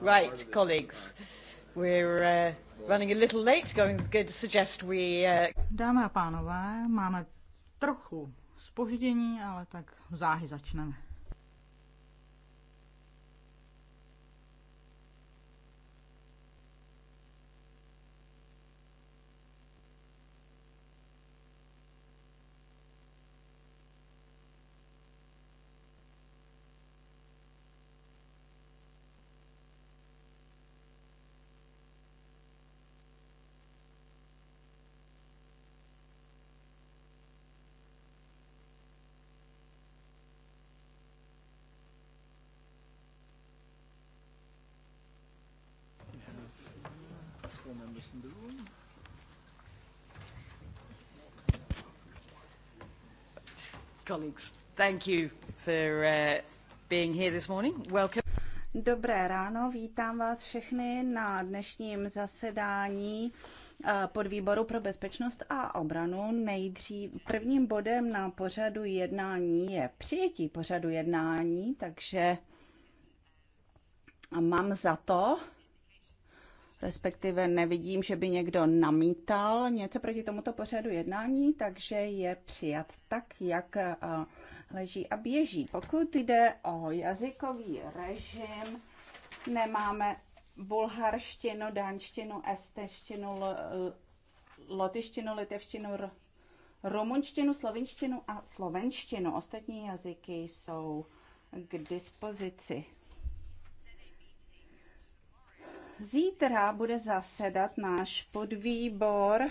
right, colleagues. We're uh, running a little late. Going, going to suggest we. Uh... Dámy a pánové, máme trochu spoždění, ale tak záhy začneme. Colleagues, thank you for uh, being here this morning. Welcome. Dobré ráno, vítám vás všechny na dnešním zasedání uh, podvýboru pro bezpečnost a obranu. Nejdřív prvním bodem na pořadu jednání je přijetí pořadu jednání, takže mám za to, respektive nevidím, že by někdo namítal něco proti tomuto pořadu jednání, takže je přijat tak, jak eh, leží a běží. Pokud jde o jazykový režim, nemáme bulharštinu, dánštinu, esteštinu, lotištinu, litevštinu, rumunštinu, slovinštinu a slovenštinu. Ostatní jazyky jsou k dispozici. Zítra bude zasedat náš podvýbor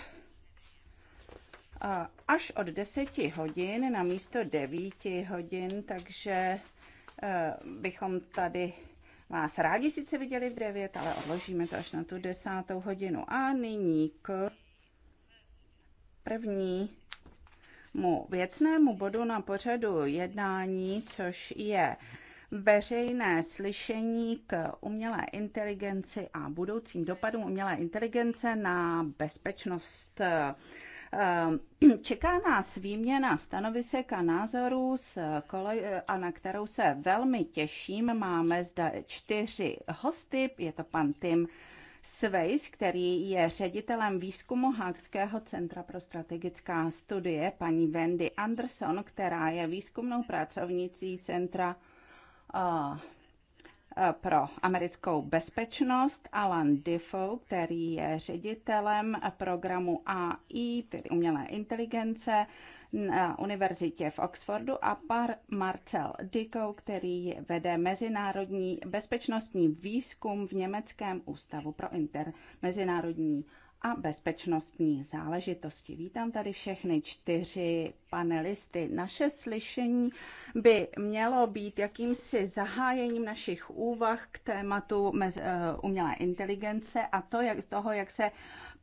až od 10 hodin na místo 9 hodin, takže e, bychom tady vás rádi sice viděli v 9, ale odložíme to až na tu desátou hodinu. A nyní k prvnímu věcnému bodu na pořadu jednání, což je veřejné slyšení k umělé inteligenci a budoucím dopadům umělé inteligence na bezpečnost. Eh, čeká nás výměna stanovisek a názorů, s kole- a na kterou se velmi těším. Máme zde čtyři hosty, je to pan Tim Svejs, který je ředitelem výzkumu Hákského centra pro strategická studie, paní Wendy Anderson, která je výzkumnou pracovnicí Centra pro americkou bezpečnost Alan Defoe, který je ředitelem programu AI, tedy umělé inteligence, na univerzitě v Oxfordu a par Marcel Dickou, který vede mezinárodní bezpečnostní výzkum v Německém ústavu pro inter mezinárodní a bezpečnostní záležitosti. Vítám tady všechny čtyři panelisty. Naše slyšení by mělo být jakýmsi zahájením našich úvah k tématu eh, umělé inteligence a to, jak, toho, jak se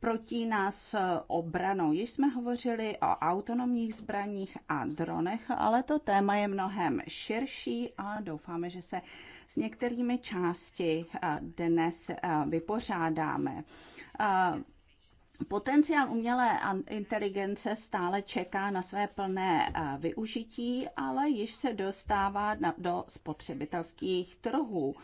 protíná s eh, obranou. Již jsme hovořili o autonomních zbraních a dronech, ale to téma je mnohem širší a doufáme, že se s některými části eh, dnes vypořádáme. Potenciál umělé inteligence stále čeká na své plné eh, využití, ale již se dostává do spotřebitelských trhů.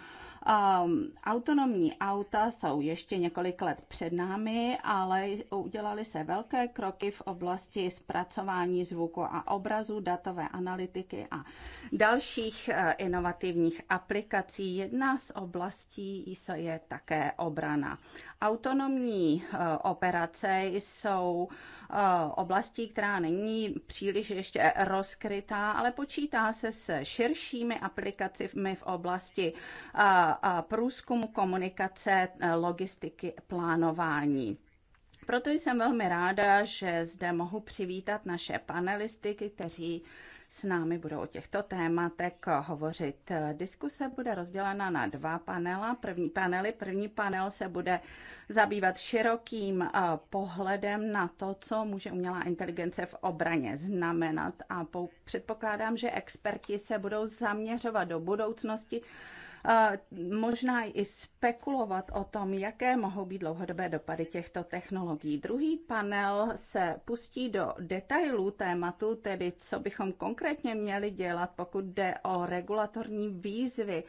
Um, autonomní auta jsou ještě několik let před námi, ale udělali se velké kroky v oblasti zpracování zvuku a obrazu, datové analytiky a dalších eh, inovativních aplikací. Jedna z oblastí je také obrana. Autonomní eh, operace jsou Eh, oblastí, která není příliš ještě rozkrytá, ale počítá se s širšími aplikacemi v oblasti eh, eh, průzkumu, komunikace, logistiky, plánování. Proto jsem velmi ráda, že zde mohu přivítat naše panelisty, kteří s námi budou o těchto tématech hovořit. Diskuse bude rozdělena na dva panela. První panely. První panel se bude zabývat širokým eh, pohledem na to, co může umělá inteligence v obraně znamenat a předpokládám, že experti se budou zaměřovat do budoucnosti Eh, možná i spekulovat o tom, jaké mohou být dlouhodobé dopady těchto technologií. Druhý panel se pustí do detailů tématu, tedy co bychom konkrétně měli dělat, pokud jde o regulatorní výzvy,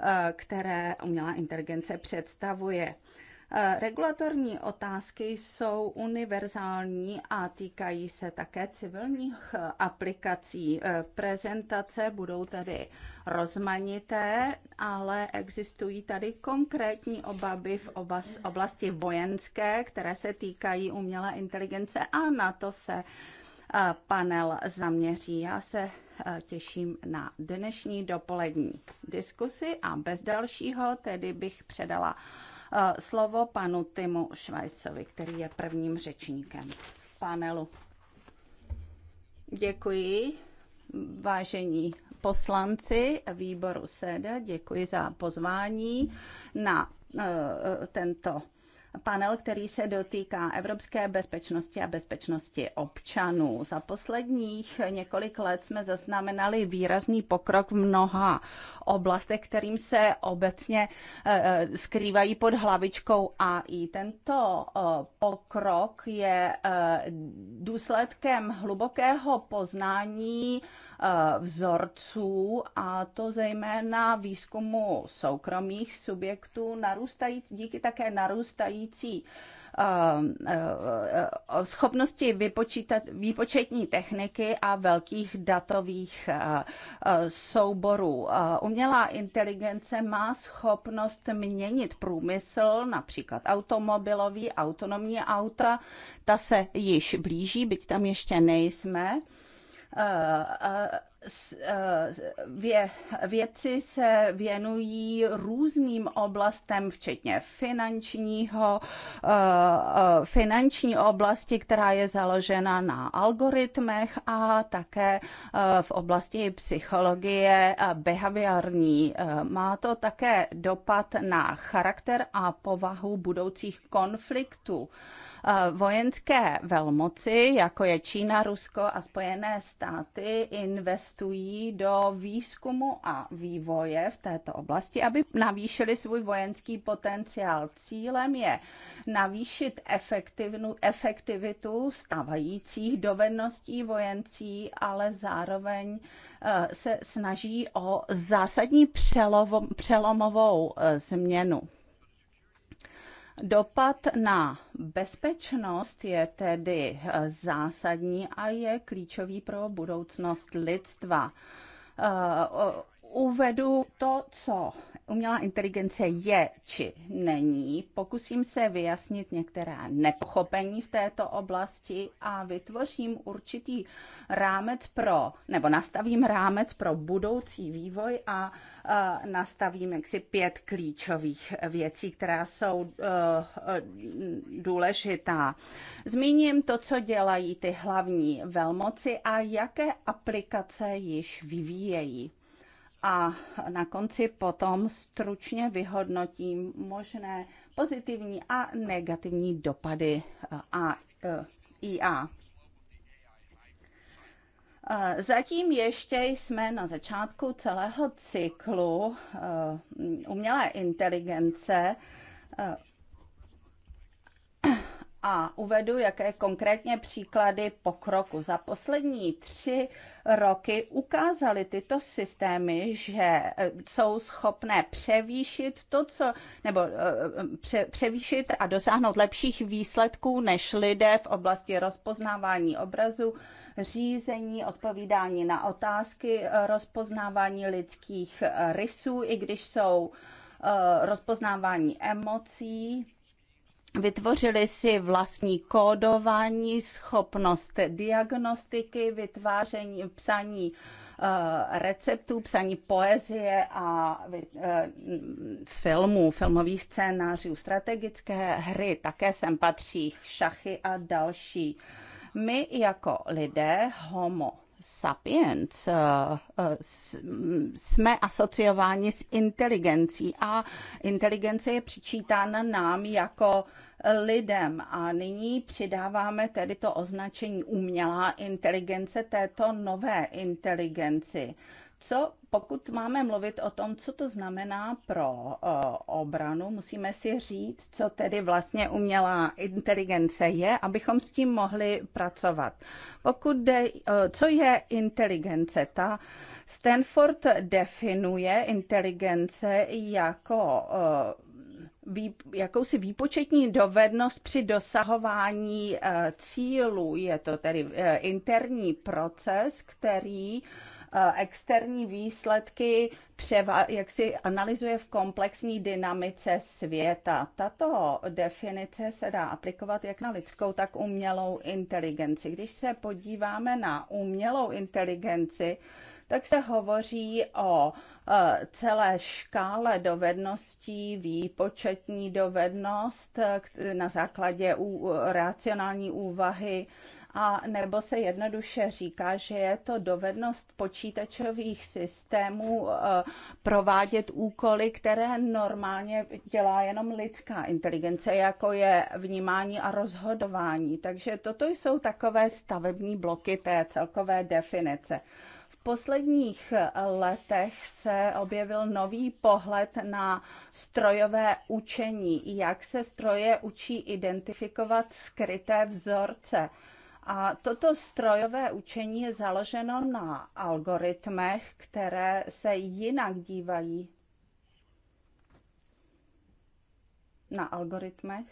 eh, které umělá inteligence představuje. Eh, regulatorní otázky jsou univerzální a týkají se také civilních eh, aplikací. Eh, prezentace budou tedy rozmanité, ale existují tady konkrétní obavy v oblasti vojenské, které se týkají umělé inteligence a na to se panel zaměří. Já se těším na dnešní dopolední diskusi a bez dalšího tedy bych předala Eh, slovo panu Timu Švajcovi, který je prvním řečníkem panelu. Děkuji, vážení poslanci výboru SEDA, děkuji za pozvání na eh, tento panel, který se dotýká evropské bezpečnosti a bezpečnosti občanů. Za posledních několik let jsme zaznamenali výrazný pokrok v mnoha oblastech, kterým se obecně eh, eh, skrývají pod hlavičkou AI. Tento eh, pokrok je důsledkem hlubokého poznání vzorců, a to zejména výzkumu soukromých subjektů, narůstající, díky také narůstající schopnosti vypočítat, výpočetní techniky a velkých datových souborů umělá inteligence má schopnost měnit průmysl, například automobilový, autonomní auta, ta se již blíží, byť tam ještě nejsme eh, eh, Eh, vě, věci se věnují různým oblastem, včetně finančního, eh, eh, finanční oblasti, která je založena na algoritmech a také v oblasti psychologie behaviorní. Má to také dopad na charakter a povahu budoucích konfliktů. Eh, vojenské velmoci, jako je Čína, Rusko a Spojené státy, investují do výzkumu a vývoje v této oblasti, aby navýšili svůj vojenský potenciál. Cílem je navýšit efektivitu stávajících dovedností vojencí, ale zároveň eh, se snaží o zásadní přelovo, přelomovou eh, změnu. Dopad na bezpečnost je tedy eh, zásadní a je klíčový pro budoucnost lidstva. Eh, uvedu to, co umělá inteligence je či není. Pokusím se vyjasnit některá nepochopení v této oblasti a vytvořím určitý rámec pro, nebo nastavím rámec pro budoucí vývoj a uh, nastavím jaksi pět klíčových věcí, která jsou uh, důležitá. Zmíním to, co dělají ty hlavní velmoci a jaké aplikace již vyvíjejí a na konci potom stručně vyhodnotím možné pozitivní a negativní dopady eh, a, eh, IA. Eh, zatím ještě jsme na začátku celého cyklu umělé inteligence a uvedu, jaké konkrétně příklady pokroku. Za poslední tři roky ukázaly tyto systémy, že eh, jsou schopné převýšit to, co, nebo eh, pře, převýšit a dosáhnout lepších výsledků než lidé v oblasti rozpoznávání obrazu, řízení, odpovídání na otázky, eh, rozpoznávání lidských rysů, i když jsou rozpoznávání emocí, Vytvořili si vlastní kódování, schopnost diagnostiky, vytváření, psaní eh, receptů, psaní poezie a eh, filmů, filmových scénářů, strategické hry, také sem patří šachy a další. My jako lidé, homo sapiens, eh, jsme asociováni s inteligencí a inteligence je přičítána nám jako lidem. A nyní přidáváme tedy to označení umělá inteligence této nové inteligenci. Co pokud máme mluvit o tom, co to znamená pro eh, obranu, musíme si říct, co tedy vlastně umělá inteligence je, abychom s tím mohli pracovat. Pokud uh, co je inteligence, ta Stanford definuje inteligence jako eh, vý, jakousi výpočetní dovednost při dosahování eh, cílů. Je to tedy eh, interní proces, který eh, externí výsledky převa, jak si analyzuje v komplexní dynamice světa. Tato definice se dá aplikovat jak na lidskou, tak umělou inteligenci. Když se podíváme na umělou inteligenci, tak se hovoří o e, celé škále dovedností, výpočetní dovednost e, na základě racionální úvahy, a nebo se jednoduše říká, že je to dovednost počítačových systémů e, provádět úkoly, které normálně dělá jenom lidská inteligence, jako je vnímání a rozhodování. Takže toto jsou takové stavební bloky té celkové definice posledních eh, letech se objevil nový pohled na strojové učení, jak se stroje učí identifikovat skryté vzorce. A toto strojové učení je založeno na algoritmech, které se jinak dívají na algoritmech.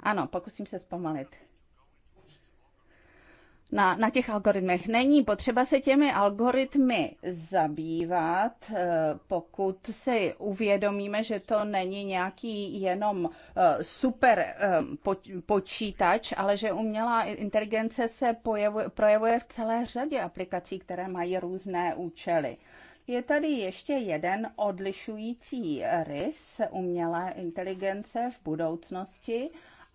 Ano, pokusím se zpomalit na, na těch algoritmech. Není potřeba se těmi algoritmy zabývat, eh, pokud si uvědomíme, že to není nějaký jenom eh, super eh, počítač, ale že umělá inteligence se pojevuje, projevuje v celé řadě aplikací, které mají různé účely. Je tady ještě jeden odlišující rys umělé inteligence v budoucnosti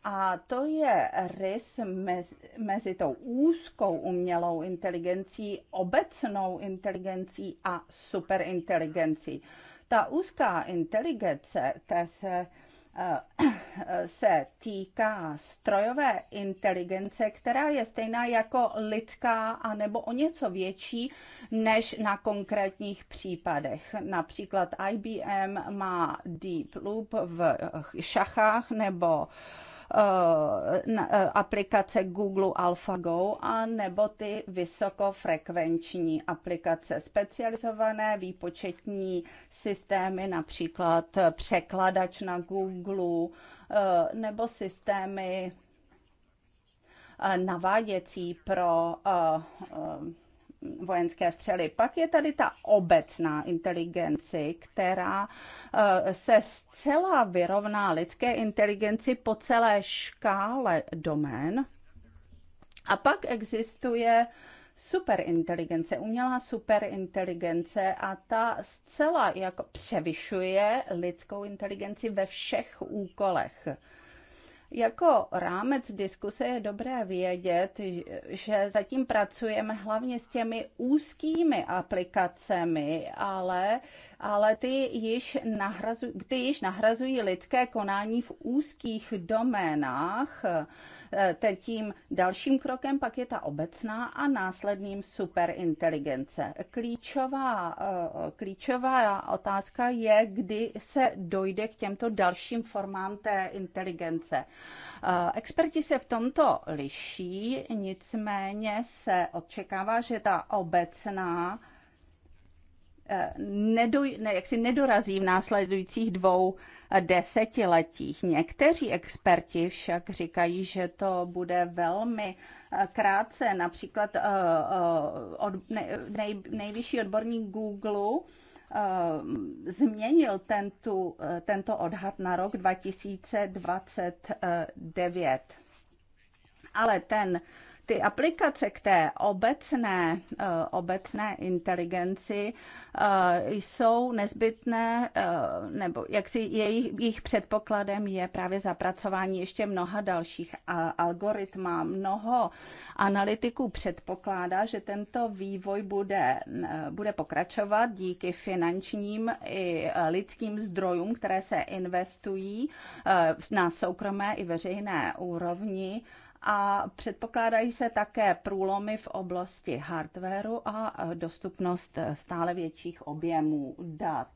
a to je rys mezi, mezi tou úzkou umělou inteligencí, obecnou inteligencí a superinteligencí. Ta úzká inteligence, ta se eh, se týká strojové inteligence, která je stejná jako lidská a nebo o něco větší než na konkrétních případech. Například IBM má Deep Loop v šachách nebo uh, Eh, eh, aplikace Google AlphaGo a nebo ty vysokofrekvenční aplikace, specializované výpočetní systémy, například eh, překladač na Google nebo systémy naváděcí pro vojenské střely. Pak je tady ta obecná inteligenci, která eh, se zcela vyrovná lidské inteligenci po celé škále domén. A pak existuje superinteligence, umělá superinteligence a ta zcela jako převyšuje lidskou inteligenci ve všech úkolech. Jako rámec diskuse je dobré vědět, že zatím pracujeme hlavně s těmi úzkými aplikacemi, ale, ale ty, již nahrazují, ty již nahrazují lidské konání v úzkých doménách Eh, tím dalším krokem pak je ta obecná a následným superinteligence. Klíčová, eh, klíčová otázka je, kdy se dojde k těmto dalším formám té inteligence. Eh, experti se v tomto liší, nicméně se očekává, že ta obecná nedoj, ne, jaksi nedorazí v následujících dvou desetiletích. Někteří experti však říkají, že to bude velmi eh, krátce. Například eh, eh, od, nej, nejvyšší odborník Google změnil tento, tento odhad na rok 2029. Ale ten ty aplikace k té obecné, eh, obecné inteligenci eh, jsou nezbytné, eh, nebo jak si jejich, jejich předpokladem je právě zapracování ještě mnoha dalších algoritmů. Mnoho analytiků předpokládá, že tento vývoj bude, bude pokračovat díky finančním i lidským zdrojům, které se investují na soukromé i veřejné úrovni a předpokládají se také průlomy v oblasti hardwareu a e, dostupnost e, stále větších objemů dat.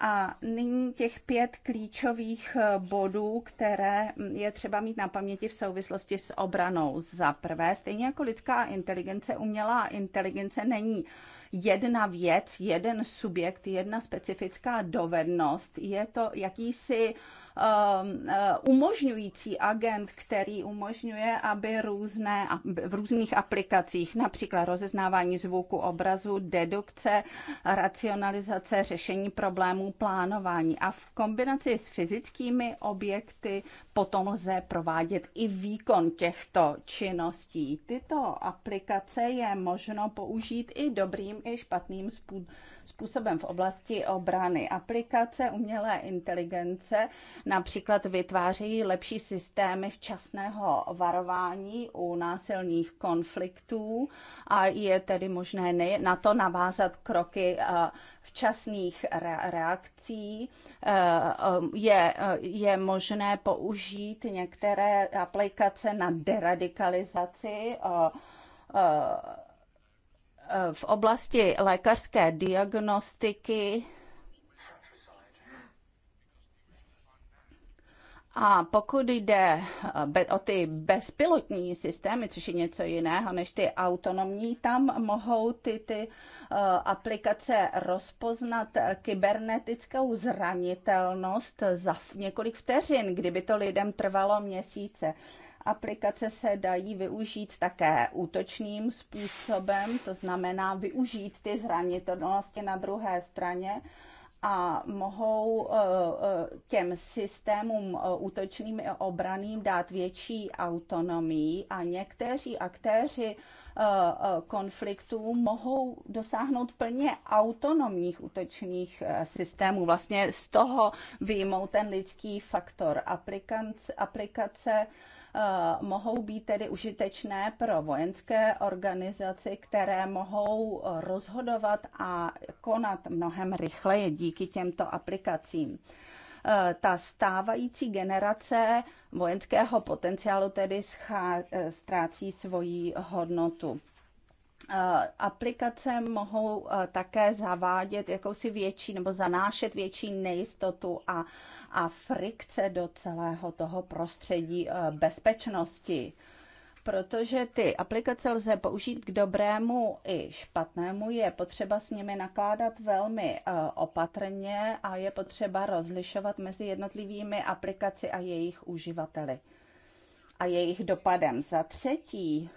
A nyní těch pět klíčových e, bodů, které je třeba mít na paměti v souvislosti s obranou. Za prvé, stejně jako lidská inteligence, umělá inteligence není jedna věc, jeden subjekt, jedna specifická dovednost. Je to jakýsi uh, Um, uh, umožňující agent, který umožňuje, aby různé, v různých aplikacích, například rozeznávání zvuku, obrazu, dedukce, racionalizace, řešení problémů, plánování a v kombinaci s fyzickými objekty potom lze provádět i výkon těchto činností. Tyto aplikace je možno použít i dobrým, i špatným způsobem v oblasti obrany. Aplikace umělé inteligence například vytvářejí lepší systémy včasného varování u násilných konfliktů a je tedy možné na to navázat kroky včasných reakcí. Eh, eh, je, eh, je možné použít některé aplikace na deradikalizaci v oblasti lékařské diagnostiky A pokud jde eh, o ty bezpilotní systémy, což je něco jiného než ty autonomní, tam mohou ty, ty eh, aplikace rozpoznat eh, kybernetickou zranitelnost za několik vteřin, kdyby to lidem trvalo měsíce aplikace se dají využít také útočným způsobem, to znamená využít ty zranitelnosti na druhé straně a mohou eh, eh, těm systémům eh, útočným i obraným dát větší autonomii a někteří aktéři konfliktů mohou dosáhnout plně autonomních útočných systémů. Vlastně z toho vyjmou ten lidský faktor aplikace, aplikace Eh, mohou být tedy užitečné pro vojenské organizaci, které mohou eh, rozhodovat a konat mnohem rychleji díky těmto aplikacím eh, ta stávající generace vojenského potenciálu tedy schá, ztrácí svoji hodnotu. Aplikace mohou také zavádět jakousi větší nebo zanášet větší nejistotu a a frikce do celého toho prostředí eh, bezpečnosti protože ty aplikace lze použít k dobrému i špatnému, je potřeba s nimi nakládat velmi eh, opatrně a je potřeba rozlišovat mezi jednotlivými aplikaci a jejich uživateli a jejich dopadem. Za třetí,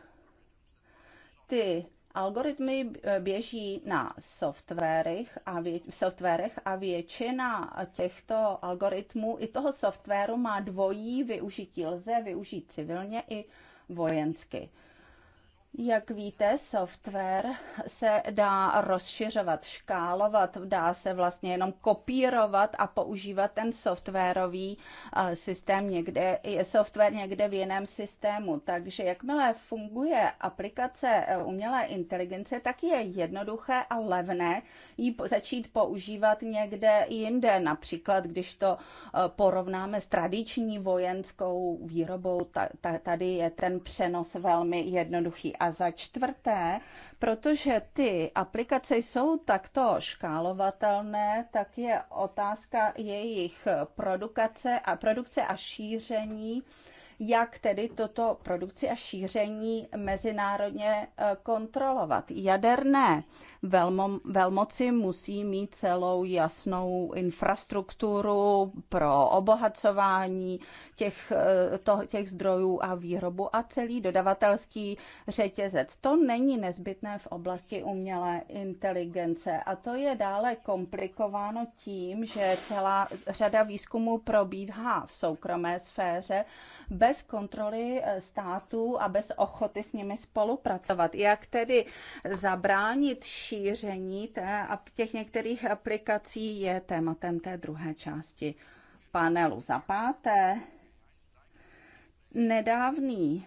ty Algoritmy e, běží na softwarech a, vě, softwarech a většina těchto algoritmů i toho softwaru má dvojí využití. Lze využít civilně i vojensky. Jak víte, software se dá rozšiřovat, škálovat, dá se vlastně jenom kopírovat a používat ten softwarový eh, systém někde, je software někde v jiném systému. Takže jakmile funguje aplikace eh, umělé inteligence, tak je jednoduché a levné ji začít používat někde jinde. Například, když to eh, porovnáme s tradiční vojenskou výrobou, tady je ten přenos velmi jednoduchý a za čtvrté, protože ty aplikace jsou takto škálovatelné, tak je otázka jejich produkace a produkce a šíření jak tedy toto produkci a šíření mezinárodně eh, kontrolovat. Jaderné velmo, velmoci musí mít celou jasnou infrastrukturu pro obohacování těch, eh, to, těch zdrojů a výrobu a celý dodavatelský řetězec. To není nezbytné v oblasti umělé inteligence a to je dále komplikováno tím, že celá řada výzkumů probíhá v soukromé sféře bez bez kontroly eh, států a bez ochoty s nimi spolupracovat. Jak tedy zabránit šíření té, těch některých aplikací je tématem té druhé části panelu. Za páté, nedávný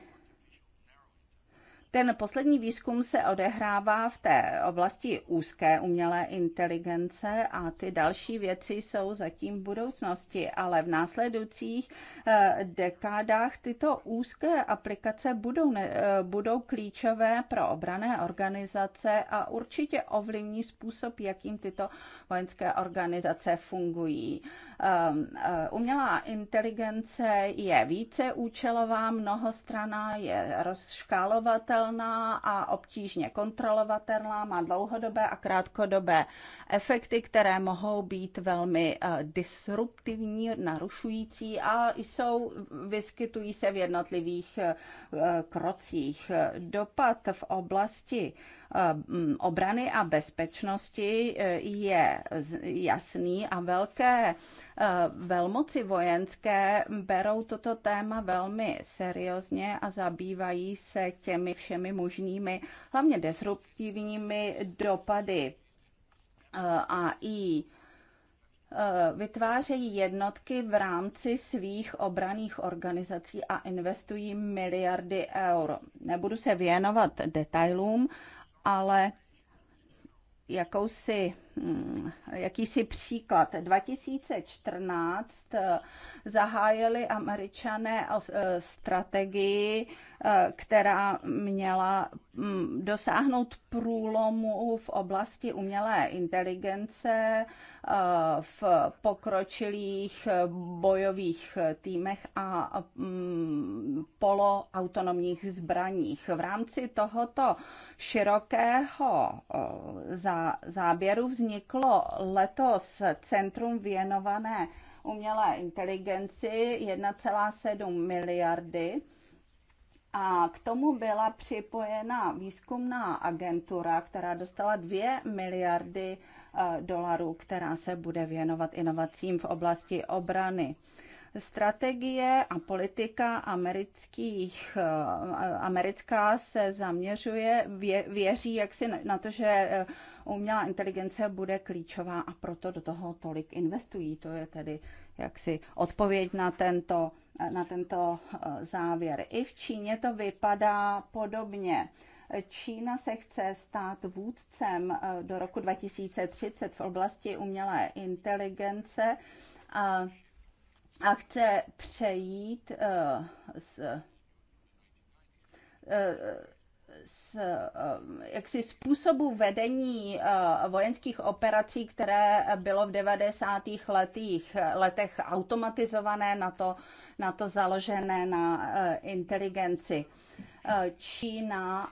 ten poslední výzkum se odehrává v té oblasti úzké umělé inteligence a ty další věci jsou zatím v budoucnosti, ale v následujících eh, dekádách tyto úzké aplikace budou, ne, eh, budou klíčové pro obrané organizace a určitě ovlivní způsob, jakým tyto vojenské organizace fungují. Ehm, eh, umělá inteligence je více účelová, mnohostraná, je rozškálovatelná, viditelná a obtížně kontrolovatelná, má dlouhodobé a krátkodobé efekty, které mohou být velmi eh, disruptivní, narušující a jsou, vyskytují se v jednotlivých eh, krocích. Dopad v oblasti Eh, obrany a bezpečnosti eh, je jasný a velké eh, velmoci vojenské berou toto téma velmi seriózně a zabývají se těmi všemi možnými, hlavně disruptivními dopady a i vytvářejí jednotky v rámci svých obraných organizací a investují miliardy eur. Nebudu se věnovat detailům, ale jakousi, mm, jakýsi příklad. 2014 eh, zahájili američané eh, strategii Eh, která měla mm, dosáhnout průlomu v oblasti umělé inteligence, eh, v pokročilých bojových týmech a mm, poloautonomních zbraních. V rámci tohoto širokého eh, záběru vzniklo letos centrum věnované umělé inteligenci 1,7 miliardy a k tomu byla připojena výzkumná agentura, která dostala 2 miliardy eh, dolarů, která se bude věnovat inovacím v oblasti obrany strategie a politika amerických, eh, americká se zaměřuje, vě, věří jaksi na to, že eh, umělá inteligence bude klíčová a proto do toho tolik investují. To je tedy jaksi odpověď na tento, na tento eh, závěr. I v Číně to vypadá podobně. Čína se chce stát vůdcem eh, do roku 2030 v oblasti umělé inteligence a, a chce přejít z eh, z eh, jaksi způsobu vedení eh, vojenských operací, které bylo v 90. letech, letech automatizované, na to, na to založené na eh, inteligenci. Čína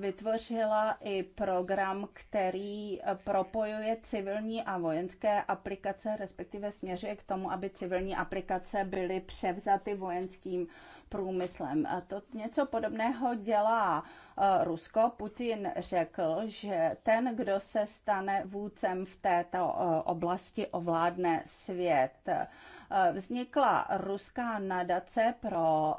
vytvořila i program, který propojuje civilní a vojenské aplikace, respektive směřuje k tomu, aby civilní aplikace byly převzaty vojenským průmyslem. A to něco podobného dělá eh, Rusko. Putin řekl, že ten, kdo se stane vůdcem v této eh, oblasti, ovládne svět eh, vznikla ruská nadace pro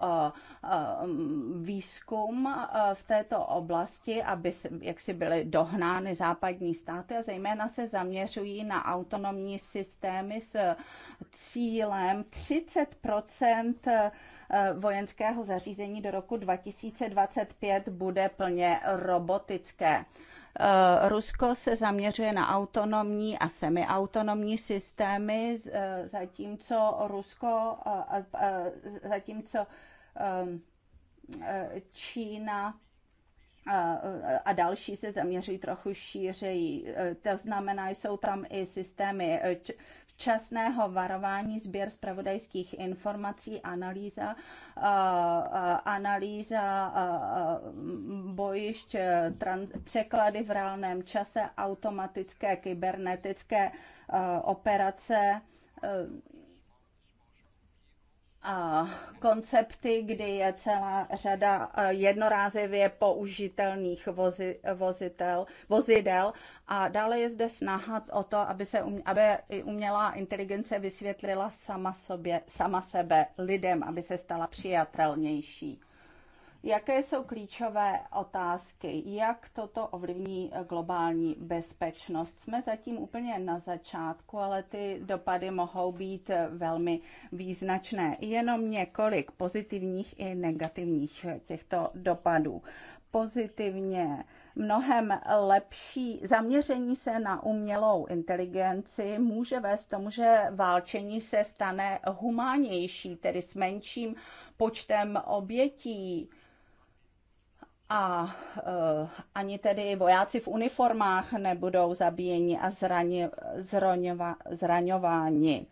výzkum v této oblasti, aby jak si byly dohnány západní státy a zejména se zaměřují na autonomní systémy s cílem 30 Eh, vojenského zařízení do roku 2025 bude plně robotické. Eh, Rusko se zaměřuje na autonomní a semiautonomní systémy, eh, zatímco Rusko, zatímco ehm, Čína a další se zaměří trochu šířejí. To znamená, jsou tam i systémy včasného varování, sběr zpravodajských informací, analýza, eh, analýza eh, bojišť, eh, překlady v reálném čase, automatické kybernetické operace, koncepty, kdy je celá řada jednorázivě použitelných vozi, vozitel, vozidel a dále je zde snaha o to, aby se um, aby umělá inteligence vysvětlila sama, sobě, sama sebe lidem, aby se stala přijatelnější. Jaké jsou klíčové otázky? Jak toto ovlivní eh, globální bezpečnost? Jsme zatím úplně na začátku, ale ty dopady mohou být eh, velmi význačné. Jenom několik pozitivních i negativních eh, těchto dopadů. Pozitivně mnohem lepší zaměření se na umělou inteligenci může vést tomu, že válčení se stane humánější, tedy s menším počtem obětí a eh, ani tedy vojáci v uniformách nebudou zabíjeni a zraně, zraňova, zraňováni.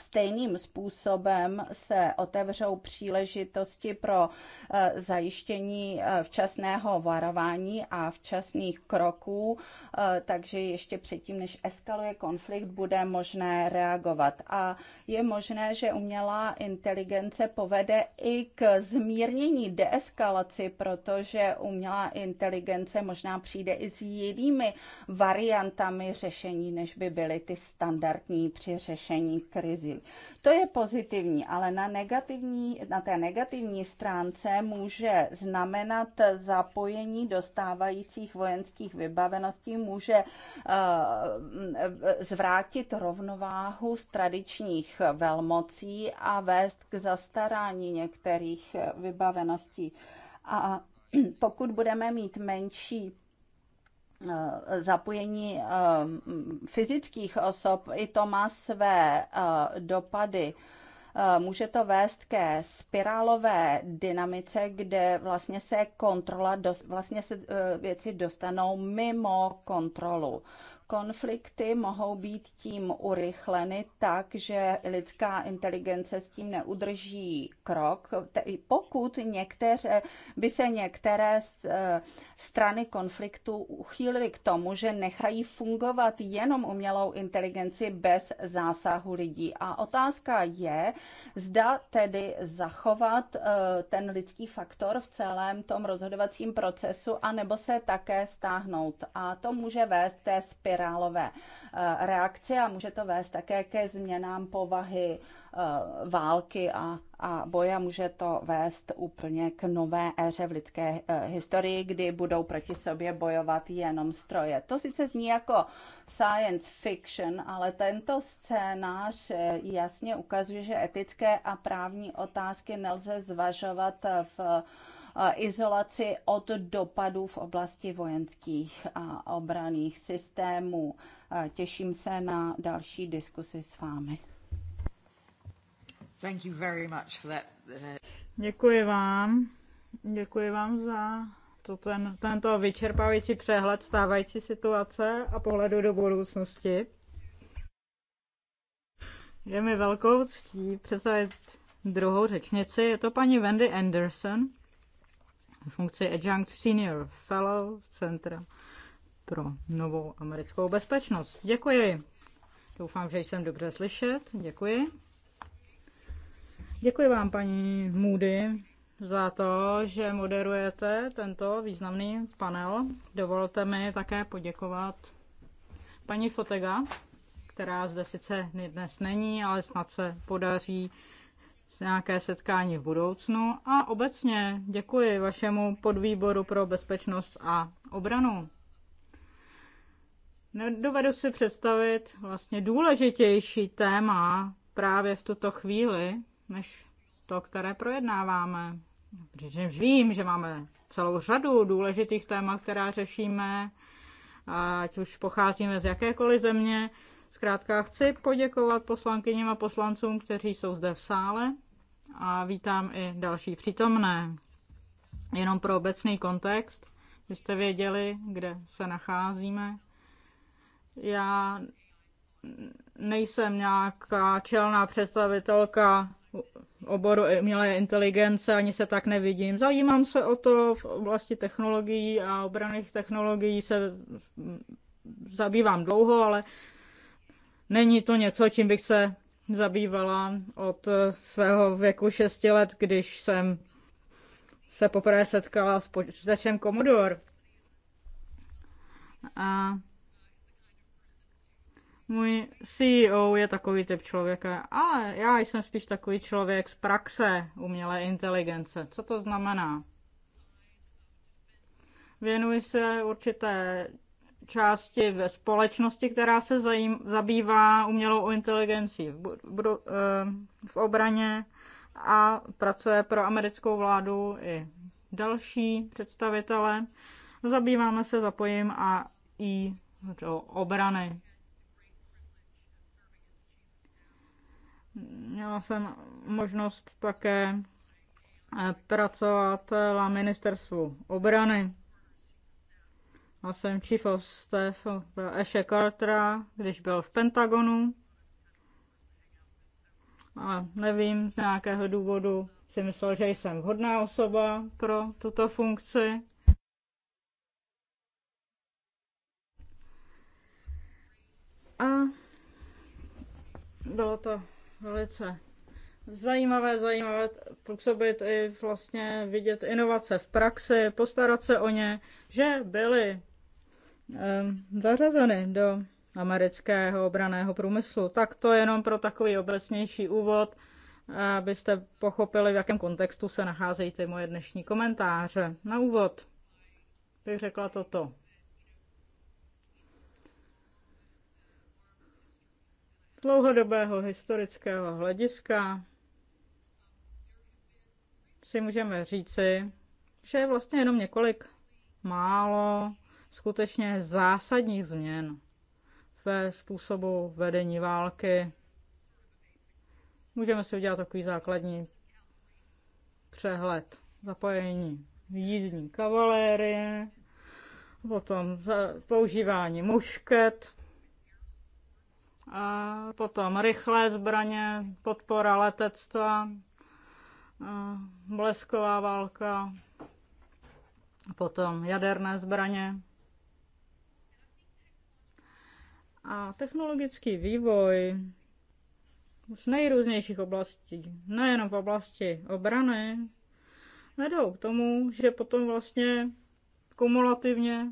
Stejným způsobem se otevřou příležitosti pro eh, zajištění eh, včasného varování a včasných kroků, eh, takže ještě předtím, než eskaluje konflikt, bude možné reagovat. A je možné, že umělá inteligence povede i k zmírnění deeskalaci, protože umělá inteligence možná přijde i s jinými variantami řešení, než by byly ty standardní při řešení krize zvítězili. To je pozitivní, ale na, negativní, na té negativní stránce může znamenat zapojení dostávajících vojenských vybaveností, může eh, eh, zvrátit rovnováhu z tradičních velmocí a vést k zastarání některých eh, vybaveností. A pokud budeme mít menší Eh, zapojení eh, fyzických osob, i to má své eh, dopady může to vést ke spirálové dynamice, kde vlastně se kontrola, vlastně se věci dostanou mimo kontrolu. Konflikty mohou být tím urychleny tak, že lidská inteligence s tím neudrží krok. Pokud některé, by se některé eh, strany konfliktu uchýlily k tomu, že nechají fungovat jenom umělou inteligenci bez zásahu lidí. A otázka je, zda tedy zachovat eh, ten lidský faktor v celém tom rozhodovacím procesu, anebo se také stáhnout. A to může vést té spirále generálové eh, reakci a může to vést také ke změnám povahy eh, války a, a boje. Může to vést úplně k nové éře v lidské eh, historii, kdy budou proti sobě bojovat jenom stroje. To sice zní jako science fiction, ale tento scénář jasně ukazuje, že etické a právní otázky nelze zvažovat v izolaci od dopadů v oblasti vojenských a obraných systémů. Těším se na další diskusi s vámi. Thank you very much for that. Uh, Děkuji vám. Děkuji vám za to ten, tento vyčerpávající přehled stávající situace a pohledu do budoucnosti. Je mi velkou ctí představit druhou řečnici. Je to paní Wendy Anderson, funkci adjunct senior fellow Centra pro novou americkou bezpečnost. Děkuji. Doufám, že jsem dobře slyšet. Děkuji. Děkuji vám, paní Moody, za to, že moderujete tento významný panel. Dovolte mi také poděkovat paní Fotega, která zde sice dnes není, ale snad se podaří nějaké setkání v budoucnu a obecně děkuji vašemu podvýboru pro bezpečnost a obranu. Nedovedu si představit vlastně důležitější téma právě v tuto chvíli, než to, které projednáváme. Protože vím, že máme celou řadu důležitých témat, která řešíme, ať už pocházíme z jakékoliv země. Zkrátka chci poděkovat poslankyním a poslancům, kteří jsou zde v sále a vítám i další přítomné. Jenom pro obecný kontext, byste věděli, kde se nacházíme. Já nejsem nějaká čelná představitelka oboru umělé inteligence, ani se tak nevidím. Zajímám se o to v oblasti technologií a obraných technologií se zabývám dlouho, ale není to něco, čím bych se zabývala od svého věku 6 let, když jsem se poprvé setkala s počítačem Commodore. A můj CEO je takový typ člověka, ale já jsem spíš takový člověk z praxe umělé inteligence. Co to znamená? Věnuji se určité části ve společnosti, která se zajím, zabývá umělou inteligencí v, budu, eh, v obraně a pracuje pro americkou vládu i další představitele. Zabýváme se zapojím a i do obrany. Měla jsem možnost také eh, pracovat na ministerstvu obrany já jsem chief of staff Ashe Cartera, když byl v Pentagonu. A nevím, z nějakého důvodu si myslel, že jsem vhodná osoba pro tuto funkci. A bylo to velice zajímavé, zajímavé působit i vlastně vidět inovace v praxi, postarat se o ně, že byly Ehm, zařazeny do amerického obraného průmyslu. Tak to jenom pro takový obecnější úvod, abyste pochopili, v jakém kontextu se nacházejí ty moje dnešní komentáře. Na úvod bych řekla toto. dlouhodobého historického hlediska si můžeme říci, že je vlastně jenom několik málo skutečně zásadních změn ve způsobu vedení války. Můžeme si udělat takový základní přehled zapojení jízdní kavalérie, potom používání mušket, a potom rychlé zbraně, podpora letectva, blesková válka, potom jaderné zbraně. A technologický vývoj z nejrůznějších oblastí, nejenom v oblasti obrany, vedou k tomu, že potom vlastně kumulativně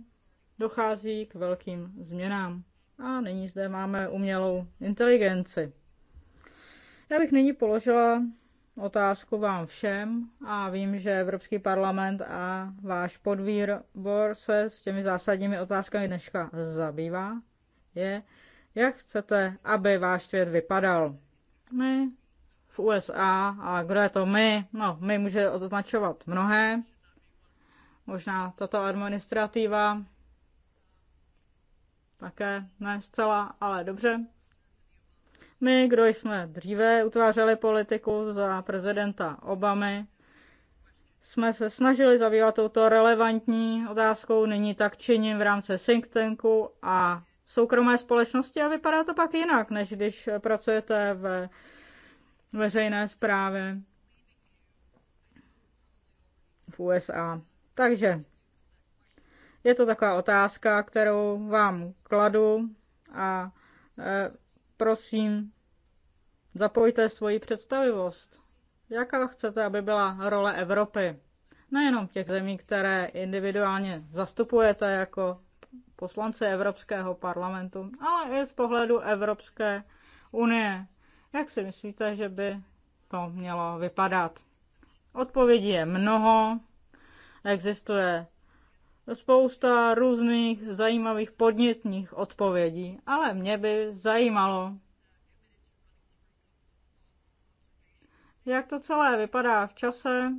dochází k velkým změnám. A nyní zde máme umělou inteligenci. Já bych nyní položila otázku vám všem a vím, že Evropský parlament a váš podvýbor se s těmi zásadními otázkami dneška zabývá je, jak chcete, aby váš svět vypadal. My v USA, a kdo je to my? No, my může označovat mnohé. Možná tato administrativa také ne zcela, ale dobře. My, kdo jsme dříve utvářeli politiku za prezidenta Obamy, jsme se snažili zabývat touto relevantní otázkou, nyní tak činím v rámci think tanku a soukromé společnosti a vypadá to pak jinak, než když pracujete ve veřejné správě v USA. Takže je to taková otázka, kterou vám kladu a e, prosím, zapojte svoji představivost. Jaká chcete, aby byla role Evropy? Nejenom těch zemí, které individuálně zastupujete jako poslanci Evropského parlamentu, ale i z pohledu Evropské unie. Jak si myslíte, že by to mělo vypadat? Odpovědí je mnoho, existuje spousta různých zajímavých podnětních odpovědí, ale mě by zajímalo, jak to celé vypadá v čase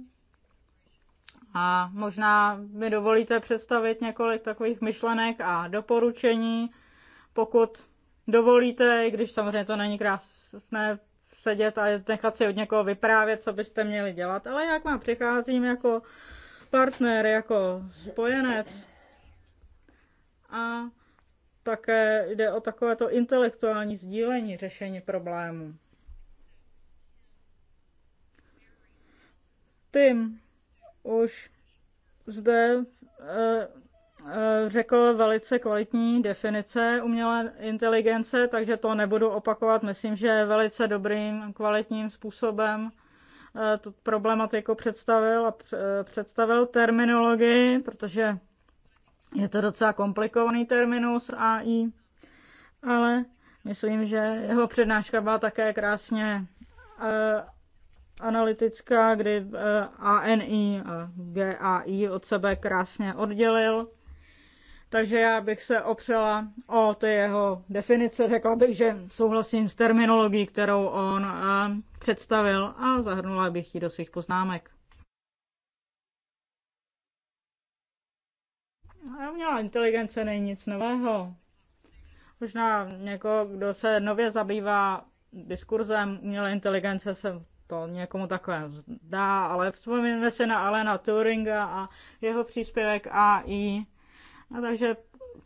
a možná mi dovolíte představit několik takových myšlenek a doporučení, pokud dovolíte, i když samozřejmě to není krásné sedět a nechat si od někoho vyprávět, co byste měli dělat, ale jak vám přicházím jako partner, jako spojenec. A také jde o takovéto intelektuální sdílení řešení problému. Tým už zde eh, eh, řekl velice kvalitní definice umělé inteligence, takže to nebudu opakovat. Myslím, že je velice dobrým, kvalitním způsobem eh, tu problematiku představil a představil terminologii, protože je to docela komplikovaný terminus AI, ale myslím, že jeho přednáška byla také krásně analytická, kdy ANI eh, a GAI eh, od sebe krásně oddělil. Takže já bych se opřela o ty jeho definice. Řekla bych, že souhlasím s terminologií, kterou on eh, představil a zahrnula bych ji do svých poznámek. Měla inteligence není nic nového. Možná někoho, kdo se nově zabývá diskurzem umělé inteligence, se to někomu takhle dá, ale vzpomínáme se na Alena Turinga a jeho příspěvek AI. A takže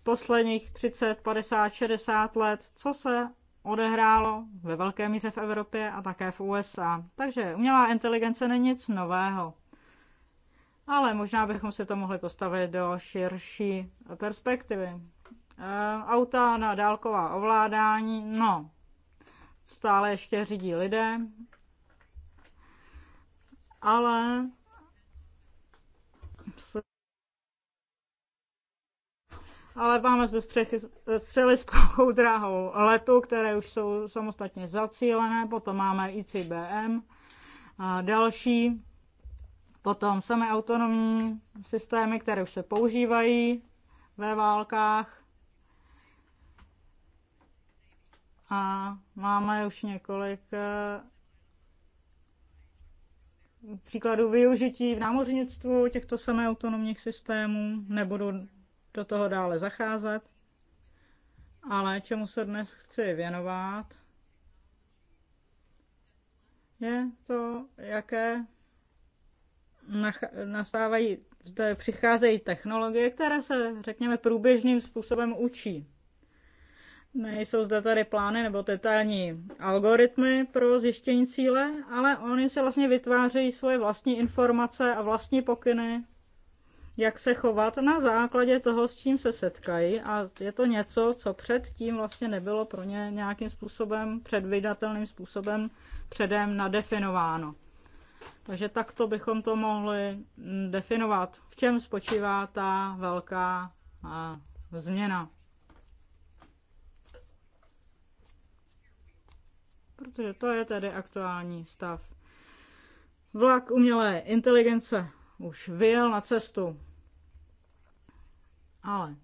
posledních 30, 50, 60 let, co se odehrálo ve velké míře v Evropě a také v USA. Takže umělá inteligence není nic nového. Ale možná bychom si to mohli postavit do širší perspektivy. E, auta na dálková ovládání, no, stále ještě řídí lidé ale ale máme zde střechy, střely s plochou dráhou letu, které už jsou samostatně zacílené, potom máme ICBM a další, potom samé autonomní systémy, které už se používají ve válkách a máme už několik eh, příkladu využití v námořnictvu těchto semiautonomních systémů. Nebudu do toho dále zacházet, ale čemu se dnes chci věnovat, je to, jaké nastávají, zde přicházejí technologie, které se, řekněme, průběžným způsobem učí. Nejsou zde tady plány nebo detailní algoritmy pro zjištění cíle, ale oni se vlastně vytvářejí svoje vlastní informace a vlastní pokyny, jak se chovat na základě toho, s čím se setkají. A je to něco, co předtím vlastně nebylo pro ně nějakým způsobem, předvydatelným způsobem předem nadefinováno. Takže takto bychom to mohli mm, definovat, v čem spočívá ta velká změna. protože to je tedy aktuální stav. Vlak umělé inteligence už vyjel na cestu, ale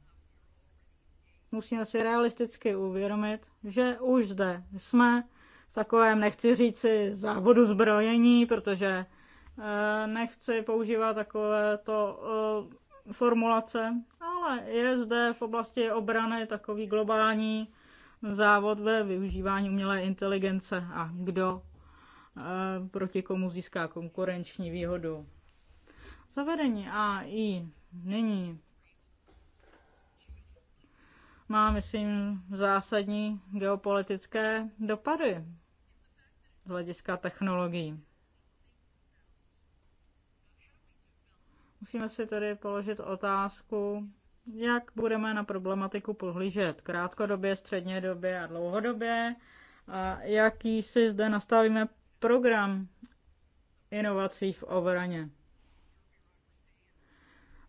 musíme si realisticky uvědomit, že už zde jsme v takovém, nechci říci, závodu zbrojení, protože eh, nechci používat takovéto eh, formulace, ale je zde v oblasti obrany takový globální závod ve využívání umělé inteligence a kdo eh, proti komu získá konkurenční výhodu. Zavedení AI není má, myslím, zásadní geopolitické dopady z hlediska technologií. Musíme si tedy položit otázku, jak budeme na problematiku pohlížet krátkodobě, době a dlouhodobě a jaký si zde nastavíme program inovací v obraně.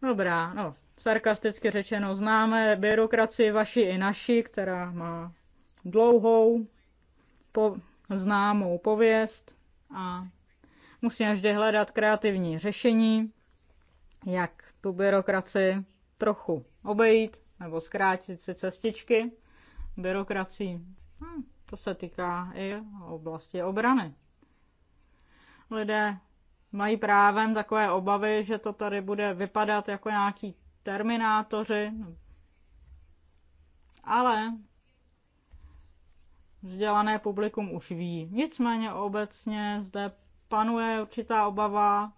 Dobrá, no, sarkasticky řečeno, známe byrokracii vaši i naši, která má dlouhou, po, známou pověst a musíme vždy hledat kreativní řešení, jak tu byrokracii trochu obejít nebo zkrátit si cestičky byrokracií. Hm, to se týká i oblasti obrany. Lidé mají právem takové obavy, že to tady bude vypadat jako nějaký terminátoři, ale vzdělané publikum už ví. Nicméně obecně zde panuje určitá obava,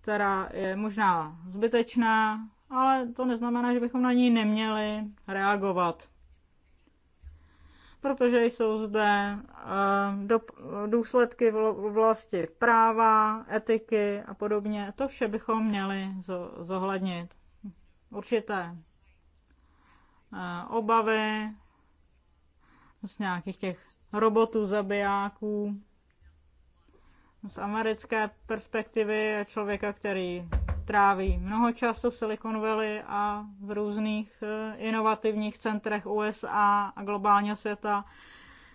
která je možná zbytečná, ale to neznamená, že bychom na ní neměli reagovat. Protože jsou zde eh, důsledky v vlasti práva, etiky a podobně. To vše bychom měli zohlednit. Určité eh, obavy z nějakých těch robotů, zabijáků, z americké perspektivy člověka, který tráví mnoho času v Silicon Valley a v různých eh, inovativních centrech USA a globálního světa.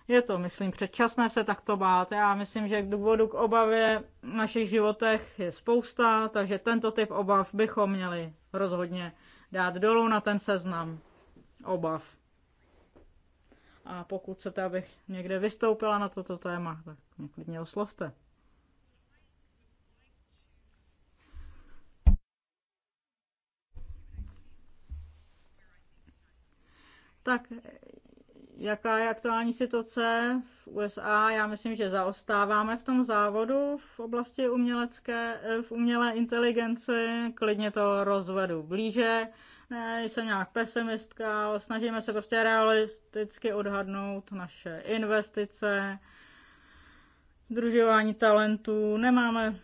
Je to, myslím, předčasné se takto bát. Já myslím, že důvodu k obavě v našich životech je spousta, takže tento typ obav bychom měli rozhodně dát dolů na ten seznam obav. A pokud chcete, abych někde vystoupila na toto téma, tak mě klidně oslovte. Tak jaká je aktuální situace v USA? Já myslím, že zaostáváme v tom závodu v oblasti umělecké, eh, v umělé inteligenci. Klidně to rozvedu blíže. Ne, jsem nějak pesimistka, ale snažíme se prostě realisticky odhadnout naše investice, združování talentů. Nemáme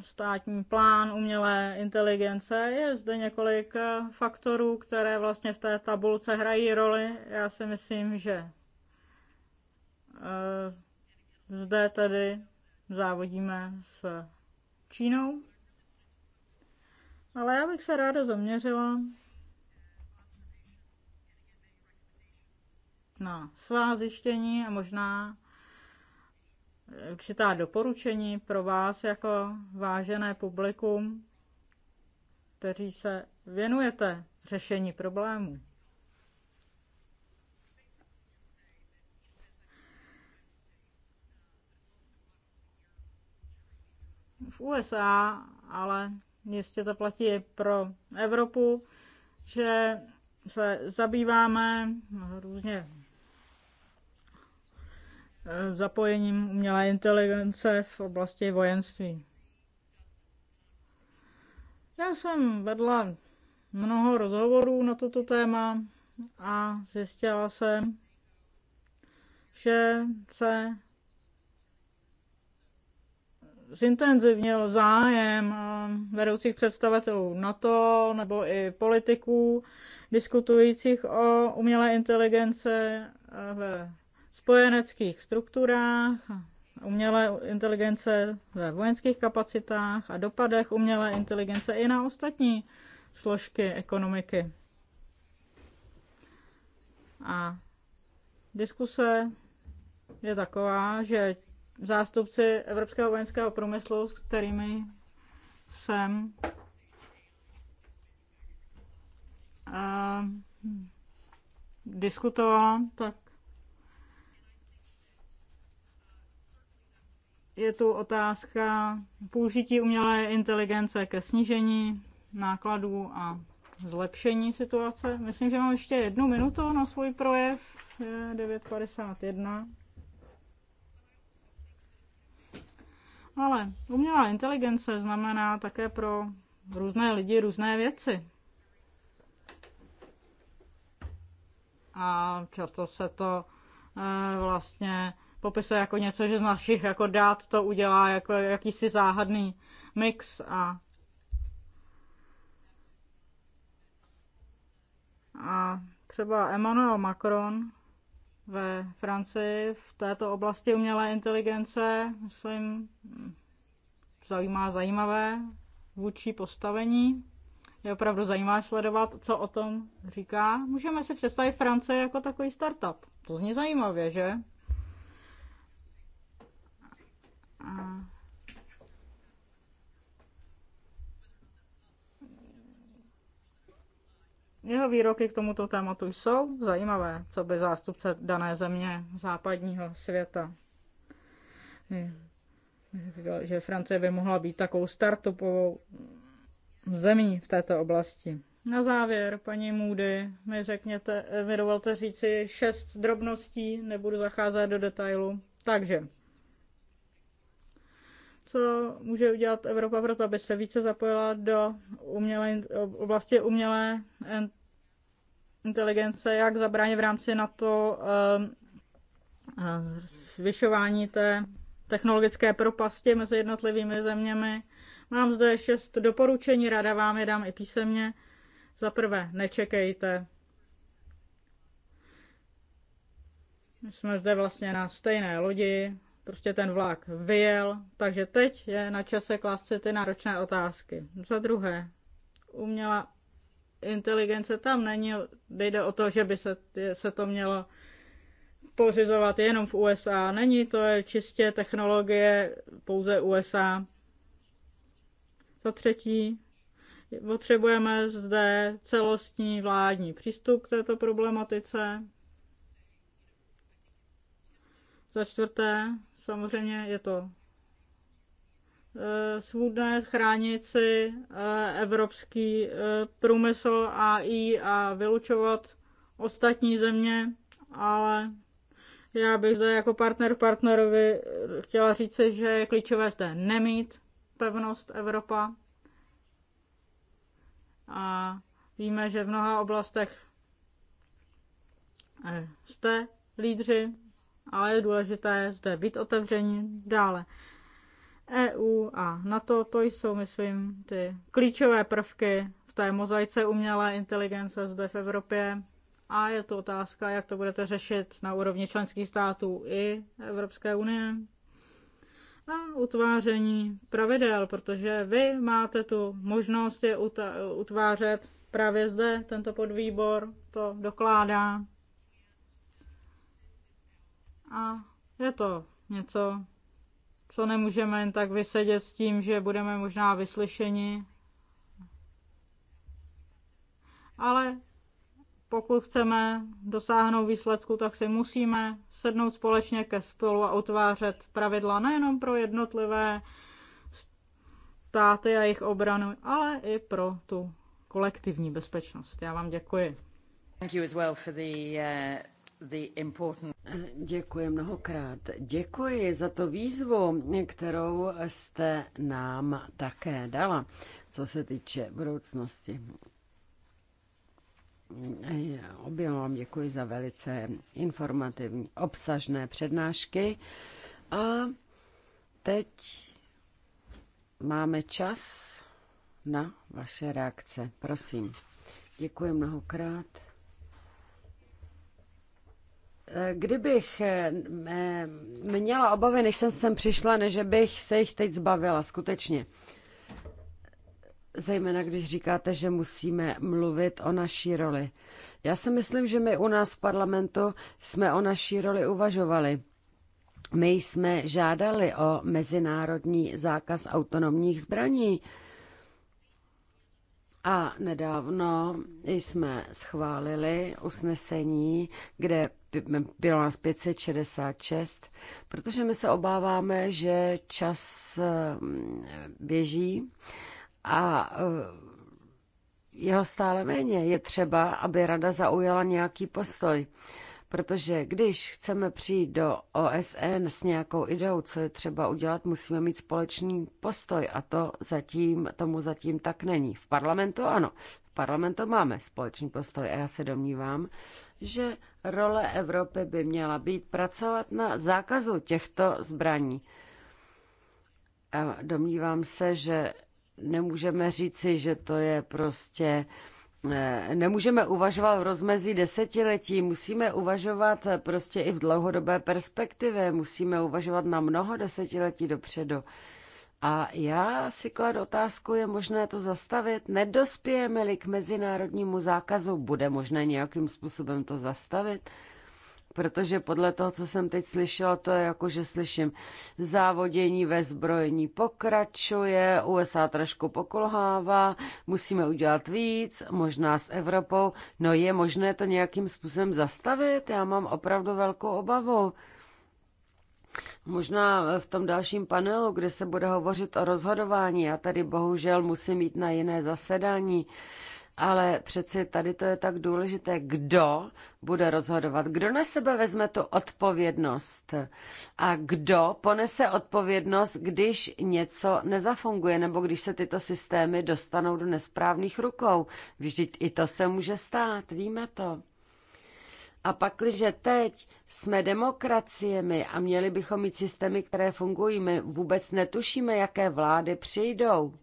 státní plán umělé inteligence. Je zde několik eh, faktorů, které vlastně v té tabulce hrají roli. Já si myslím, že eh, zde tedy závodíme s Čínou. Ale já bych se ráda zaměřila na svá zjištění a možná určitá doporučení pro vás jako vážené publikum, kteří se věnujete řešení problémů. V USA, ale jistě to platí i pro Evropu, že se zabýváme různě Eh, zapojením umělé inteligence v oblasti vojenství. Já jsem vedla mnoho rozhovorů na toto téma a zjistila jsem, že se zintenzivnil zájem eh, vedoucích představitelů NATO nebo i politiků diskutujících o umělé inteligence eh, ve spojeneckých strukturách, umělé inteligence ve vojenských kapacitách a dopadech umělé inteligence i na ostatní složky ekonomiky. A diskuse je taková, že zástupci Evropského vojenského průmyslu, s kterými jsem eh, diskutovala, tak je tu otázka použití umělé inteligence ke snížení nákladů a zlepšení situace. Myslím, že mám ještě jednu minutu na svůj projev. Je 9.51. Ale umělá inteligence znamená také pro různé lidi různé věci. A často se to e, vlastně popisuje jako něco, že z našich jako dát to udělá jako jakýsi záhadný mix a a třeba Emmanuel Macron ve Francii v této oblasti umělé inteligence, myslím, zajímá zajímavé vůči postavení. Je opravdu zajímavé sledovat, co o tom říká. Můžeme si představit Francii jako takový startup. To zní zajímavě, že? Jeho výroky k tomuto tématu jsou zajímavé, co by zástupce dané země západního světa. Že Francie by mohla být takovou startupovou zemí v této oblasti. Na závěr, paní Moody, mi řekněte, eh, mi dovolte říci šest drobností, nebudu zacházet do detailu. Takže co může udělat Evropa pro to, aby se více zapojila do umělé, oblasti umělé inteligence, jak zabránit v rámci na to ehm, zvyšování té technologické propasti mezi jednotlivými zeměmi. Mám zde šest doporučení, rada vám je dám i písemně. Za prvé, nečekejte. My jsme zde vlastně na stejné lodi, Prostě ten vlak vyjel, takže teď je na čase klást ty náročné otázky. Za druhé, umělá inteligence tam není, jde o to, že by se, se to mělo pořizovat jenom v USA. Není to je čistě technologie pouze USA. Za třetí, potřebujeme zde celostní vládní přístup k této problematice. Za čtvrté, samozřejmě je to eh, svůdné chránit si eh, evropský eh, průmysl AI a vylučovat ostatní země, ale já bych zde jako partner partnerovi chtěla říci, že je klíčové zde nemít pevnost Evropa. A víme, že v mnoha oblastech jste lídři ale je důležité zde být otevření dále. EU a NATO, to jsou, myslím, ty klíčové prvky v té mozaice umělé inteligence zde v Evropě. A je to otázka, jak to budete řešit na úrovni členských států i Evropské unie. A utváření pravidel, protože vy máte tu možnost je utvářet právě zde, tento podvýbor to dokládá a je to něco, co nemůžeme jen tak vysedět s tím, že budeme možná vyslyšeni. Ale pokud chceme dosáhnout výsledku, tak si musíme sednout společně ke spolu a utvářet pravidla nejenom pro jednotlivé státy a jejich obranu, ale i pro tu kolektivní bezpečnost. Já vám děkuji. Thank you as well for the, uh... Děkuji mnohokrát. Děkuji za to výzvu, kterou jste nám také dala, co se týče budoucnosti. Oběma vám děkuji za velice informativní, obsažné přednášky. A teď máme čas na vaše reakce. Prosím. Děkuji mnohokrát. Kdybych eh, eh, měla obavy, než jsem sem přišla, než bych se jich teď zbavila, skutečně. Zejména když říkáte, že musíme mluvit o naší roli. Já si myslím, že my u nás v parlamentu jsme o naší roli uvažovali. My jsme žádali o mezinárodní zákaz autonomních zbraní. A nedávno jsme schválili usnesení, kde bylo nás 566, protože my se obáváme, že čas mm, běží a eh, jeho stále méně. Je třeba, aby rada zaujala nějaký postoj. Protože když chceme přijít do OSN s nějakou ideou, co je třeba udělat, musíme mít společný postoj a to zatím, tomu zatím tak není. V parlamentu ano, v parlamentu máme společný postoj a já se domnívám, že Role Evropy by měla být pracovat na zákazu těchto zbraní. A domnívám se, že nemůžeme říci, že to je prostě eh, nemůžeme uvažovat v rozmezí desetiletí, musíme uvažovat prostě i v dlouhodobé perspektivě, musíme uvažovat na mnoho desetiletí dopředu. A já si kladu otázku, je možné to zastavit? Nedospějeme-li k mezinárodnímu zákazu, bude možné nějakým způsobem to zastavit? Protože podle toho, co jsem teď slyšela, to je jako, že slyším, závodění ve zbrojení pokračuje, USA trošku pokolhává, musíme udělat víc, možná s Evropou. No je možné to nějakým způsobem zastavit? Já mám opravdu velkou obavu. Možná v tom dalším panelu, kde se bude hovořit o rozhodování, já tady bohužel musím jít na jiné zasedání, ale přeci tady to je tak důležité, kdo bude rozhodovat, kdo na sebe vezme tu odpovědnost a kdo ponese odpovědnost, když něco nezafunguje nebo když se tyto systémy dostanou do nesprávných rukou. Vždyť i to se může stát, víme to. A pak, když teď jsme demokraciemi a měli bychom mít systémy, které fungují, my vůbec netušíme, jaké vlády přijdou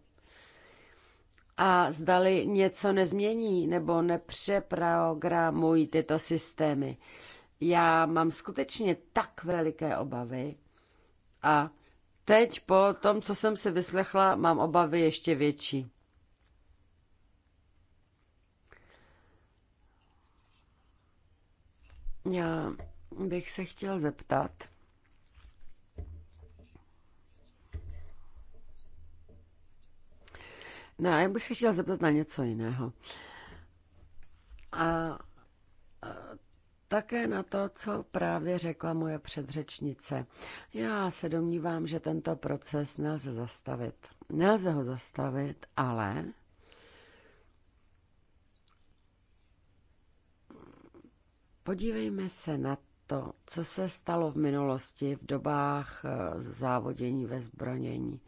a zdali něco nezmění nebo nepřeprogramují tyto systémy. Já mám skutečně tak veliké obavy a teď po tom, co jsem si vyslechla, mám obavy ještě větší. Já bych se chtěl zeptat, No, já bych se chtěla zeptat na něco jiného. A, a také na to, co právě řekla moje předřečnice. Já se domnívám, že tento proces nelze zastavit. Nelze ho zastavit, ale Podívejme se na to, co se stalo v minulosti v dobách eh, závodění ve zbranění.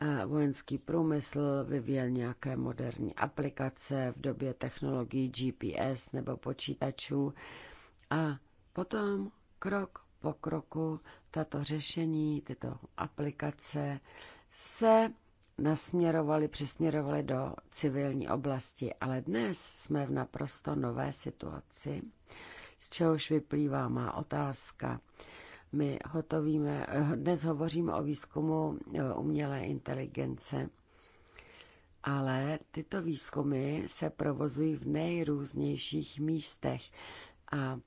Eh, vojenský průmysl vyvíjel nějaké moderní aplikace v době technologií GPS nebo počítačů a potom krok po kroku tato řešení, tyto aplikace se nasměrovali, přesměrovali do civilní oblasti. Ale dnes jsme v naprosto nové situaci, z čehož vyplývá má otázka. My hotovíme, dnes hovoříme o výzkumu e, umělé inteligence, ale tyto výzkumy se provozují v nejrůznějších místech a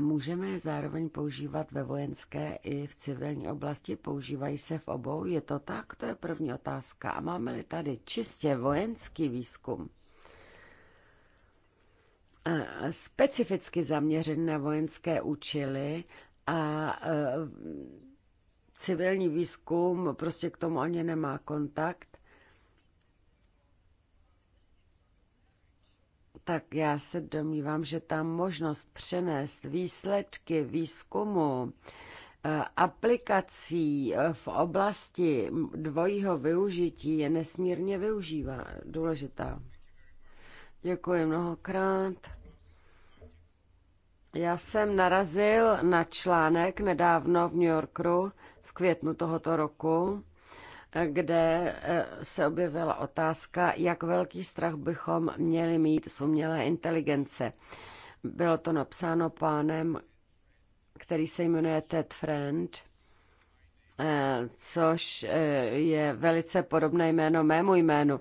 Můžeme je zároveň používat ve vojenské i v civilní oblasti. Používají se v obou. Je to tak? To je první otázka. A máme-li tady čistě vojenský výzkum, eh, specificky zaměřen na vojenské účely a eh, civilní výzkum prostě k tomu ani nemá kontakt, tak já se domnívám, že ta možnost přenést výsledky výzkumu eh, aplikací eh, v oblasti dvojího využití je nesmírně využívá, důležitá. Děkuji mnohokrát. Já jsem narazil na článek nedávno v New Yorku v květnu tohoto roku kde eh, se objevila otázka, jak velký strach bychom měli mít z umělé inteligence. Bylo to napsáno pánem, který se jmenuje Ted Friend, eh, což eh, je velice podobné jméno mému jménu,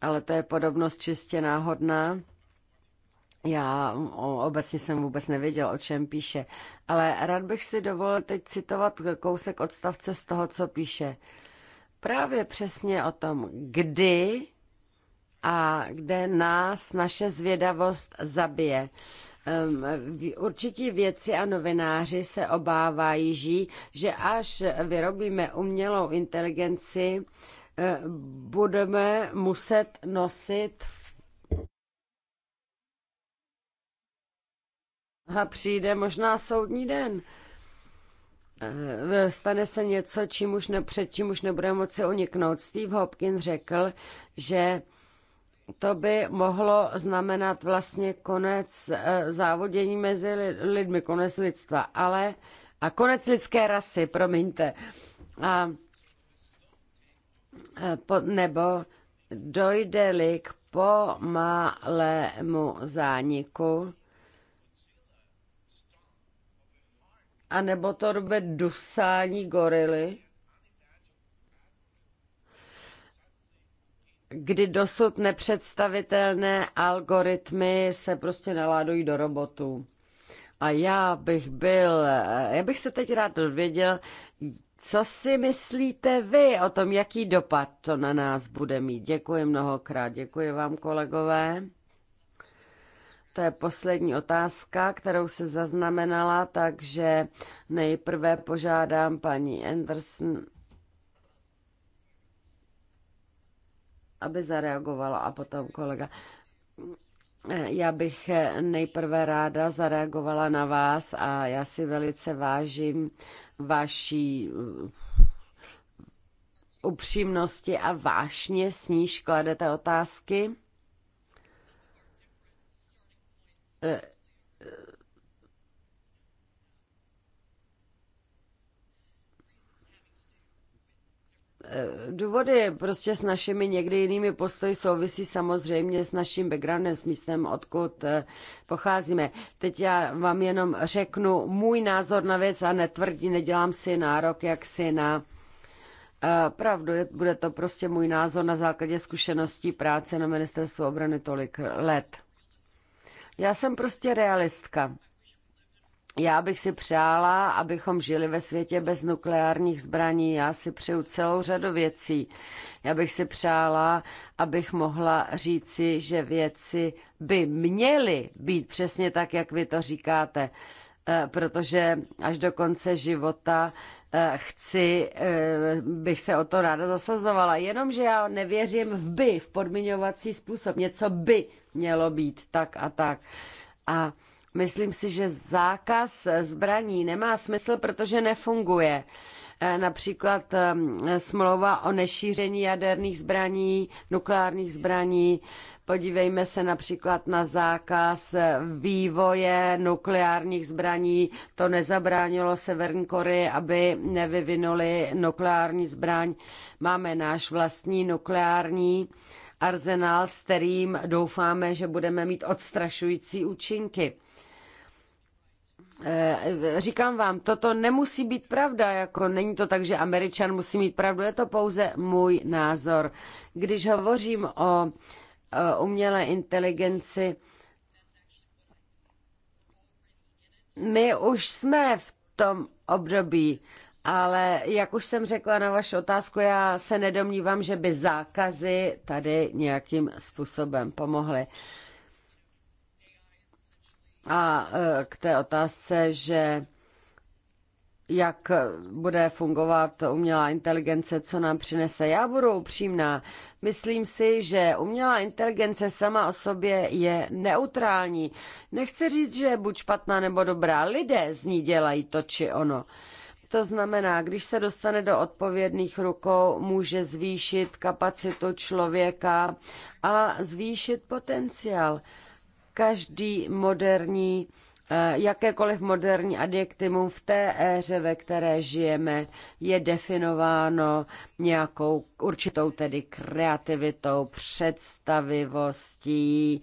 ale to je podobnost čistě náhodná. Já obecně jsem vůbec nevěděl, o čem píše, ale rád bych si dovolil teď citovat kousek odstavce z toho, co píše právě přesně o tom, kdy a kde nás naše zvědavost zabije. Určití věci a novináři se obávají, že až vyrobíme umělou inteligenci, eh, budeme muset nosit a přijde možná soudní den. Eh, stane se něco, čím už ne, před čím už nebudeme moci uniknout. Steve Hopkins řekl, že to by mohlo znamenat vlastně konec eh, závodění mezi lidmi, konec lidstva, ale a konec lidské rasy, promiňte. A, eh, po, nebo dojde-li k pomalému zániku, A nebo to bude dusání gorily, kdy dosud nepředstavitelné algoritmy se prostě naládují do robotů. A já bych byl, já bych se teď rád dověděl, co si myslíte vy o tom, jaký dopad to na nás bude mít? Děkuji mnohokrát, děkuji vám, kolegové. To je poslední otázka, kterou se zaznamenala, takže nejprve požádám paní Anderson, aby zareagovala a potom kolega. Já bych nejprve ráda zareagovala na vás a já si velice vážím vaší upřímnosti a vášně, s níž kladete otázky. Důvody prostě s našimi někdy jinými postoji souvisí samozřejmě s naším backgroundem, s místem, odkud eh, pocházíme. Teď já vám jenom řeknu můj názor na věc a netvrdí, nedělám si nárok, jak si na eh, pravdu. Bude to prostě můj názor na základě zkušeností práce na ministerstvu obrany tolik let. Já jsem prostě realistka. Já bych si přála, abychom žili ve světě bez nukleárních zbraní. Já si přeju celou řadu věcí. Já bych si přála, abych mohla říci, že věci by měly být přesně tak, jak vy to říkáte. Eh, protože až do konce života Eh, chci, eh, bych se o to ráda zasazovala. Jenomže já nevěřím v by, v podmiňovací způsob. Něco by mělo být tak a tak. A myslím si, že zákaz zbraní nemá smysl, protože nefunguje eh, například smlouva o nešíření jaderných zbraní, nukleárních zbraní Podívejme se například na zákaz vývoje nukleárních zbraní. To nezabránilo Severní Koreji, aby nevyvinuli nukleární zbraň. Máme náš vlastní nukleární arzenál, s kterým doufáme, že budeme mít odstrašující účinky. Eh, říkám vám, toto nemusí být pravda, jako není to tak, že Američan musí mít pravdu, je to pouze můj názor. Když hovořím o Eh, umělé inteligenci. My už jsme v tom období, ale jak už jsem řekla na vaši otázku, já se nedomnívám, že by zákazy tady nějakým způsobem pomohly. A eh, k té otázce, že jak bude fungovat umělá inteligence, co nám přinese. Já budu upřímná. Myslím si, že umělá inteligence sama o sobě je neutrální. Nechci říct, že je buď špatná nebo dobrá. Lidé z ní dělají to či ono. To znamená, když se dostane do odpovědných rukou, může zvýšit kapacitu člověka a zvýšit potenciál. Každý moderní Eh, jakékoliv moderní adjektivum v té éře, ve které žijeme, je definováno nějakou určitou tedy kreativitou, představivostí,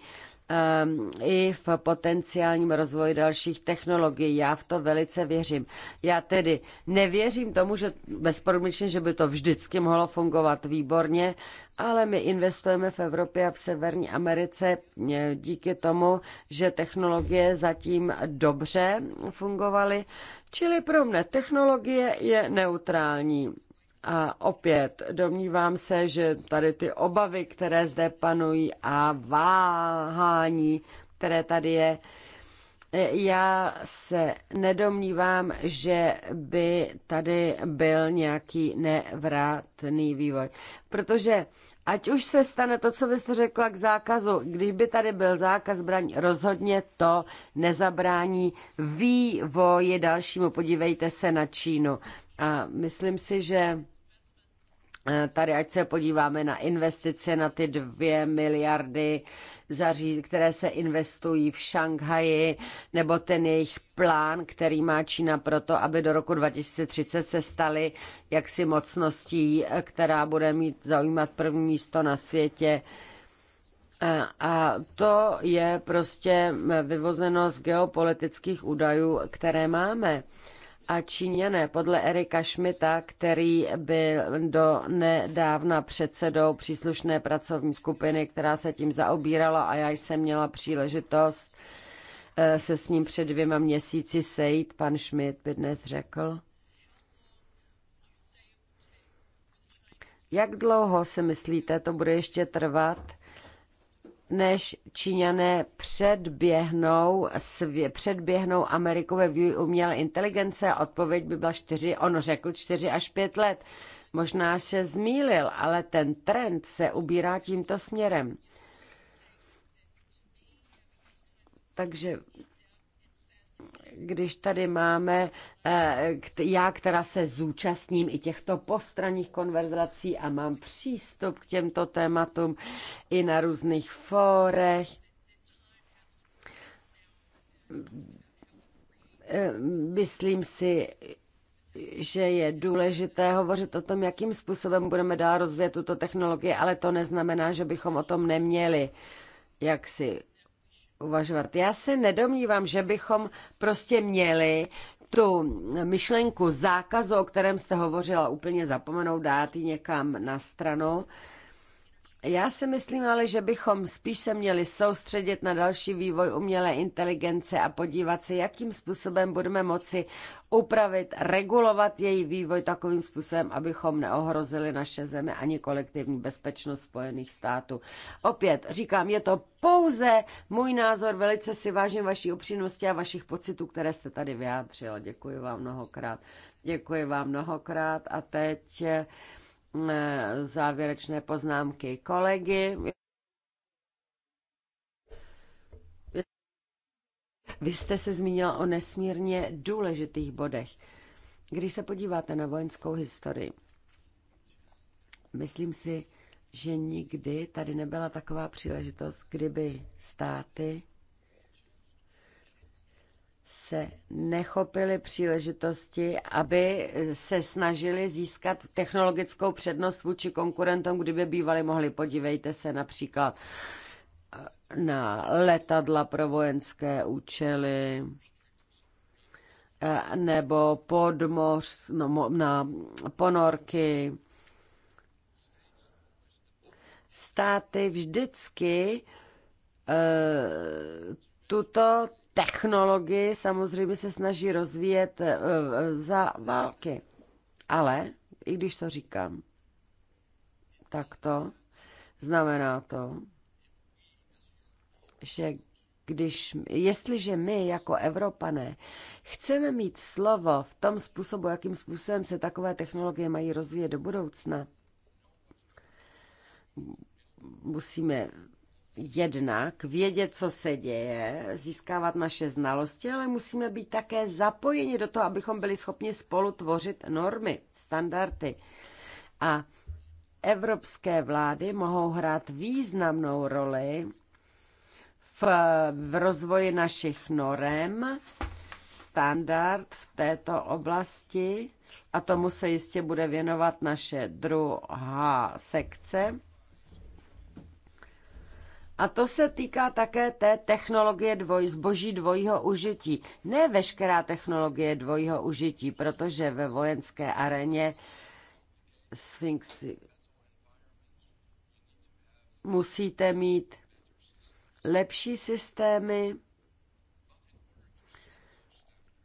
Ehm, i v potenciálním rozvoji dalších technologií. Já v to velice věřím. Já tedy nevěřím tomu, že bezpodmínečně, že by to vždycky mohlo fungovat výborně, ale my investujeme v Evropě a v Severní Americe eh, díky tomu, že technologie zatím dobře fungovaly, čili pro mne technologie je neutrální. A opět domnívám se, že tady ty obavy, které zde panují a váhání, které tady je, já se nedomnívám, že by tady byl nějaký nevratný vývoj. Protože ať už se stane to, co vy jste řekla k zákazu, když by tady byl zákaz zbraní, rozhodně to nezabrání vývoji dalšímu. Podívejte se na Čínu. A myslím si, že Eh, tady, ať se podíváme na investice, na ty dvě miliardy, které se investují v Šanghaji, nebo ten jejich plán, který má Čína to, aby do roku 2030 se staly jaksi mocností, eh, která bude mít zaujímat první místo na světě. Eh, a to je prostě mm, vyvozeno z geopolitických údajů, které máme a Číňané podle Erika Šmita, který byl do nedávna předsedou příslušné pracovní skupiny, která se tím zaobírala a já jsem měla příležitost eh, se s ním před dvěma měsíci sejít, pan Schmidt by dnes řekl. Jak dlouho si myslíte, to bude ještě trvat, než Číňané předběhnou, svě, předběhnou Ameriku ve vývoji umělé inteligence. Odpověď by byla 4, on řekl 4 až 5 let. Možná se zmílil, ale ten trend se ubírá tímto směrem. Takže když tady máme eh, já, která se zúčastním i těchto postranních konverzací a mám přístup k těmto tématům i na různých fórech, eh, myslím si, že je důležité hovořit o tom, jakým způsobem budeme dál rozvíjet tuto technologii, ale to neznamená, že bychom o tom neměli jak si uvažovat. Já se nedomnívám, že bychom prostě měli tu myšlenku zákazu, o kterém jste hovořila, úplně zapomenout, dát ji někam na stranu. Já si myslím ale, že bychom spíš se měli soustředit na další vývoj umělé inteligence a podívat se, jakým způsobem budeme moci upravit, regulovat její vývoj takovým způsobem, abychom neohrozili naše země ani kolektivní bezpečnost Spojených států. Opět říkám, je to pouze můj názor, velice si vážím vaší upřímnosti a vašich pocitů, které jste tady vyjádřila. Děkuji vám mnohokrát. Děkuji vám mnohokrát a teď eh, Mm, eh, závěrečné poznámky kolegy. Vy jste se zmínil o nesmírně důležitých bodech. Když se podíváte na vojenskou historii, myslím si, že nikdy tady nebyla taková příležitost, kdyby státy se nechopili příležitosti, aby se snažili získat technologickou přednost vůči konkurentům, kdyby bývali mohli. Podívejte se například na letadla pro vojenské účely nebo podmoř, no, na ponorky. Státy vždycky e, tuto technologii samozřejmě se snaží rozvíjet eh, eh, za války. Ale, i když to říkám, tak to znamená to, že když, jestliže my jako Evropané chceme mít slovo v tom způsobu, jakým způsobem se takové technologie mají rozvíjet do budoucna, musíme jednak vědět, co se děje, získávat naše znalosti, ale musíme být také zapojeni do toho, abychom byli schopni spolu tvořit normy, standardy. A evropské vlády mohou hrát významnou roli v, v rozvoji našich norem, standard v této oblasti a tomu se jistě bude věnovat naše druhá sekce a to se týká také té technologie dvoj, zboží dvojího užití. Ne veškerá technologie dvojího užití, protože ve vojenské aréně Sphinxy musíte mít lepší systémy,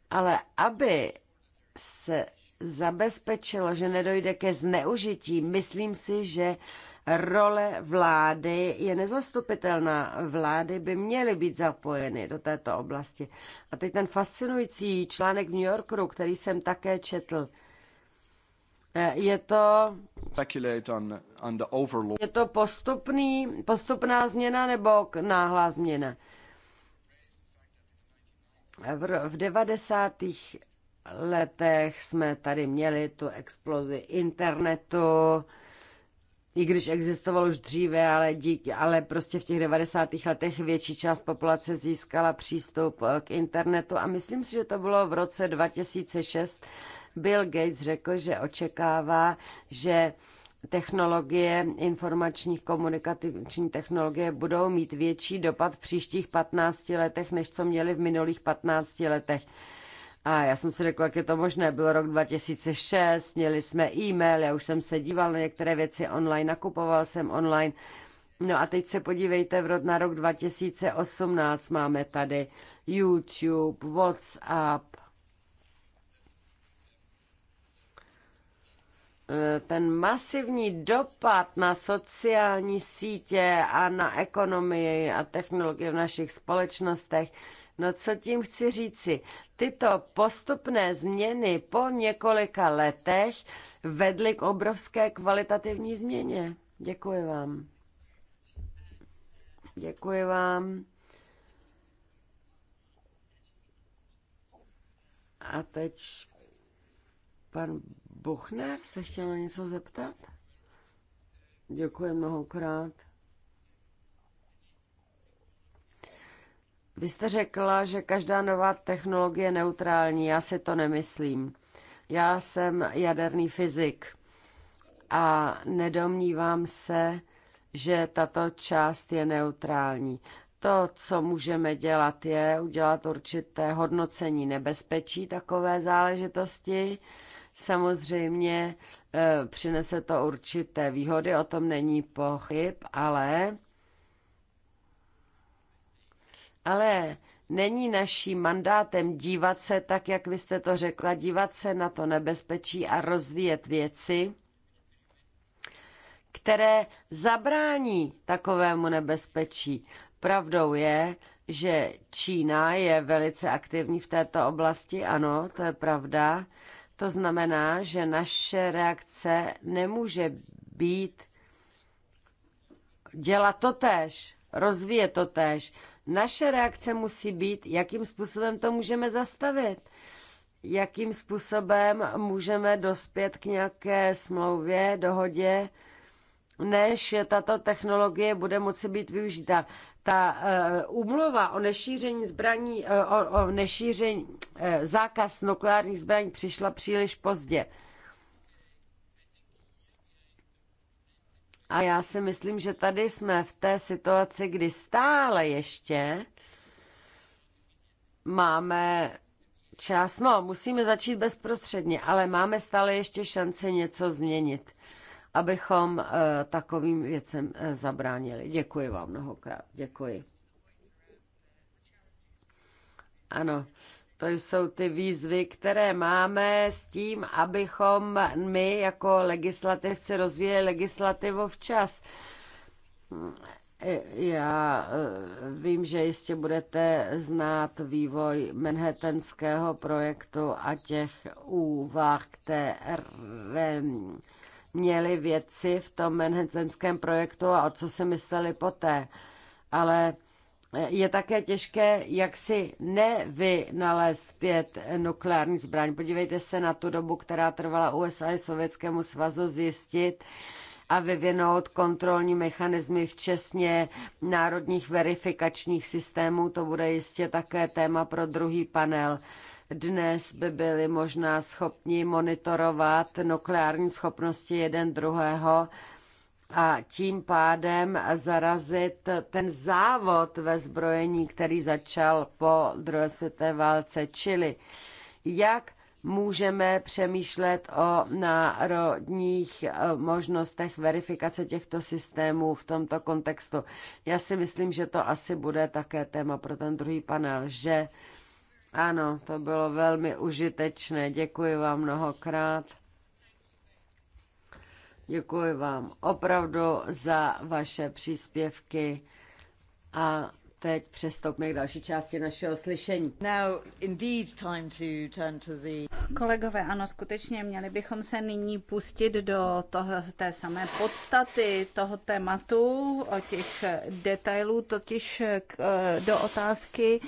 ale aby se zabezpečilo, že nedojde ke zneužití, myslím si, že Role vlády je nezastupitelná. Vlády by měly být zapojeny do této oblasti. A teď ten fascinující článek v New Yorku, který jsem také četl, eh, je to, je to postupný, postupná změna nebo náhlá změna? V, v 90. letech jsme tady měli tu explozi internetu, i když existoval už dříve, ale, díky, ale prostě v těch 90. letech větší část populace získala přístup eh, k internetu a myslím si, že to bylo v roce 2006. Bill Gates řekl, že očekává, že technologie, informační komunikativní technologie budou mít větší dopad v příštích 15 letech, než co měly v minulých 15 letech. A já jsem si řekla, jak je to možné. Byl rok 2006, měli jsme e-mail, já už jsem se díval na některé věci online, nakupoval jsem online. No a teď se podívejte, v na rok 2018 máme tady YouTube, WhatsApp, eh, ten masivní dopad na sociální sítě a na ekonomii a technologie v našich společnostech No co tím chci říci? Tyto postupné změny po několika letech vedly k obrovské kvalitativní změně. Děkuji vám. Děkuji vám. A teď pan Buchner se chtěl na něco zeptat? Děkuji mnohokrát. Vy jste řekla, že každá nová technologie je neutrální. Já si to nemyslím. Já jsem jaderný fyzik a nedomnívám se, že tato část je neutrální. To, co můžeme dělat, je udělat určité hodnocení nebezpečí takové záležitosti. Samozřejmě e, přinese to určité výhody, o tom není pochyb, ale ale není naším mandátem dívat se, tak jak vy jste to řekla, dívat se na to nebezpečí a rozvíjet věci, které zabrání takovému nebezpečí. Pravdou je, že Čína je velice aktivní v této oblasti, ano, to je pravda. To znamená, že naše reakce nemůže být dělat to tež, rozvíjet to tež. Naše reakce musí být, jakým způsobem to můžeme zastavit. Jakým způsobem můžeme dospět k nějaké smlouvě, dohodě, než tato technologie bude moci být využita. Ta eh, úmluva uh, o nešíření zbraní, uh, o, o nešíření, uh, zákaz nukleárních zbraní přišla příliš pozdě. Uh, A já si myslím, že tady jsme v té situaci, kdy stále ještě máme čas. No, musíme začít bezprostředně, ale máme stále ještě šanci něco změnit, abychom eh, takovým věcem eh, zabránili. Děkuji vám mnohokrát. Děkuji. Ano, to jsou ty výzvy, které máme s tím, abychom my jako legislativci rozvíjeli legislativu včas. Já eh, vím, že jistě budete znát vývoj manhattanského projektu a těch úvah, které měli věci v tom manhattanském projektu a o co se mysleli poté. Ale je také těžké, jak si nevynalézt pět nukleární zbraň. Podívejte se na tu dobu, která trvala USA i Sovětskému svazu zjistit a vyvinout kontrolní mechanismy, včasně národních verifikačních systémů. To bude jistě také téma pro druhý panel. Dnes by byli možná schopni monitorovat nukleární schopnosti jeden druhého a tím pádem zarazit ten závod ve zbrojení, který začal po druhé světové válce, čili jak můžeme přemýšlet o národních eh, možnostech verifikace těchto systémů v tomto kontextu. Já si myslím, že to asi bude také téma pro ten druhý panel, že ano, to bylo velmi užitečné. Děkuji vám mnohokrát. Děkuji vám opravdu za vaše příspěvky a teď přestoupme k další části našeho slyšení. Now, indeed, time to turn to the... Kolegové, ano, skutečně měli bychom se nyní pustit do toho, té samé podstaty toho tématu, o těch detailů, totiž k, eh, do otázky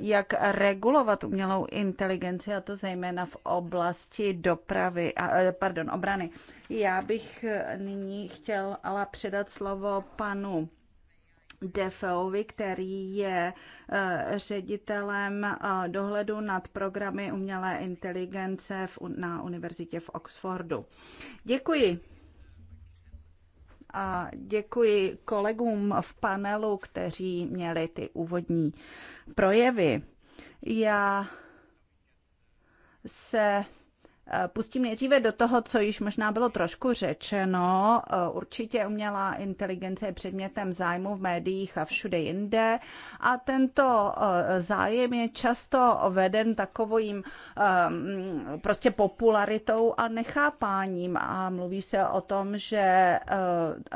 jak regulovat umělou inteligenci, a to zejména v oblasti dopravy, eh, pardon, obrany. Já bych eh, nyní chtěl ale předat slovo panu Defeovi, který je eh, ředitelem dohledu nad programy umělé inteligence na univerzitě v Oxfordu. Děkuji a děkuji kolegům v panelu, kteří měli ty úvodní projevy. Já se Eh, pustím nejdříve do toho, co již možná bylo trošku řečeno. Eh, určitě umělá inteligence je předmětem zájmu v médiích a všude jinde. A tento eh, zájem je často veden takovým ehm, prostě popularitou a nechápáním. A mluví se o tom, že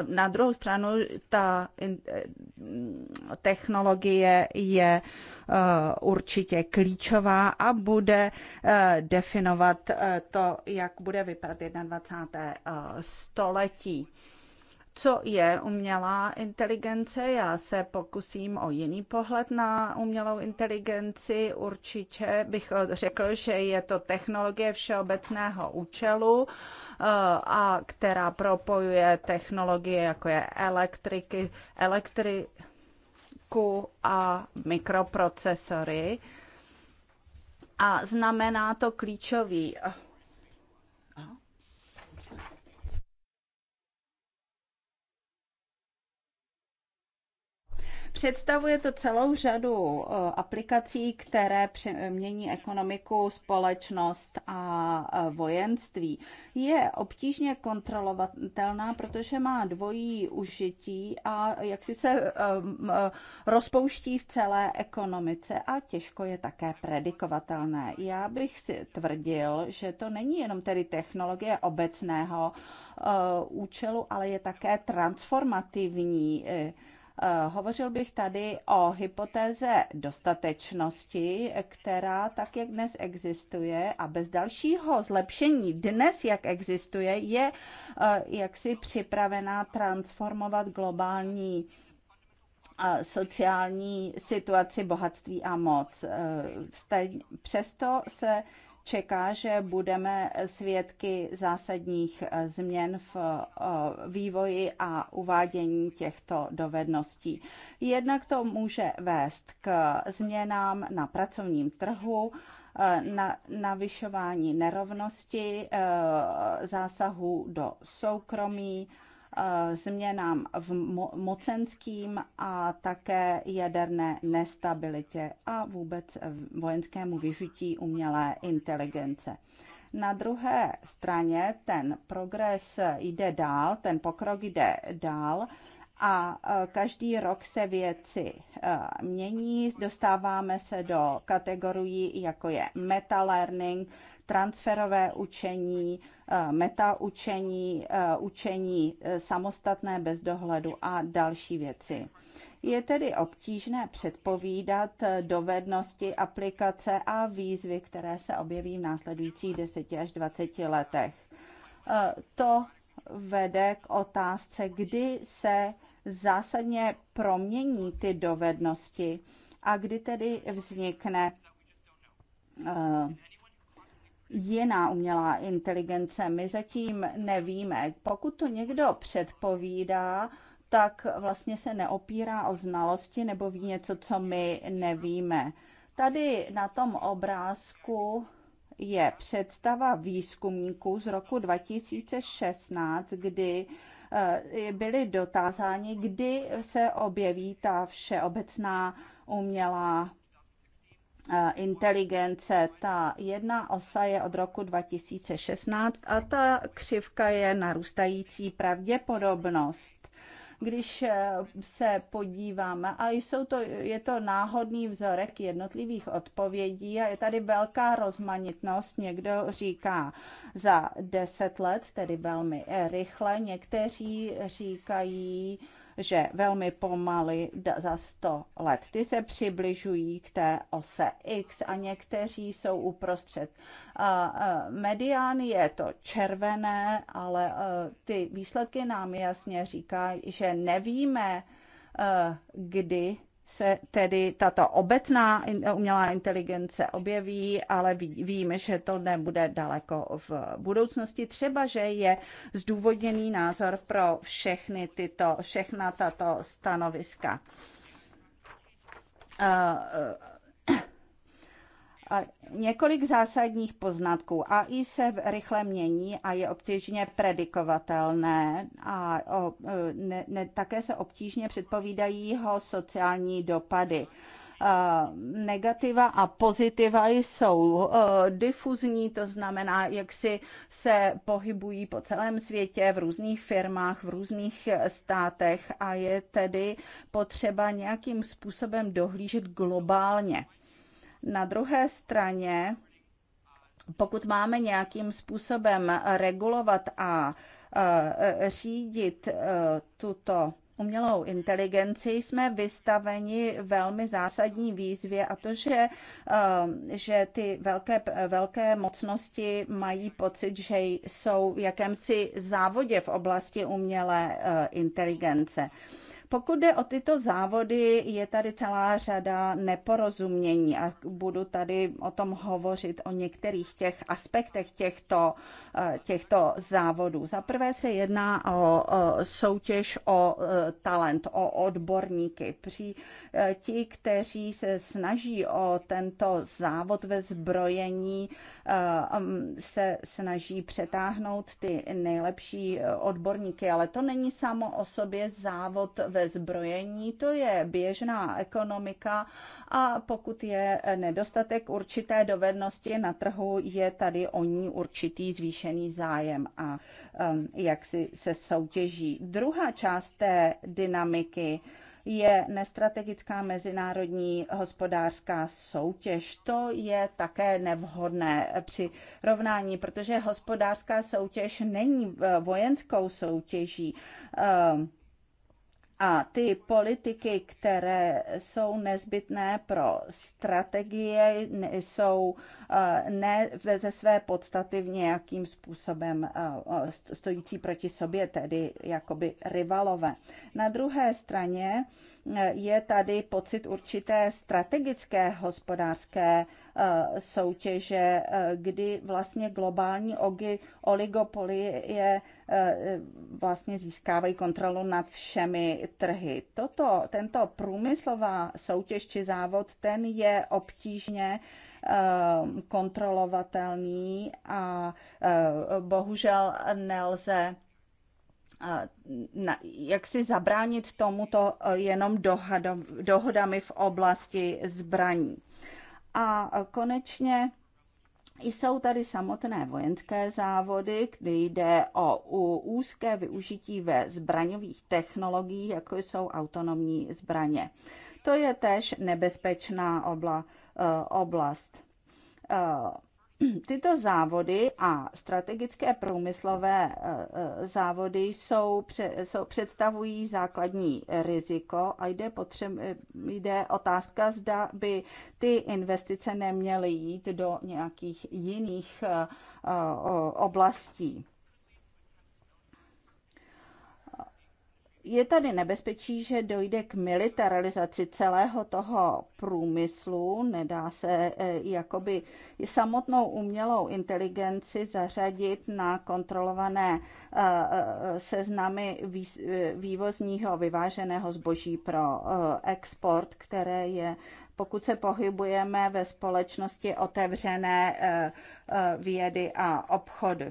na druhou stranu ta technologie je Eh, určitě klíčová a bude eh, definovat eh, to, jak bude vypadat 21. století co je umělá inteligence. Já se pokusím o jiný pohled na umělou inteligenci. Určitě bych řekl, že je to technologie všeobecného účelu, a která propojuje technologie, jako je elektriky, elektri, optiku a mikroprocesory. A znamená to klíčový Představuje to celou řadu eh, aplikací, které mění ekonomiku, společnost a eh, vojenství. Je obtížně kontrolovatelná, protože má dvojí užití a jak si se eh, rozpouští v celé ekonomice a těžko je také predikovatelné. Já bych si tvrdil, že to není jenom tedy technologie obecného účelu, ale je také transformativní. Eh, hovořil bych tady o hypotéze dostatečnosti, která tak, jak dnes existuje a bez dalšího zlepšení dnes, jak existuje, je eh, jaksi připravená transformovat globální eh, sociální situaci, bohatství a moc. Přesto se čeká, že budeme svědky zásadních eh, změn v eh, vývoji a uvádění těchto dovedností. Jednak to může vést k změnám na pracovním trhu, eh, na navyšování nerovnosti, zásahu do soukromí, Eh, změnám v mo mocenským a také jaderné nestabilitě a vůbec vojenskému vyžití umělé inteligence. Na druhé straně ten progres jde dál, ten pokrok jde dál a eh, každý rok se věci eh, mění, dostáváme se do kategorií jako je meta learning, transferové učení, eh, meta učení eh, eh, samostatné bez dohledu a další věci. Je tedy obtížné předpovídat dovednosti, aplikace a výzvy, které se objeví v následujících 10 až 20 letech. To vede k otázce, kdy se zásadně promění ty dovednosti a kdy tedy vznikne jiná umělá inteligence. My zatím nevíme. Pokud to někdo předpovídá, tak vlastně se neopírá o znalosti nebo ví něco, co my nevíme. Tady na tom obrázku je představa výzkumníků z roku 2016, kdy eh, byli dotázáni, kdy se objeví ta všeobecná umělá inteligence. Ta jedna osa je od roku 2016 a ta křivka je narůstající pravděpodobnost. Když e, se podíváme, a jsou to, je to náhodný vzorek jednotlivých odpovědí a je tady velká rozmanitnost. Někdo říká za deset let, tedy velmi e, rychle, někteří říkají že velmi pomaly za 100 let. Ty se přibližují k té ose X a někteří jsou uprostřed. Medián je to červené, ale ty výsledky nám jasně říkají, že nevíme, kdy se tedy tato obecná umělá inteligence objeví, ale víme, že to nebude daleko v budoucnosti. Třeba, že je zdůvodněný názor pro všechny tyto, všechna tato stanoviska Několik zásadních poznatků. AI se rychle mění a je obtížně predikovatelné a o, e, ne, ne, také se obtížně předpovídají jeho sociální dopady e, negativa a pozitiva jsou e, difuzní, to znamená, jak si se pohybují po celém světě, v různých firmách, v různých státech a je tedy potřeba nějakým způsobem dohlížet globálně. Na druhé straně, pokud máme nějakým způsobem regulovat a e, řídit e, tuto umělou inteligenci jsme vystaveni velmi zásadní výzvě a to, že, e, že ty velké, velké mocnosti mají pocit, že jsou v jakémsi závodě v oblasti umělé inteligence. Pokud jde o tyto závody, je tady celá řada neporozumění a budu tady o tom hovořit o některých těch aspektech těchto, eh, těchto závodů. Za prvé se jedná o soutěž o eh, talent, o odborníky. Při eh, ti, kteří se snaží o tento závod ve zbrojení, Eh, mm, se snaží přetáhnout ty nejlepší eh, odborníky, ale to není samo o sobě závod ve zbrojení, to je běžná ekonomika a pokud je eh, nedostatek určité dovednosti na trhu, je tady o ní určitý zvýšený zájem a jak si se soutěží. Druhá část té dynamiky, je nestrategická mezinárodní hospodářská soutěž. To je také nevhodné při rovnání, protože hospodářská soutěž není eh, vojenskou soutěží. Eh, a ty politiky, které jsou nezbytné pro strategie, jsou eh, ne ze své podstaty v nějakým způsobem eh, stojící proti sobě, tedy jakoby rivalové. Na druhé straně je tady pocit určité strategické hospodářské eh, soutěže, eh, kdy vlastně globální oligopoly je eh, vlastně získávají kontrolu nad všemi trhy. Toto, tento průmyslová soutěž či závod, ten je obtížně kontrolovatelný a bohužel nelze jak si zabránit tomuto e, jenom dohodami v oblasti zbraní. A konečně jsou tady samotné vojenské závody, kdy jde o úzké využití ve zbraňových technologiích, jako jsou autonomní zbraně. To je též nebezpečná obla, e, oblast e, Tyto závody a strategické průmyslové eh, eh, závody jsou, jsou, představují základní riziko a jde, potře- eh, jde otázka, zda by ty investice neměly jít do nějakých jiných oblastí. je tady nebezpečí, že dojde k militarizaci celého toho průmyslu, nedá se eh, jakoby samotnou umělou inteligenci zařadit na kontrolované eh, eh, seznamy vývozního vyváženého zboží pro export, které je pokud se pohybujeme ve společnosti otevřené vědy a obchodu.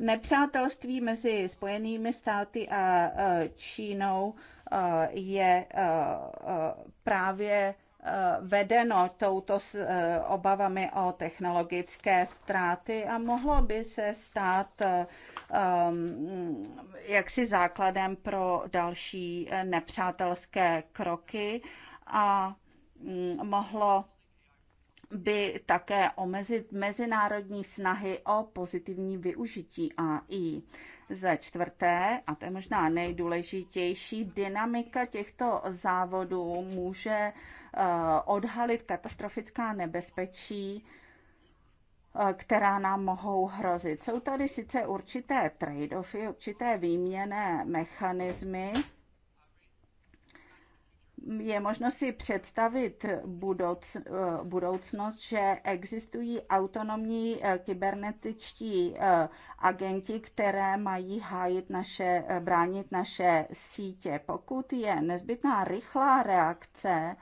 Nepřátelství mezi Spojenými státy a e, Čínou e, je e, právě vedeno touto obavami o technologické ztráty a mohlo by se stát jaksi základem pro další nepřátelské kroky a mohlo by také omezit mezinárodní snahy o pozitivní využití AI. Za čtvrté, a to je možná nejdůležitější, dynamika těchto závodů může eh, odhalit katastrofická nebezpečí, eh, která nám mohou hrozit. Jsou tady sice určité trade-offy, určité výměné mechanismy, je možno si představit budouc, eh, budoucnost, že existují autonomní eh, kybernetičtí eh, agenti, které mají hájit naše, bránit naše sítě. Pokud je nezbytná rychlá reakce,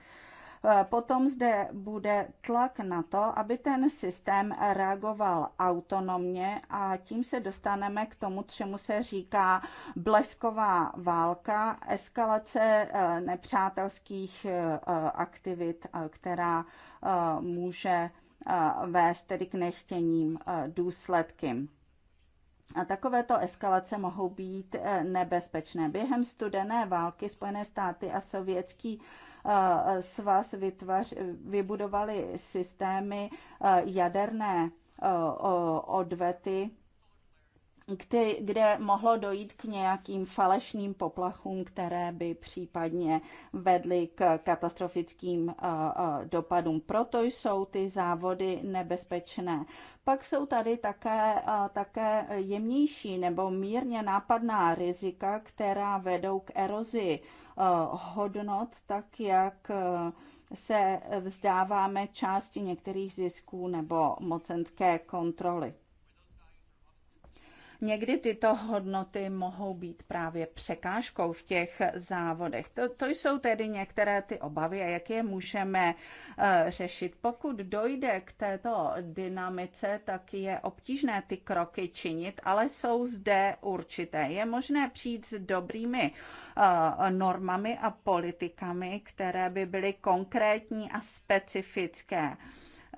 Eh, potom zde bude tlak na to, aby ten systém reagoval autonomně a tím se dostaneme k tomu, čemu se říká blesková válka, eskalace eh, nepřátelských eh, aktivit, která může vést tedy k nechtěním důsledkům. A takovéto eskalace mohou být nebezpečné. Během studené války Spojené státy a Sovětský svaz vytvař, vybudovali systémy jaderné odvety, kde, kde mohlo dojít k nějakým falešným poplachům, které by případně vedly k katastrofickým dopadům. Proto jsou ty závody nebezpečné. Pak jsou tady také, také jemnější nebo mírně nápadná rizika, která vedou k erozi Eh, hodnot, tak jak eh, se vzdáváme části některých zisků nebo mocenské kontroly. Někdy tyto hodnoty mohou být právě překážkou v těch závodech. To, to jsou tedy některé ty obavy a jak je můžeme eh, řešit. Pokud dojde k této dynamice, tak je obtížné ty kroky činit, ale jsou zde určité. Je možné přijít s dobrými eh, normami a politikami, které by byly konkrétní a specifické.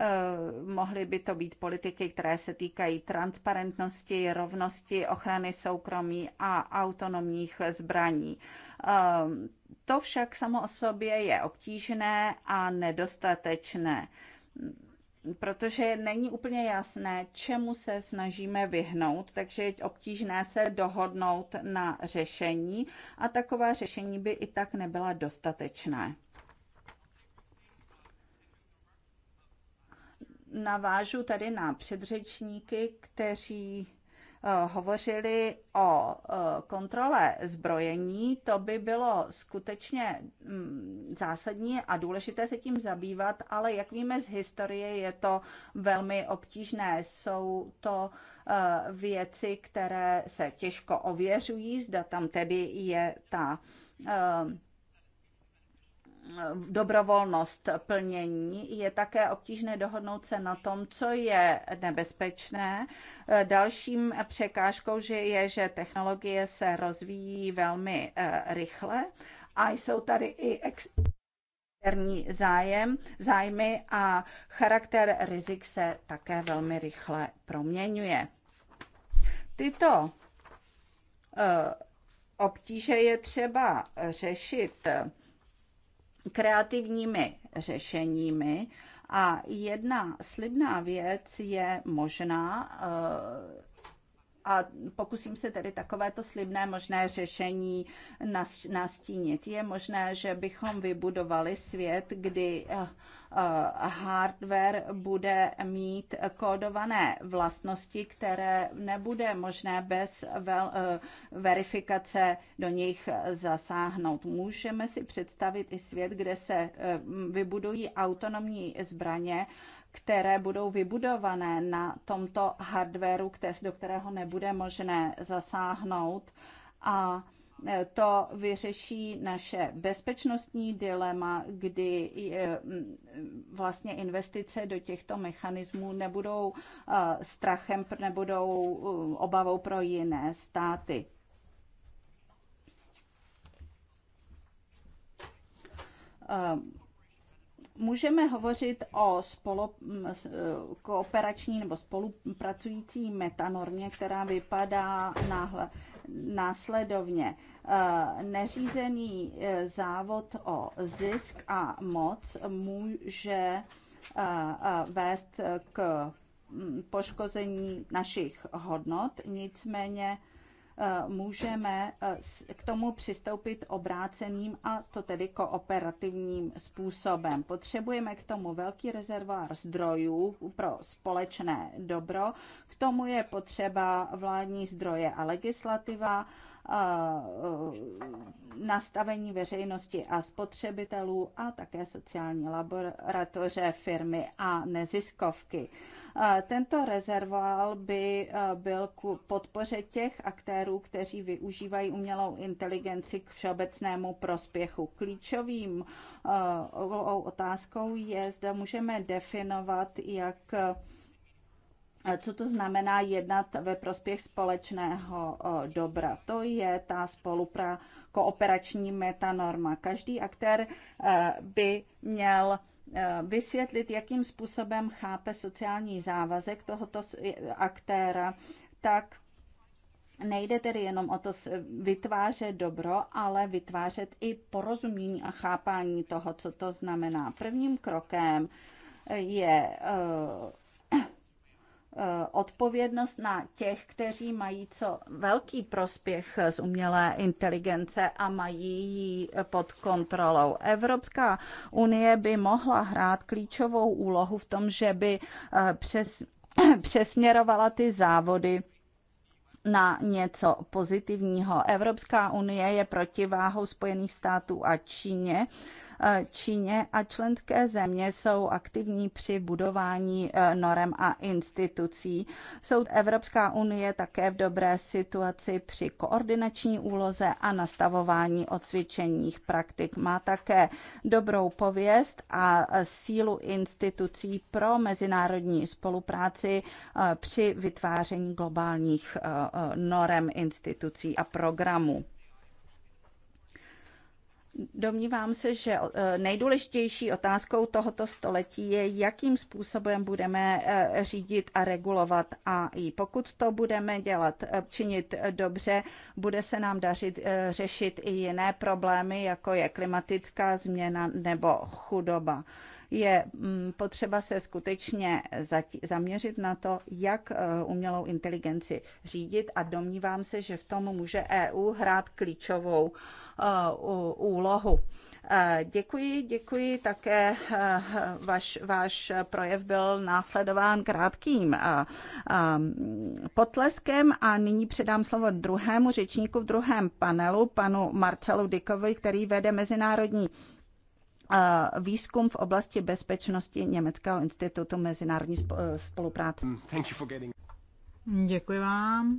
Eh, mohly by to být politiky, které se týkají transparentnosti, rovnosti, ochrany soukromí a autonomních zbraní. Eh, to však samo o sobě je obtížné a nedostatečné protože není úplně jasné, čemu se snažíme vyhnout, takže je obtížné se dohodnout na řešení a taková řešení by i tak nebyla dostatečné. navážu tady na předřečníky, kteří eh, hovořili o eh, kontrole zbrojení, to by bylo skutečně mm, zásadní a důležité se tím zabývat, ale jak víme z historie, je to velmi obtížné. Jsou to eh, věci, které se těžko ověřují, zda tam tedy je ta dobrovolnost plnění, je také obtížné dohodnout se na tom, co je nebezpečné. Dalším překážkou že je, že technologie se rozvíjí velmi eh, rychle a jsou tady i ex externí zájem, zájmy a charakter rizik se také velmi rychle proměňuje. Tyto eh, obtíže je třeba řešit kreativními řešeními. A jedna slibná věc je možná eh, a pokusím se tedy takovéto slibné možné řešení nastínit. Je možné, že bychom vybudovali svět, kdy eh, eh, hardware bude mít kódované vlastnosti, které nebude možné bez eh, verifikace do nich zasáhnout. Můžeme si představit i svět, kde se vybudují autonomní zbraně, které budou vybudované na tomto hardwareu, do kterého nebude možné zasáhnout. A e, to vyřeší naše bezpečnostní dilema, kdy e, vlastně investice do těchto mechanismů nebudou e, strachem, nebudou obavou pro jiné státy. Um, můžeme hovořit o spolo, eh, kooperační nebo spolupracující metanormě, která vypadá náhle, následovně. Eh, neřízený eh, závod o zisk a moc může vést k mm, poškození našich hodnot, nicméně Eh, můžeme eh, k tomu přistoupit obráceným a to tedy kooperativním způsobem. Potřebujeme k tomu velký rezervoár zdrojů pro společné dobro, k tomu je potřeba vládní zdroje a legislativa, eh, nastavení veřejnosti a spotřebitelů a také sociální laboratoře, firmy a neziskovky. Tento rezervoál by byl k podpoře těch aktérů, kteří využívají umělou inteligenci k všeobecnému prospěchu. Klíčovým otázkou je, zda můžeme definovat, jak co to znamená jednat ve prospěch společného dobra. To je ta spolupra kooperační metanorma. Každý aktér by měl Eh, vysvětlit, jakým způsobem chápe sociální závazek tohoto aktéra, tak Nejde tedy jenom o to vytvářet dobro, ale vytvářet i porozumění a chápání toho, co to znamená. Prvním krokem je eh, Eh, odpovědnost na těch, kteří mají co velký prospěch z umělé inteligence a mají ji pod kontrolou. Evropská unie by mohla hrát klíčovou úlohu v tom, že by eh, přes, přesměrovala ty závody na něco pozitivního. Evropská unie je protiváhou Spojených států a Číně Eh, Číně a členské země jsou aktivní při budování eh, norem a institucí. Jsou Evropská unie také v dobré situaci při koordinační úloze a nastavování odsvědčených praktik. Má také dobrou pověst a eh, sílu institucí pro mezinárodní spolupráci při vytváření globálních norem institucí a programů. Domnívám se, že eh, nejdůležitější otázkou tohoto století je, jakým způsobem budeme eh, řídit a regulovat AI. Pokud to budeme dělat, eh, činit dobře, bude se nám dařit řešit i jiné problémy, jako je klimatická změna nebo chudoba je mm, potřeba se skutečně zaměřit na to, jak umělou inteligenci řídit a domnívám se, že v tom může EU hrát klíčovou Eh, úlohu. Eh, děkuji, děkuji také. Eh, váš, váš projev byl následován krátkým potleskem a nyní předám slovo druhému řečníku v druhém panelu, panu Marcelu Dikovi, který vede mezinárodní výzkum v oblasti bezpečnosti Německého institutu mezinárodní spolupráce. Děkuji vám.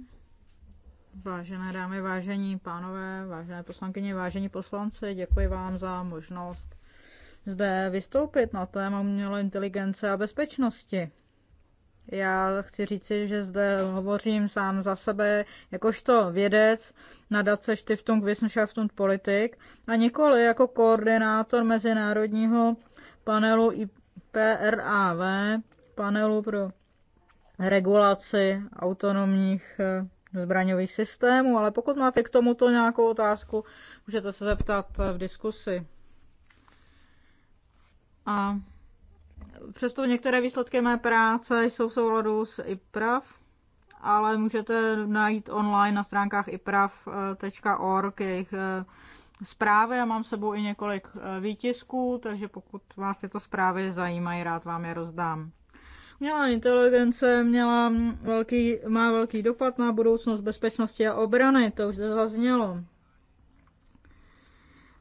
Vážené dámy, vážení pánové, vážené poslankyně, vážení poslanci, děkuji vám za možnost zde vystoupit na téma umělé inteligence a bezpečnosti. Já chci říci, že zde hovořím sám za sebe jakožto vědec na dace Stiftung Wissenschaft und Politik a nikoli jako koordinátor mezinárodního panelu IPRAV, panelu pro regulaci autonomních eh, zbraňových systémů, ale pokud máte k tomuto nějakou otázku, můžete se zeptat v diskusi. A přesto některé výsledky mé práce jsou v souladu s IPRAV, ale můžete najít online na stránkách iprav.org jejich eh, zprávy. Já mám sebou i několik eh, výtisků, takže pokud vás tyto zprávy zajímají, rád vám je rozdám. Měla inteligence měla velký, má velký dopad na budoucnost bezpečnosti a obrany, to už zde zaznělo.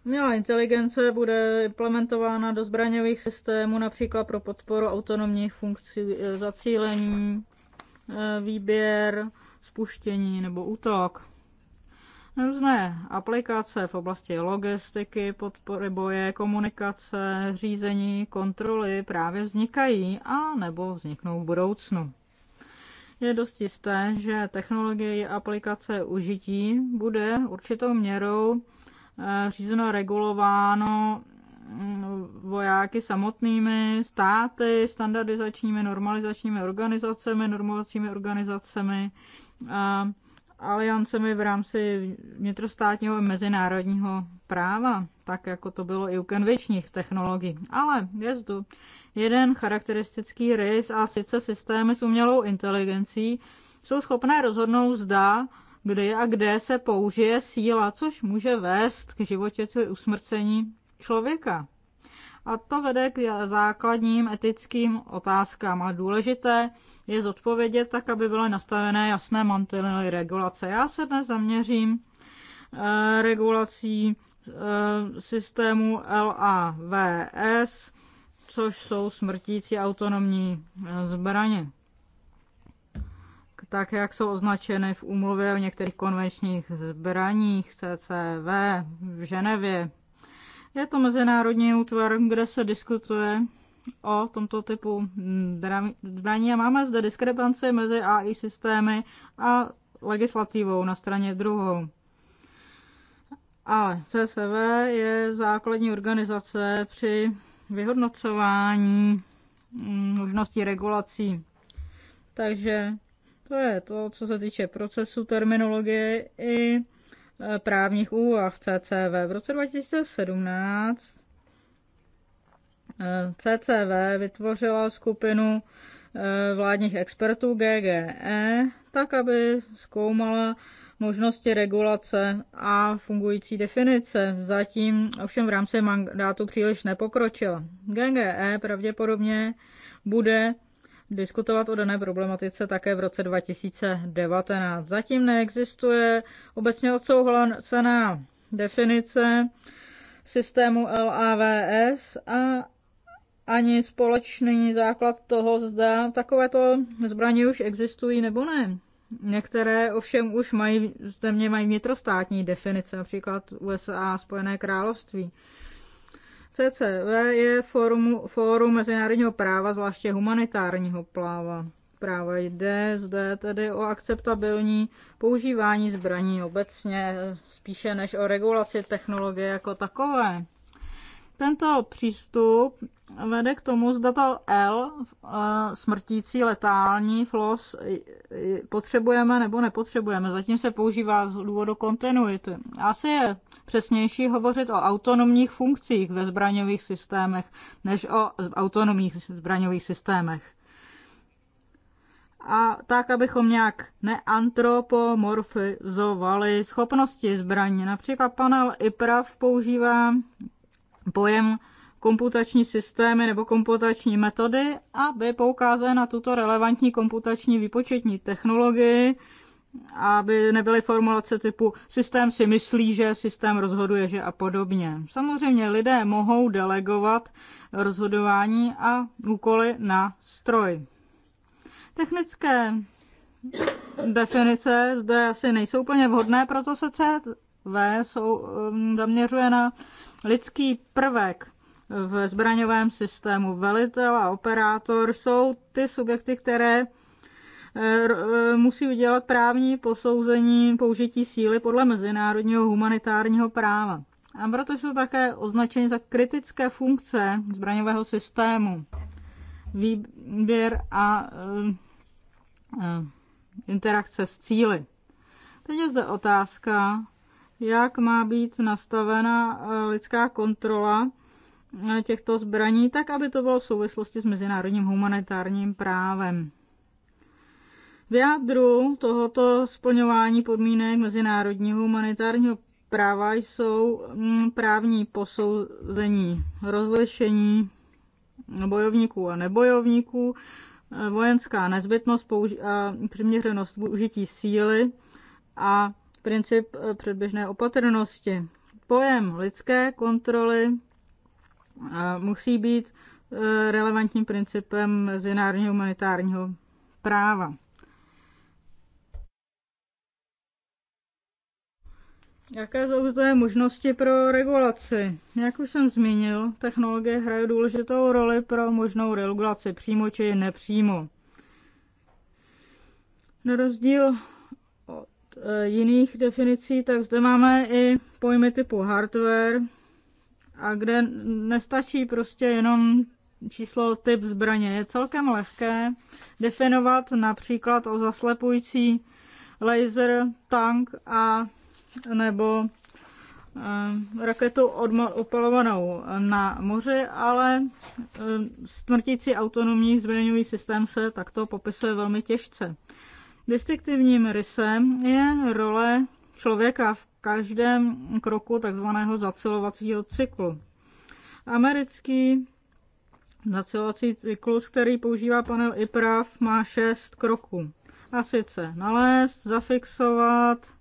Měla inteligence bude implementována do zbraňových systémů, například pro podporu autonomních funkcí, e, zacílení, e, výběr, spuštění nebo útok. Různé aplikace v oblasti logistiky, podpory boje, komunikace, řízení, kontroly právě vznikají a nebo vzniknou v budoucnu. Je dost jisté, že technologie i aplikace užití bude určitou měrou eh, řízeno regulováno mm, vojáky samotnými státy, standardizačními, normalizačními organizacemi, normovacími organizacemi a aliancemi v rámci vnitrostátního a mezinárodního práva, tak jako to bylo i u konvenčních technologií. Ale je zde jeden charakteristický rys a sice systémy s umělou inteligencí jsou schopné rozhodnout zda, kdy a kde se použije síla, což může vést k životě je usmrcení člověka. A to vede k základním etickým otázkám. A důležité je zodpovědět tak, aby byly nastavené jasné mantinely regulace. Já se dnes zaměřím eh, regulací eh, systému LAVS, což jsou smrtící autonomní eh, zbraně tak, jak jsou označeny v úmluvě o některých konvenčních zbraních CCV v Ženevě je to mezinárodní útvar, kde se diskutuje o tomto typu zbraní a máme zde diskrepanci mezi AI systémy a legislativou na straně druhou. A CSV je základní organizace při vyhodnocování mm, možností regulací. Takže to je to, co se týče procesu, terminologie i právních úvah CCV. V roce 2017 eh, CCV vytvořila skupinu eh, vládních expertů GGE, tak aby zkoumala možnosti regulace a fungující definice. Zatím ovšem v rámci mandátu příliš nepokročila. GGE pravděpodobně bude diskutovat o dané problematice také v roce 2019. Zatím neexistuje obecně odsouhlasená definice systému LAVS a ani společný základ toho, zda takovéto zbraně už existují nebo ne. Některé ovšem už mají, země mají vnitrostátní definice, například USA a Spojené království. CCV je fórum, fórum mezinárodního práva, zvláště humanitárního práva. Práva jde zde tedy o akceptabilní používání zbraní obecně, spíše než o regulaci technologie jako takové. Tento přístup vede k tomu, zda to L, eh, smrtící letální flos, potřebujeme nebo nepotřebujeme. Zatím se používá z důvodu kontinuity. Asi je přesnější hovořit o autonomních funkcích ve zbraňových systémech, než o autonomních zbraňových systémech. A tak, abychom nějak neantropomorfizovali schopnosti zbraní. Například panel IPRAV používá pojem komputační systémy nebo komputační metody, aby poukázaly na tuto relevantní komputační výpočetní technologii, aby nebyly formulace typu systém si myslí, že systém rozhoduje, že a podobně. Samozřejmě lidé mohou delegovat rozhodování a úkoly na stroj. Technické definice zde asi nejsou úplně vhodné, proto se CV um, zaměřuje na lidský prvek v zbraňovém systému. Velitel a operátor jsou ty subjekty, které eh, eh, musí udělat právní posouzení použití síly podle mezinárodního humanitárního práva. A proto jsou také označeny za kritické funkce zbraňového systému. Výběr a eh, interakce s cíly. Teď je zde otázka, jak má být nastavena lidská kontrola těchto zbraní, tak aby to bylo v souvislosti s mezinárodním humanitárním právem. V jádru tohoto splňování podmínek mezinárodního humanitárního práva jsou mm, právní posouzení, rozlišení bojovníků a nebojovníků, eh, vojenská nezbytnost a přiměřenost užití síly a princip eh, předběžné opatrnosti. Pojem lidské kontroly musí být eh, relevantním principem mezinárodního humanitárního práva. Jaké jsou zde možnosti pro regulaci? Jak už jsem zmínil, technologie hrají důležitou roli pro možnou regulaci přímo či nepřímo. Na rozdíl od eh, jiných definicí, tak zde máme i pojmy typu hardware, a kde nestačí prostě jenom číslo typ zbraně. Je celkem lehké definovat například o zaslepující laser, tank a nebo e, raketu opalovanou na moři, ale e, smrtící autonomní zbraňový systém se takto popisuje velmi těžce. Distinktivním rysem je role člověka v každém kroku takzvaného zacelovacího cyklu. Americký zacelovací cyklus, který používá panel IPRAV, má šest kroků. A sice nalézt, zafixovat,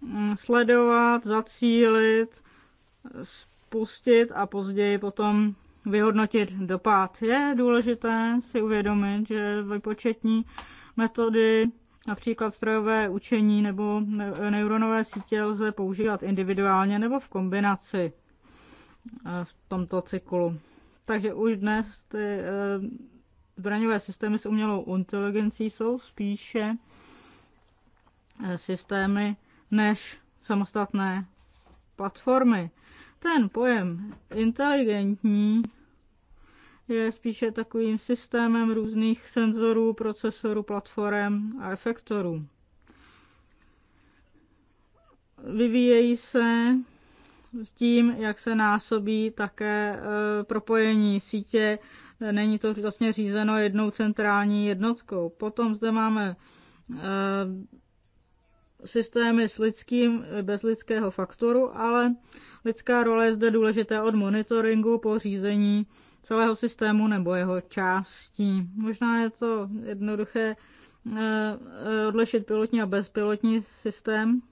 mm, sledovat, zacílit, spustit a později potom vyhodnotit dopad. Je důležité si uvědomit, že vypočetní metody Například strojové učení nebo neuronové sítě lze používat individuálně nebo v kombinaci eh, v tomto cyklu. Takže už dnes ty eh, zbraňové systémy s umělou inteligencí jsou spíše eh, systémy než samostatné platformy. Ten pojem inteligentní je spíše takovým systémem různých senzorů, procesorů, platform a efektorů. Vyvíjejí se tím, jak se násobí také e, propojení sítě. Není to vlastně řízeno jednou centrální jednotkou. Potom zde máme e, systémy s lidským, bez lidského faktoru, ale lidská role je zde důležité od monitoringu po řízení celého systému nebo jeho částí. Možná je to jednoduché eh, eh, odlišit pilotní a bezpilotní systém,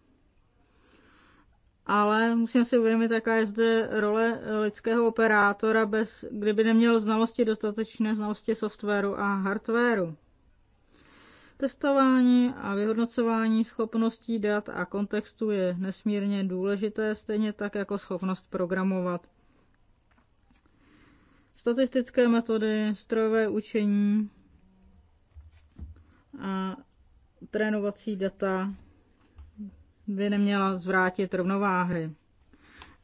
ale musím si uvědomit, jaká je zde role lidského operátora, bez, kdyby neměl znalosti, dostatečné znalosti softwaru a hardwaru. Testování a vyhodnocování schopností dat a kontextu je nesmírně důležité, stejně tak jako schopnost programovat statistické metody, strojové učení a trénovací data by neměla zvrátit rovnováhy.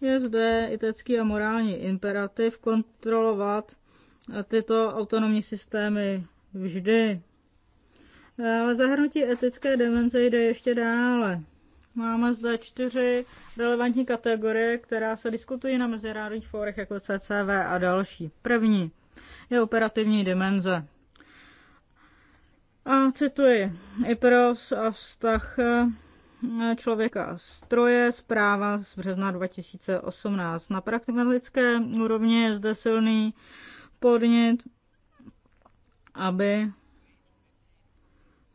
Je zde etický a morální imperativ kontrolovat tyto autonomní systémy vždy. Ale zahrnutí etické dimenze jde ještě dále. Máme zde čtyři relevantní kategorie, která se diskutují na mezinárodních fórech jako CCV a další. První je operativní dimenze. A cituji, IPROS a vztah eh, člověka a stroje, zpráva z března 2018. Na praktické úrovni je zde silný podnět, aby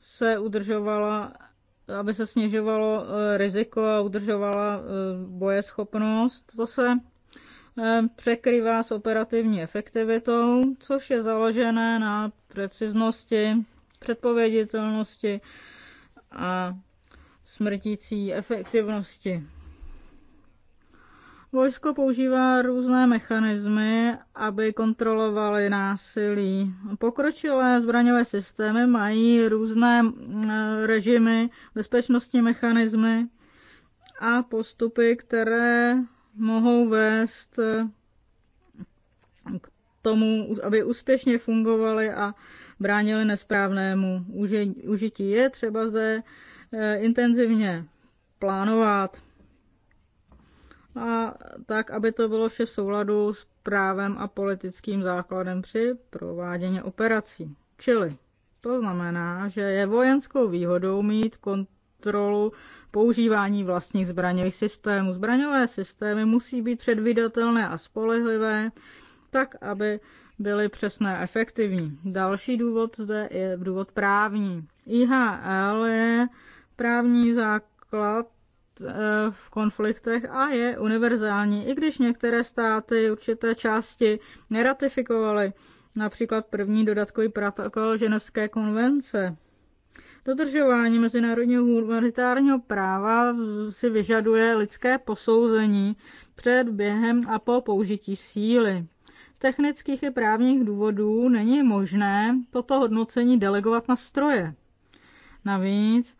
se udržovala aby se snižovalo eh, riziko a udržovala eh, bojeschopnost. To se eh, překrývá s operativní efektivitou, což je založené na preciznosti, předpověditelnosti a smrtící efektivnosti. Vojsko používá různé mechanismy, aby kontrolovali násilí. Pokročilé zbraňové systémy mají různé režimy, bezpečnostní mechanismy a postupy, které mohou vést eh, k tomu, aby úspěšně fungovaly a bránili nesprávnému užití. Je třeba zde eh, intenzivně plánovat a tak, aby to bylo vše v souladu s právem a politickým základem při provádění operací. Čili to znamená, že je vojenskou výhodou mít kontrolu používání vlastních zbraňových systémů. Zbraňové systémy musí být předvídatelné a spolehlivé, tak aby byly přesné a efektivní. Další důvod zde je důvod právní. IHL je právní základ Eh, v konfliktech a je univerzální, i když některé státy určité části neratifikovaly, například první dodatkový protokol Ženevské konvence. Dodržování mezinárodního humanitárního práva si vyžaduje lidské posouzení před, během a po použití síly. Z technických i právních důvodů není možné toto hodnocení delegovat na stroje. Navíc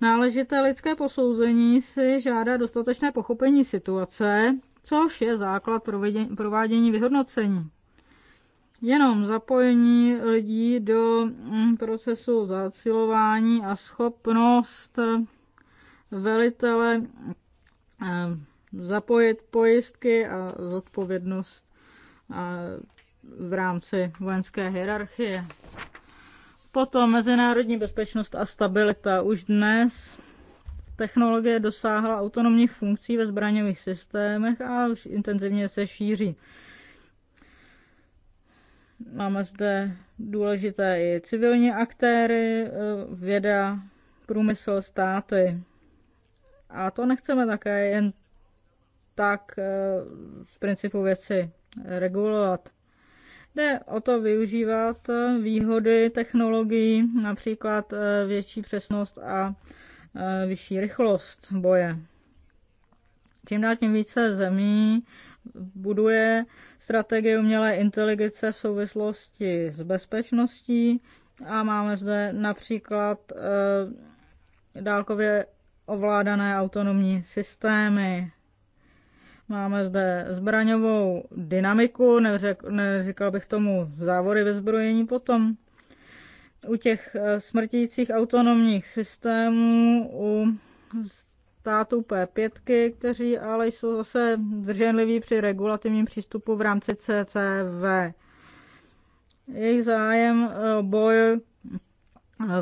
Náležité lidské posouzení si žádá dostatečné pochopení situace, což je základ provádění vyhodnocení. Jenom zapojení lidí do mm, procesu zacilování a schopnost eh, velitele eh, zapojit pojistky a zodpovědnost eh, v rámci vojenské hierarchie. Potom mezinárodní bezpečnost a stabilita. Už dnes technologie dosáhla autonomních funkcí ve zbraňových systémech a už intenzivně se šíří. Máme zde důležité i civilní aktéry, eh, věda, průmysl, státy. A to nechceme také jen tak eh, z principu věci regulovat. Jde o to využívat eh, výhody technologií, například eh, větší přesnost a eh, vyšší rychlost boje. Čím dál tím více zemí buduje strategie umělé inteligence v souvislosti s bezpečností a máme zde například dálkově ovládané autonomní systémy. Máme zde zbraňovou dynamiku, neřek, neříkal bych tomu závory ve zbrojení potom. U těch eh, smrtících autonomních systémů, u států P5, kteří ale jsou zase zdrženliví při regulativním přístupu v rámci CCV. Jejich zájem eh, boj eh,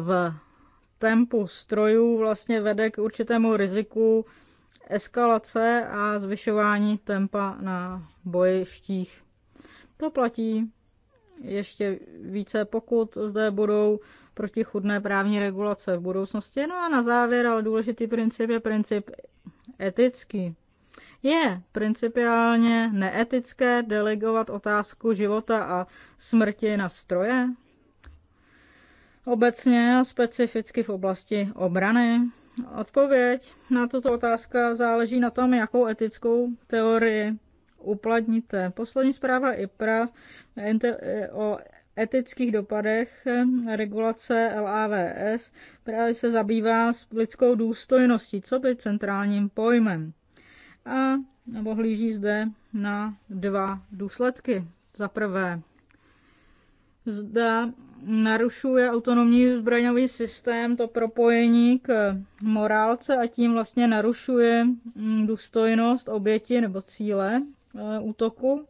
v tempu strojů vlastně vede k určitému riziku eskalace a zvyšování tempa na bojištích. To platí ještě více, pokud zde budou protichudné právní regulace v budoucnosti. No a na závěr, ale důležitý princip je princip etický. Je principiálně neetické delegovat otázku života a smrti na stroje? Obecně a specificky v oblasti obrany, Odpověď na tuto otázku záleží na tom, jakou etickou teorii uplatníte. Poslední zpráva IPRA o etických dopadech regulace LAVS právě se zabývá s lidskou důstojností, co by centrálním pojmem. A nebo hlíží zde na dva důsledky. Za prvé, zda narušuje autonomní zbraňový systém, to propojení k morálce a tím vlastně narušuje mm, důstojnost oběti nebo cíle e, útoku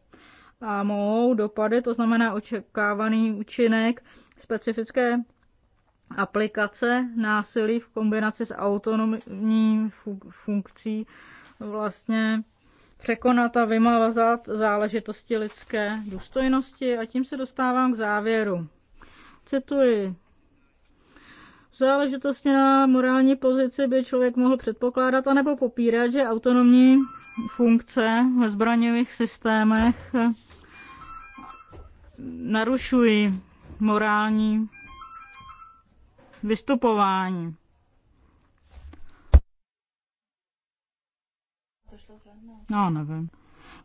a mohou dopady, to znamená očekávaný účinek specifické aplikace násilí v kombinaci s autonomní funkcí vlastně překonat a vymazat záležitosti lidské důstojnosti a tím se dostávám k závěru. Cituji. záležitosti na morální pozici by člověk mohl předpokládat anebo popírat, že autonomní funkce ve zbraňových systémech narušují morální vystupování. No, nevím.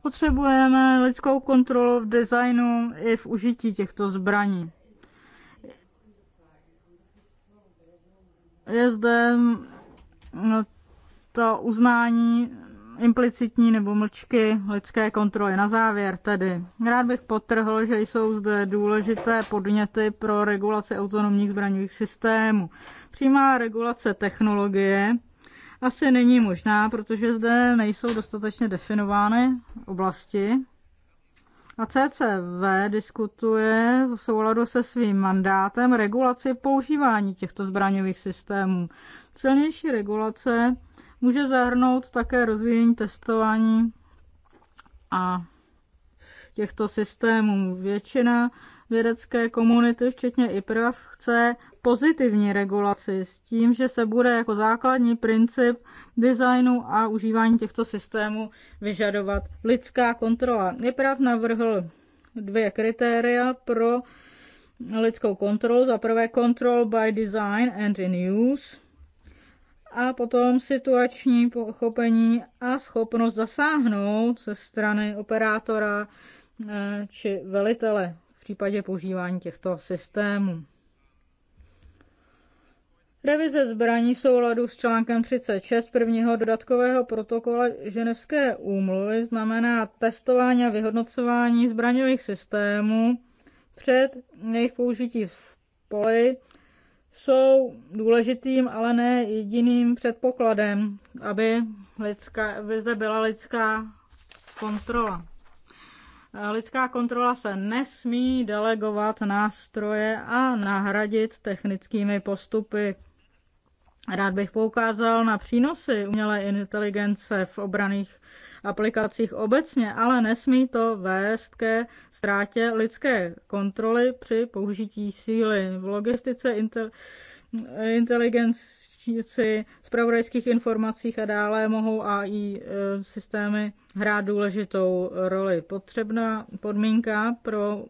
Potřebujeme lidskou kontrolu v designu i v užití těchto zbraní. je zde mm, to uznání implicitní nebo mlčky lidské kontroly. Na závěr tedy. Rád bych potrhl, že jsou zde důležité podněty pro regulaci autonomních zbraňových systémů. Přímá regulace technologie asi není možná, protože zde nejsou dostatečně definovány oblasti, a CCV diskutuje v souladu se svým mandátem regulaci používání těchto zbraňových systémů. Celnější regulace může zahrnout také rozvíjení testování a těchto systémů. Většina vědecké komunity, včetně IPRAV, chce pozitivní regulaci s tím, že se bude jako základní princip designu a užívání těchto systémů vyžadovat lidská kontrola. IPRAV navrhl dvě kritéria pro lidskou kontrolu. Za prvé control by design and in use a potom situační pochopení a schopnost zasáhnout ze strany operátora eh, či velitele případě používání těchto systémů. Revize zbraní v souladu s článkem 36 prvního dodatkového protokola Ženevské úmluvy znamená testování a vyhodnocování zbraňových systémů před jejich použití v poli jsou důležitým, ale ne jediným předpokladem, aby, lidská, aby zde byla lidská kontrola. Lidská kontrola se nesmí delegovat nástroje a nahradit technickými postupy. Rád bych poukázal na přínosy umělé inteligence v obraných aplikacích obecně, ale nesmí to vést ke ztrátě lidské kontroly při použití síly. V logistice inteligence z pravodajských informacích a dále mohou AI e, systémy hrát důležitou roli. Potřebná podmínka pro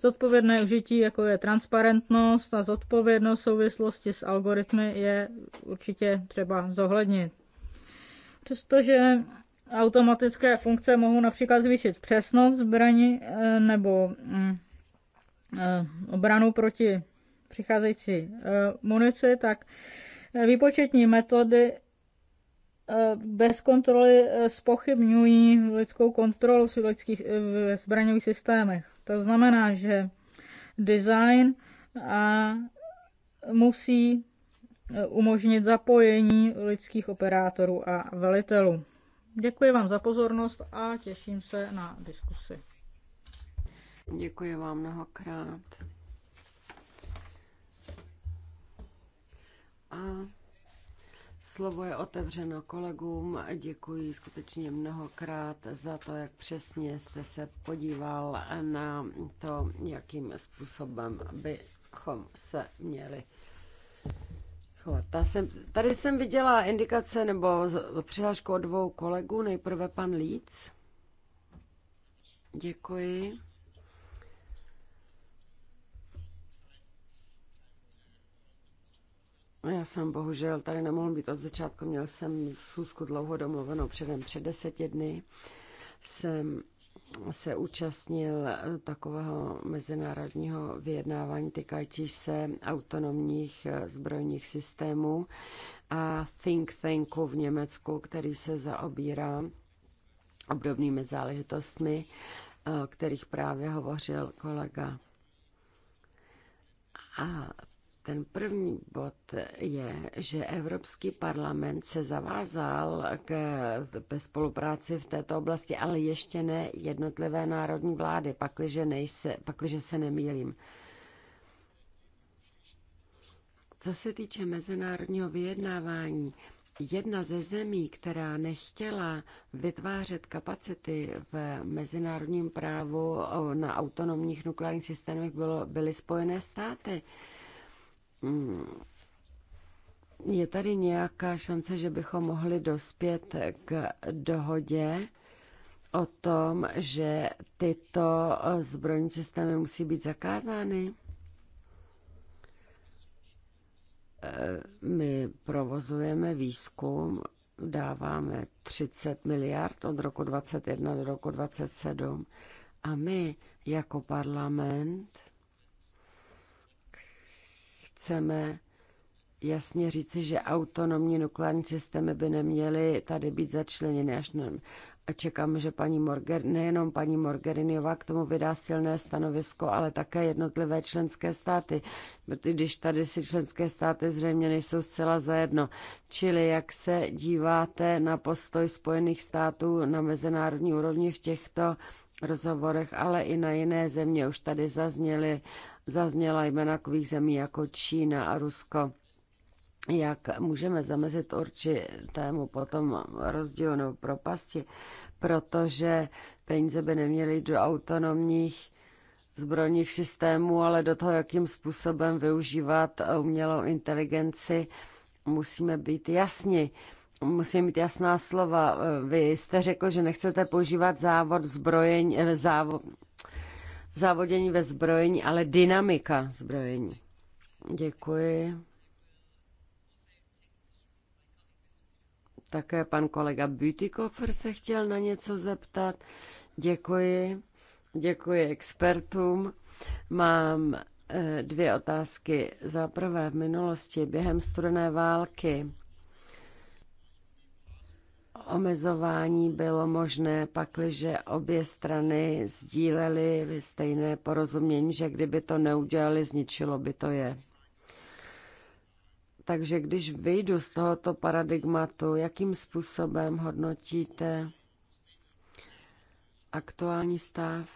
zodpovědné užití, jako je transparentnost a zodpovědnost v souvislosti s algoritmy, je určitě třeba zohlednit. Přestože automatické funkce mohou například zvýšit přesnost zbraní e, nebo mm, e, obranu proti přicházející munici, tak Výpočetní metody eh, bez kontroly eh, spochybňují lidskou kontrolu v, lidských, eh, zbraňových systémech. To znamená, že design a musí umožnit zapojení lidských operátorů a velitelů. Děkuji vám za pozornost a těším se na diskusi. Děkuji vám mnohokrát. A slovo je otevřeno kolegům. Děkuji skutečně mnohokrát za to, jak přesně jste se podíval na to, jakým způsobem bychom se měli chovat. Jsem, tady jsem viděla indikace nebo přihlášku od dvou kolegů. Nejprve pan Líc. Děkuji. Já jsem bohužel tady nemohl být od začátku, měl jsem schůzku dlouho domluvenou předem před deseti dny. Jsem se účastnil takového mezinárodního vyjednávání týkající se autonomních zbrojních systémů a think tanku v Německu, který se zaobírá obdobnými záležitostmi, o kterých právě hovořil kolega. A ten první bod je, že Evropský parlament se zavázal k spolupráci v této oblasti, ale ještě ne jednotlivé národní vlády, pakliže, nejse, pakliže se nemýlím. Co se týče mezinárodního vyjednávání, jedna ze zemí, která nechtěla vytvářet kapacity v mezinárodním právu na autonomních nukleárních systémech, bylo, byly Spojené státy. Hmm. je tady nějaká šance, že bychom mohli dospět k dohodě o tom, že tyto zbrojní systémy musí být zakázány? Eh, my provozujeme výzkum, dáváme 30 miliard od roku 2021 do roku 2027 a my jako parlament chceme jasně říci, že autonomní nukleární systémy by neměly tady být začleněny až na, a čekám, že paní Morger, nejenom paní Morgeriniová k tomu vydá silné stanovisko, ale také jednotlivé členské státy, protože když tady si členské státy zřejmě nejsou zcela zajedno. Čili jak se díváte na postoj Spojených států na mezinárodní úrovni v těchto rozhovorech, ale i na jiné země už tady zazněly zazněla jména takových zemí jako Čína a Rusko. Jak můžeme zamezit určitému potom rozdílu nebo propasti, protože peníze by neměly jít do autonomních zbrojních systémů, ale do toho, jakým způsobem využívat umělou inteligenci, musíme být jasni. Musím mít jasná slova. Vy jste řekl, že nechcete používat závod zbrojení, eh, závod, závodění ve zbrojení, ale dynamika zbrojení. Děkuji. Také pan kolega Bütikofer se chtěl na něco zeptat. Děkuji. Děkuji expertům. Mám eh, dvě otázky. Za prvé, v minulosti během studené války omezování bylo možné, pakliže obě strany sdílely stejné porozumění, že kdyby to neudělali, zničilo by to je. Takže když vyjdu z tohoto paradigmatu, jakým způsobem hodnotíte aktuální stav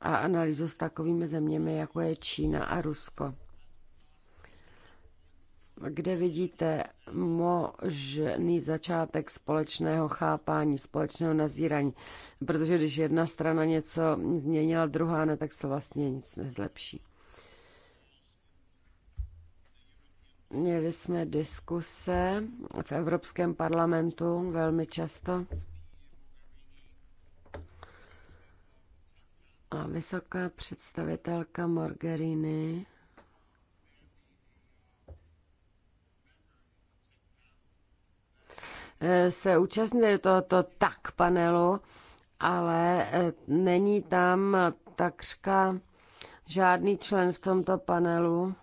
a analýzu s takovými zeměmi, jako je Čína a Rusko? kde vidíte možný začátek společného chápání, společného nazírání. Protože když jedna strana něco změnila, druhá ne, tak se vlastně nic nezlepší. Měli jsme diskuse v Evropském parlamentu velmi často. A vysoká představitelka Morgerini se účastnili tohoto tak panelu, ale eh, není tam takřka žádný člen v tomto panelu.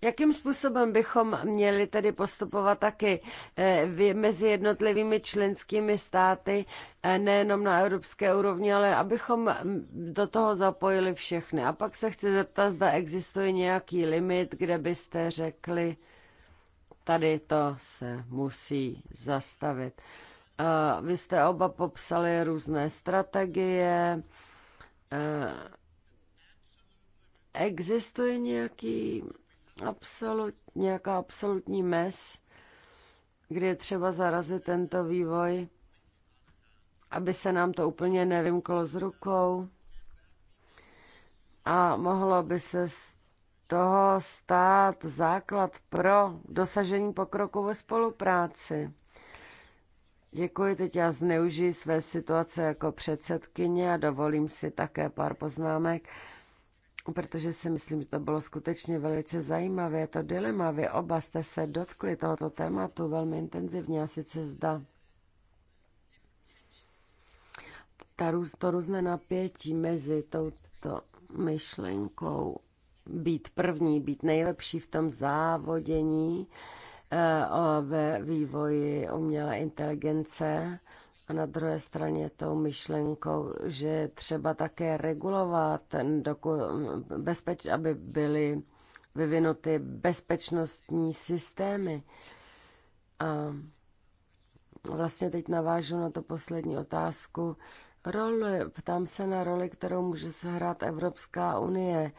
Jakým způsobem bychom měli tedy postupovat taky eh, mezi jednotlivými členskými státy, eh, nejenom na evropské úrovni, ale abychom do toho zapojili všechny. A pak se chci zeptat, zda existuje nějaký limit, kde byste řekli, Tady to se musí zastavit. Vy jste oba popsali různé strategie. Existuje nějaký absolut, nějaká absolutní mez, kde je třeba zarazit tento vývoj, aby se nám to úplně nevymklo z rukou a mohlo by se z toho stát základ pro dosažení pokroku ve spolupráci. Děkuji, teď já zneužiji své situace jako předsedkyně a dovolím si také pár poznámek, protože si myslím, že to bylo skutečně velice zajímavé. To dilema, vy oba jste se dotkli tohoto tématu velmi intenzivně a sice zda ta, to různé napětí mezi touto myšlenkou být první, být nejlepší v tom závodění eh, ve vývoji umělé inteligence a na druhé straně tou myšlenkou, že třeba také regulovat, bezpeč, aby byly vyvinuty bezpečnostní systémy. A vlastně teď navážu na to poslední otázku, roli, ptám se na roli, kterou může sehrát Evropská unie,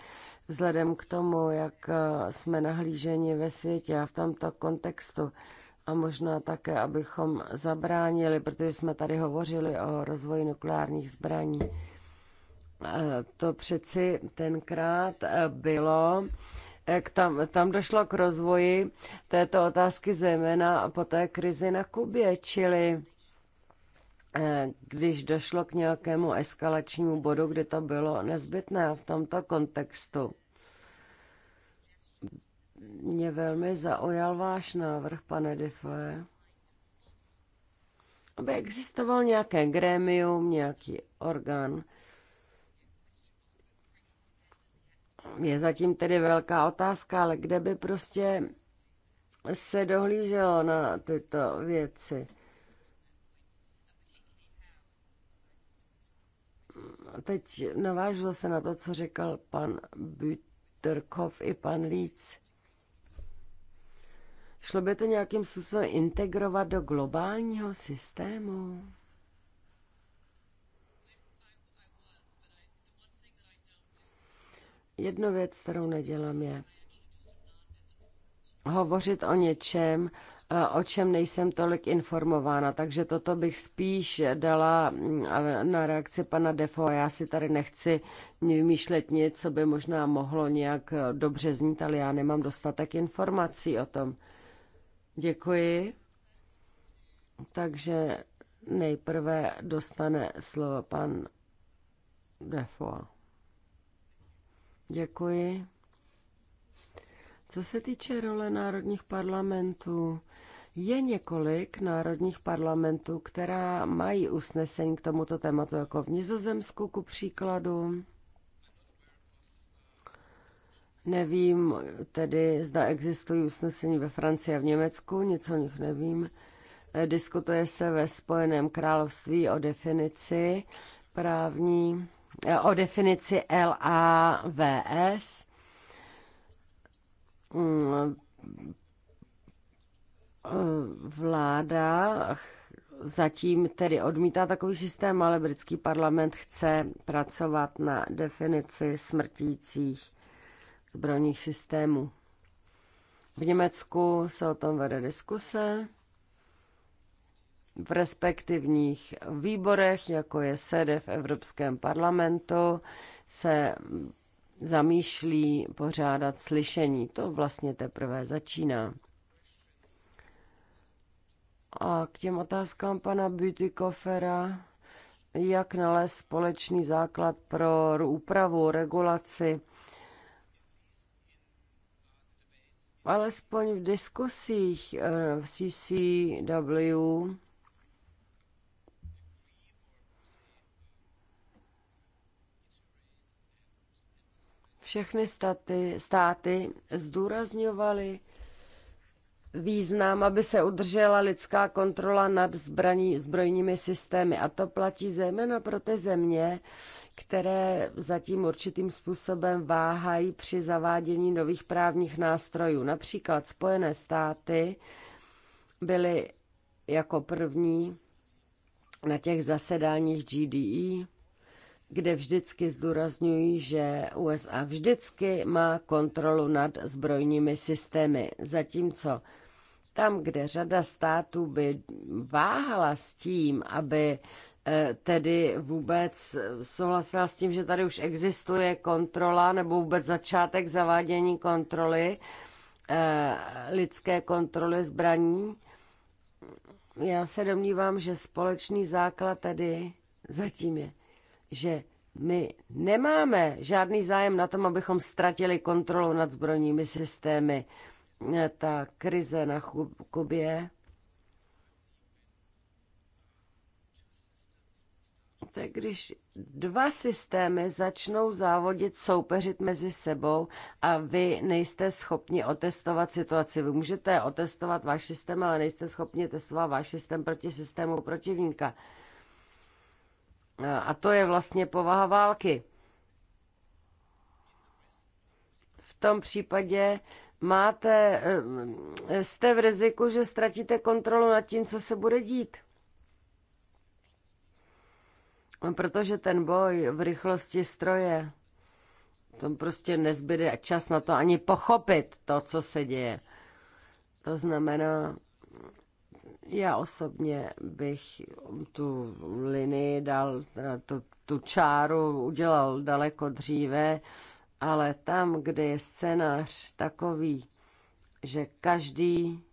vzhledem k tomu, jak eh, jsme nahlíženi ve světě a v tomto kontextu. A možná také, abychom zabránili, protože jsme tady hovořili o rozvoji nukleárních zbraní. Eh, to přeci tenkrát eh, bylo jak tam, tam došlo k rozvoji této otázky zejména po té krizi na Kubě, čili když došlo k nějakému eskalačnímu bodu, kde to bylo nezbytné v tomto kontextu. Mě velmi zaujal váš návrh, pane Defoe, aby existoval nějaké grémium, nějaký orgán. Je zatím tedy velká otázka, ale kde by prostě se dohlíželo na tyto věci. teď navážu se na to, co řekl pan Büterkov i pan Líc. Šlo by to nějakým způsobem integrovat do globálního systému? Jednu věc, kterou nedělám, je hovořit o něčem, Eh, o čem nejsem tolik informována, takže toto bych spíš dala mm, na reakci pana Defo. Já si tady nechci vymýšlet nic, co by možná mohlo nějak eh, dobře znít, ale já nemám dostatek informací o tom. Děkuji. Takže nejprve dostane slovo pan Defo. Děkuji. Co se týče role národních parlamentů, je několik národních parlamentů, která mají usnesení k tomuto tématu, jako v Nizozemsku ku příkladu. Nevím tedy, zda existují usnesení ve Francii a v Německu, něco o nich nevím. Eh, diskutuje se ve Spojeném království o definici právní, eh, o definici LAVS Mm, vláda zatím tedy odmítá takový systém, ale britský parlament chce pracovat na definici smrtících zbrojních systémů. V Německu se o tom vede diskuse v respektivních výborech, jako je sede v Evropském parlamentu, se zamýšlí pořádat slyšení. To vlastně teprve začíná. A k těm otázkám pana Bütikofera, jak nalézt společný základ pro úpravu, regulaci, alespoň v diskusích eh, v CCW všechny staty, státy zdůrazňovaly význam, aby se udržela lidská kontrola nad zbraní, zbrojními systémy. A to platí zejména pro ty země, které zatím určitým způsobem váhají při zavádění nových právních nástrojů. Například Spojené státy byly jako první na těch zasedáních GDE kde vždycky zdůrazňují, že USA vždycky má kontrolu nad zbrojními systémy, zatímco tam, kde řada států by váhala s tím, aby eh, tedy vůbec souhlasila s tím, že tady už existuje kontrola nebo vůbec začátek zavádění kontroly, eh, lidské kontroly zbraní. Já se domnívám, že společný základ tedy zatím je že my nemáme žádný zájem na tom, abychom ztratili kontrolu nad zbrojními systémy. Eh, ta krize na Kubě tak když dva systémy začnou závodit, soupeřit mezi sebou a vy nejste schopni otestovat situaci. Vy můžete otestovat váš systém, ale nejste schopni testovat váš systém proti systému protivníka. A to je vlastně povaha války. V tom případě máte, eh, jste v riziku, že ztratíte kontrolu nad tím, co se bude dít. No, protože ten boj v rychlosti stroje, tam prostě nezbyde čas na to ani pochopit to, co se děje. To znamená, já osobně bych tu linii dal, teda tu, tu čáru udělal daleko dříve, ale tam, kde je scénář takový, že každý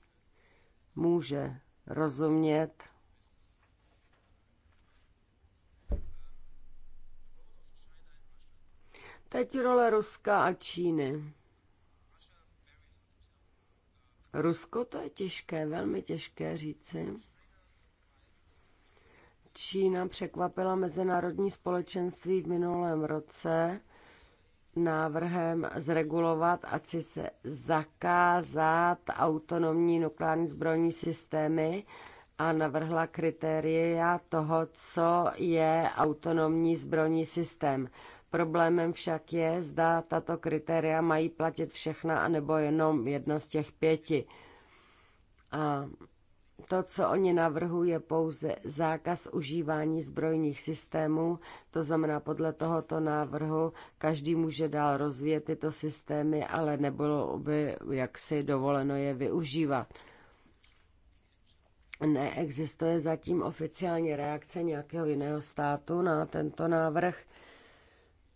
může rozumět Teď role Ruska a Číny. Rusko to je těžké, velmi těžké říci. Čína překvapila mezinárodní společenství v minulém roce návrhem zregulovat a si se zakázat autonomní nukleární zbrojní systémy a navrhla kritéria toho, co je autonomní zbrojní systém. Problémem však je, zda tato kritéria mají platit všechna, anebo jenom jedno z těch pěti. A to, co oni navrhují, je pouze zákaz užívání zbrojních systémů, to znamená podle tohoto návrhu každý může dál rozvíjet tyto systémy, ale nebylo by jaksi dovoleno je využívat. Neexistuje zatím oficiální reakce nějakého jiného státu na tento návrh.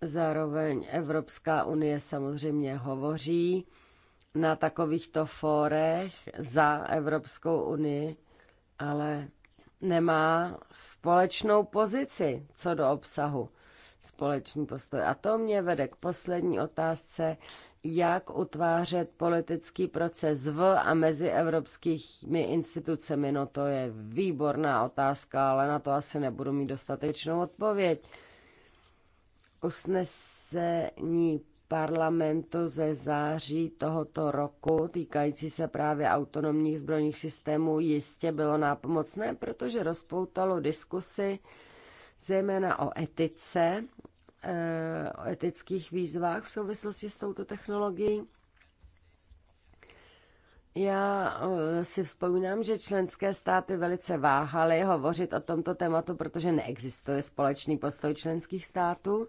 Zároveň Evropská unie samozřejmě hovoří na takovýchto fórech za Evropskou unii, ale nemá společnou pozici co do obsahu společný postoj. A to mě vede k poslední otázce, jak utvářet politický proces v a mezi evropskými institucemi. No to je výborná otázka, ale na to asi nebudu mít dostatečnou odpověď usnesení parlamentu ze září tohoto roku týkající se právě autonomních zbrojních systémů jistě bylo nápomocné, protože rozpoutalo diskusy zejména o etice, eh, o etických výzvách v souvislosti s touto technologií já eh, si vzpomínám, že členské státy velice váhaly hovořit o tomto tématu, protože neexistuje společný postoj členských států.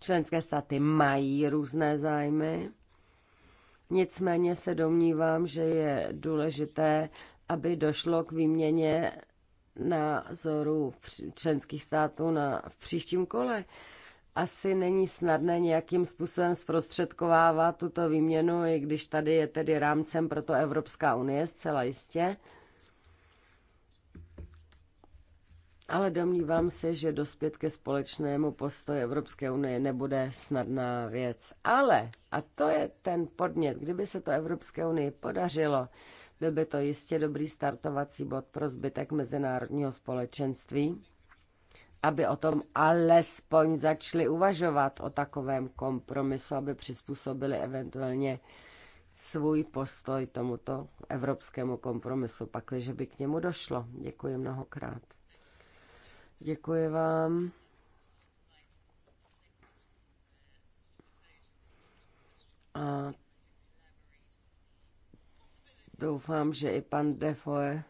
Členské státy mají různé zájmy. Nicméně se domnívám, že je důležité, aby došlo k výměně názorů členských států na, v příštím kole asi není snadné nějakým způsobem zprostředkovávat tuto výměnu, i když tady je tedy rámcem pro to Evropská unie zcela jistě. Ale domnívám se, že dospět ke společnému postoji Evropské unie nebude snadná věc. Ale, a to je ten podnět, kdyby se to Evropské unii podařilo, byl by to jistě dobrý startovací bod pro zbytek mezinárodního společenství aby o tom alespoň začali uvažovat o takovém kompromisu, aby přizpůsobili eventuálně svůj postoj tomuto evropskému kompromisu, pakliže by k němu došlo. Děkuji mnohokrát. Děkuji vám. A doufám, že i pan Defoe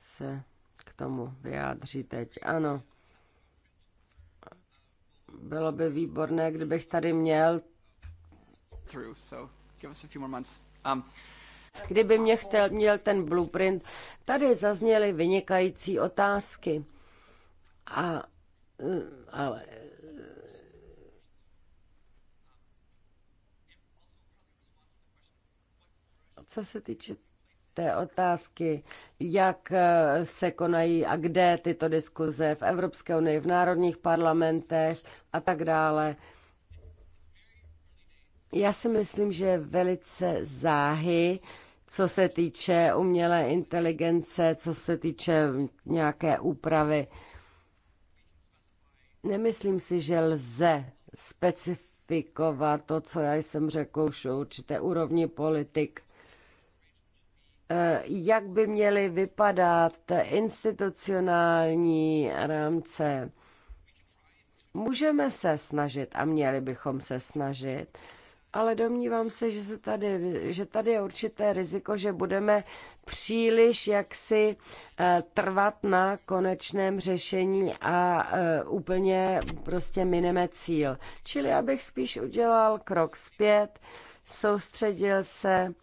se k tomu vyjádří teď. Ano. Bylo by výborné, kdybych tady měl um, Kdyby mě chtěl, měl ten blueprint, tady zazněly vynikající otázky. A, eh, ale eh, co se týče té otázky, jak eh, se konají a kde tyto diskuze v Evropské unii, v národních parlamentech a tak dále. Já si myslím, že je velice záhy, co se týče umělé inteligence, co se týče nějaké úpravy. Nemyslím si, že lze specifikovat to, co já jsem řekl už určité úrovni politik Eh, jak by měly vypadat institucionální rámce. Můžeme se snažit a měli bychom se snažit, ale domnívám se, že, se tady, že tady je určité riziko, že budeme příliš jaksi eh, trvat na konečném řešení a eh, úplně prostě mineme cíl. Čili abych spíš udělal krok zpět, soustředil se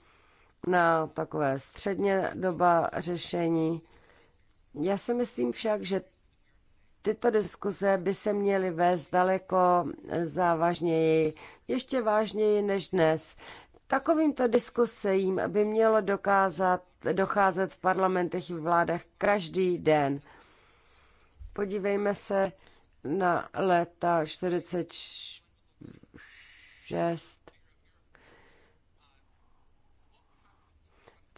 na takové středně doba řešení. Já si myslím však, že tyto diskuse by se měly vést daleko závažněji, ještě vážněji než dnes. Takovýmto diskusím by mělo dokázat, docházet v parlamentech i vládách každý den. Podívejme se na leta 46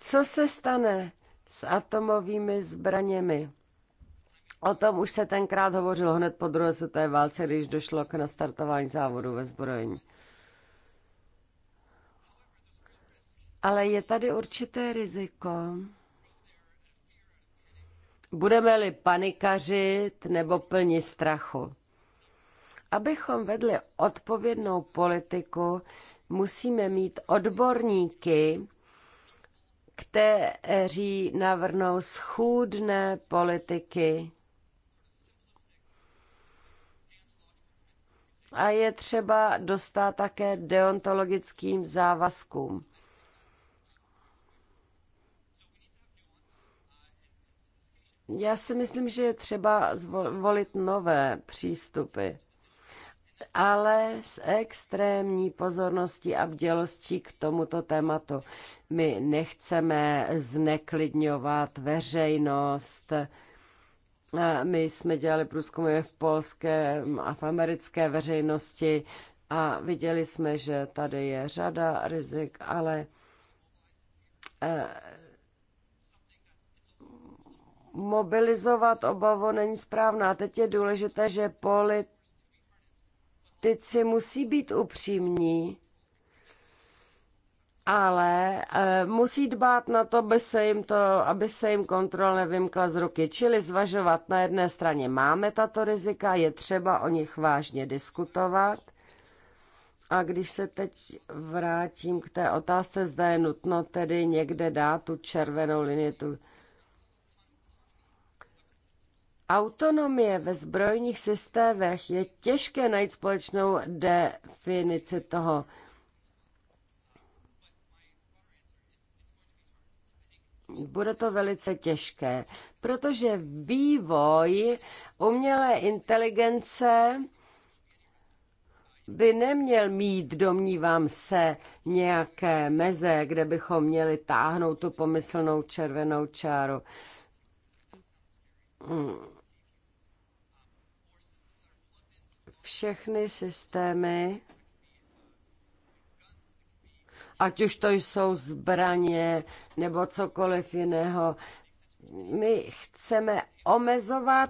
Co se stane s atomovými zbraněmi? O tom už se tenkrát hovořilo hned po druhé světové válce, když došlo k nastartování závodu ve zbrojení. Ale je tady určité riziko. Budeme-li panikařit nebo plni strachu. Abychom vedli odpovědnou politiku, musíme mít odborníky, kteří navrhnou schůdné politiky. A je třeba dostat také deontologickým závazkům. Já si myslím, že je třeba zvolit nové přístupy ale s extrémní pozorností a bdělostí k tomuto tématu. My nechceme zneklidňovat veřejnost. My jsme dělali průzkumy v polské a v americké veřejnosti a viděli jsme, že tady je řada rizik, ale e, mobilizovat obavu není správná. Teď je důležité, že polit politici musí být upřímní, ale e, musí dbát na to, aby se jim to, aby se jim kontrol nevymkla z ruky. Čili zvažovat na jedné straně máme tato rizika, je třeba o nich vážně diskutovat. A když se teď vrátím k té otázce, zda je nutno tedy někde dát tu červenou linii, tu, autonomie ve zbrojních systémech je těžké najít společnou definici toho. Bude to velice těžké, protože vývoj umělé inteligence by neměl mít, domnívám se, nějaké meze, kde bychom měli táhnout tu pomyslnou červenou čáru. Hmm. všechny systémy, ať už to jsou zbraně nebo cokoliv jiného, my chceme omezovat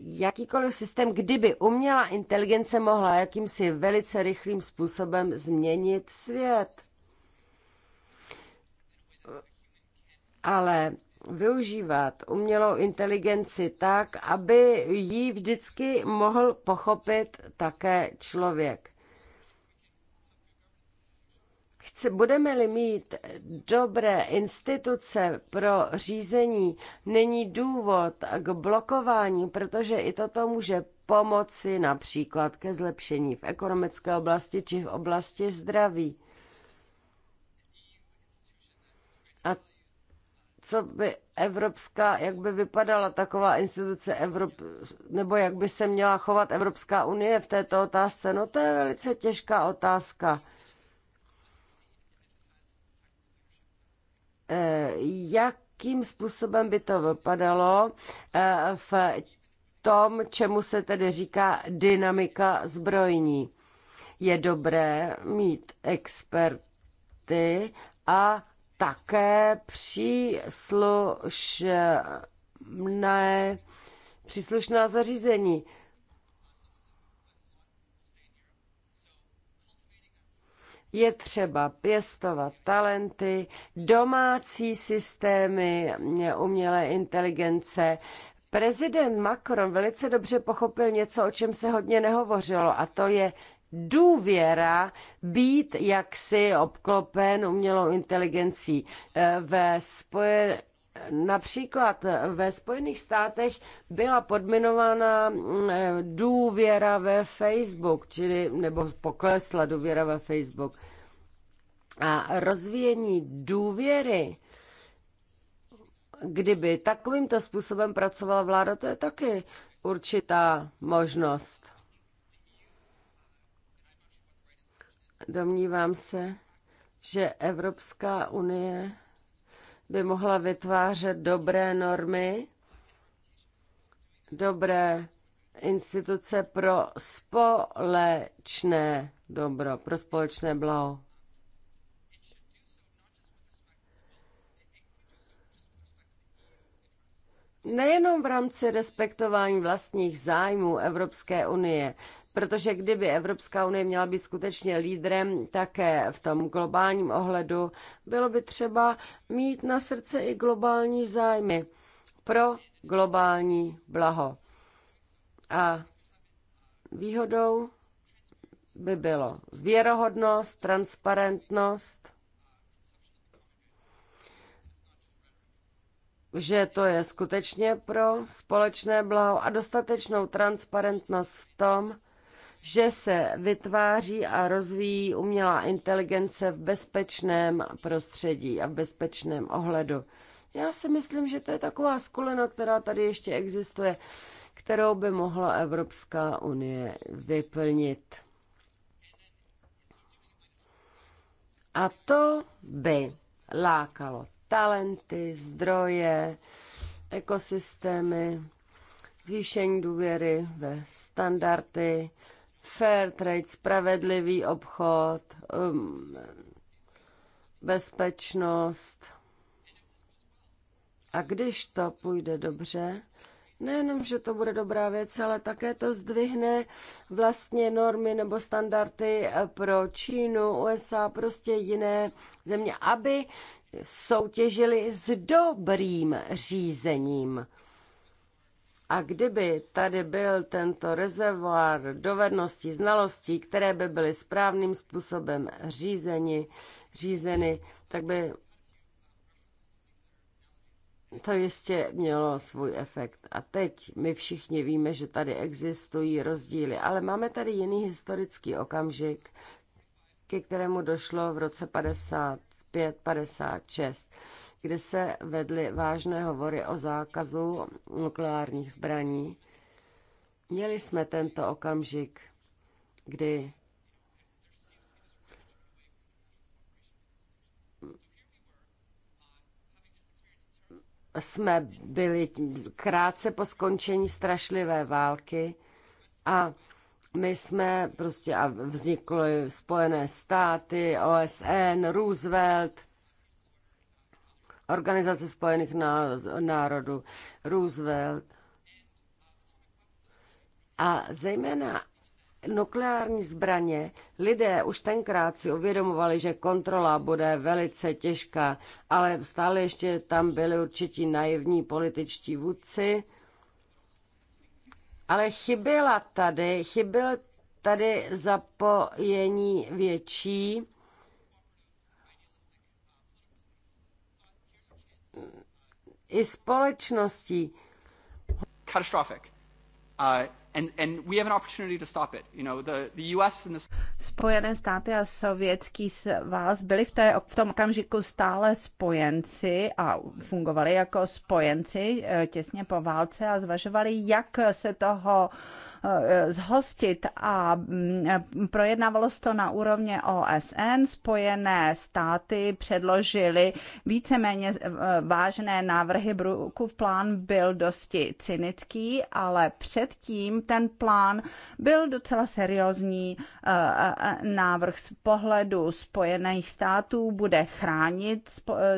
jakýkoliv systém, kdyby umělá inteligence mohla jakýmsi velice rychlým způsobem změnit svět. Ale využívat umělou inteligenci tak, aby ji vždycky mohl pochopit také člověk. Chce, budeme-li mít dobré instituce pro řízení, není důvod k blokování, protože i toto může pomoci například ke zlepšení v ekonomické oblasti či v oblasti zdraví. co by Evropská, jak by vypadala taková instituce Evrop, nebo jak by se měla chovat Evropská unie v této otázce? No to je velice těžká otázka. Eh, jakým způsobem by to vypadalo eh, v tom, čemu se tedy říká dynamika zbrojní? Je dobré mít experty a také příslušné, příslušná zařízení. je třeba pěstovat talenty, domácí systémy umělé inteligence. Prezident Macron velice dobře pochopil něco, o čem se hodně nehovořilo, a to je důvěra být jaksi obklopen umělou inteligencí. Eh, ve spoje, Například ve Spojených státech byla podminována mm, eh, důvěra ve Facebook, čili nebo poklesla důvěra ve Facebook. A rozvíjení důvěry, kdyby takovýmto způsobem pracovala vláda, to je taky určitá možnost. Domnívám se, že Evropská unie by mohla vytvářet dobré normy, dobré instituce pro společné dobro, pro společné blaho. Nejenom v rámci respektování vlastních zájmů Evropské unie, Protože kdyby Evropská unie měla být skutečně lídrem také v tom globálním ohledu, bylo by třeba mít na srdce i globální zájmy pro globální blaho. A výhodou by bylo věrohodnost, transparentnost, že to je skutečně pro společné blaho a dostatečnou transparentnost v tom, že se vytváří a rozvíjí umělá inteligence v bezpečném prostředí a v bezpečném ohledu. Já si myslím, že to je taková skulina, která tady ještě existuje, kterou by mohla Evropská unie vyplnit. A to by lákalo talenty, zdroje, ekosystémy, zvýšení důvěry ve standardy, Fair trade, spravedlivý obchod, um, bezpečnost. A když to půjde dobře, nejenom, že to bude dobrá věc, ale také to zdvihne vlastně normy nebo standardy pro Čínu, USA, prostě jiné země, aby soutěžili s dobrým řízením a kdyby tady byl tento rezervoár dovedností, znalostí, které by byly správným způsobem řízeni, řízeny, tak by to jistě mělo svůj efekt. A teď my všichni víme, že tady existují rozdíly, ale máme tady jiný historický okamžik, ke kterému došlo v roce 55-56 kde se vedly vážné hovory o zákazu nukleárních zbraní. Měli jsme tento okamžik, kdy jsme byli krátce po skončení strašlivé války a my jsme prostě a vznikly Spojené státy, OSN, Roosevelt Organizace spojených národů, Roosevelt a zejména nukleární zbraně, lidé už tenkrát si uvědomovali, že kontrola bude velice těžká, ale stále ještě tam byli určití naivní političtí vůdci. Ale chyběla tady, chyběl tady zapojení větší i společností. Catastrophic. Uh, Spojené státy a sovětský svaz byli v, té, v tom okamžiku stále spojenci a fungovali jako spojenci eh, těsně po válce a zvažovali, jak se toho uh, Eh, zhostit a mm, projednávalo se to na úrovně OSN. Spojené státy předložili víceméně eh, vážné návrhy. Brukův plán byl dosti cynický, ale předtím ten plán byl docela seriózní eh, návrh z pohledu Spojených států bude chránit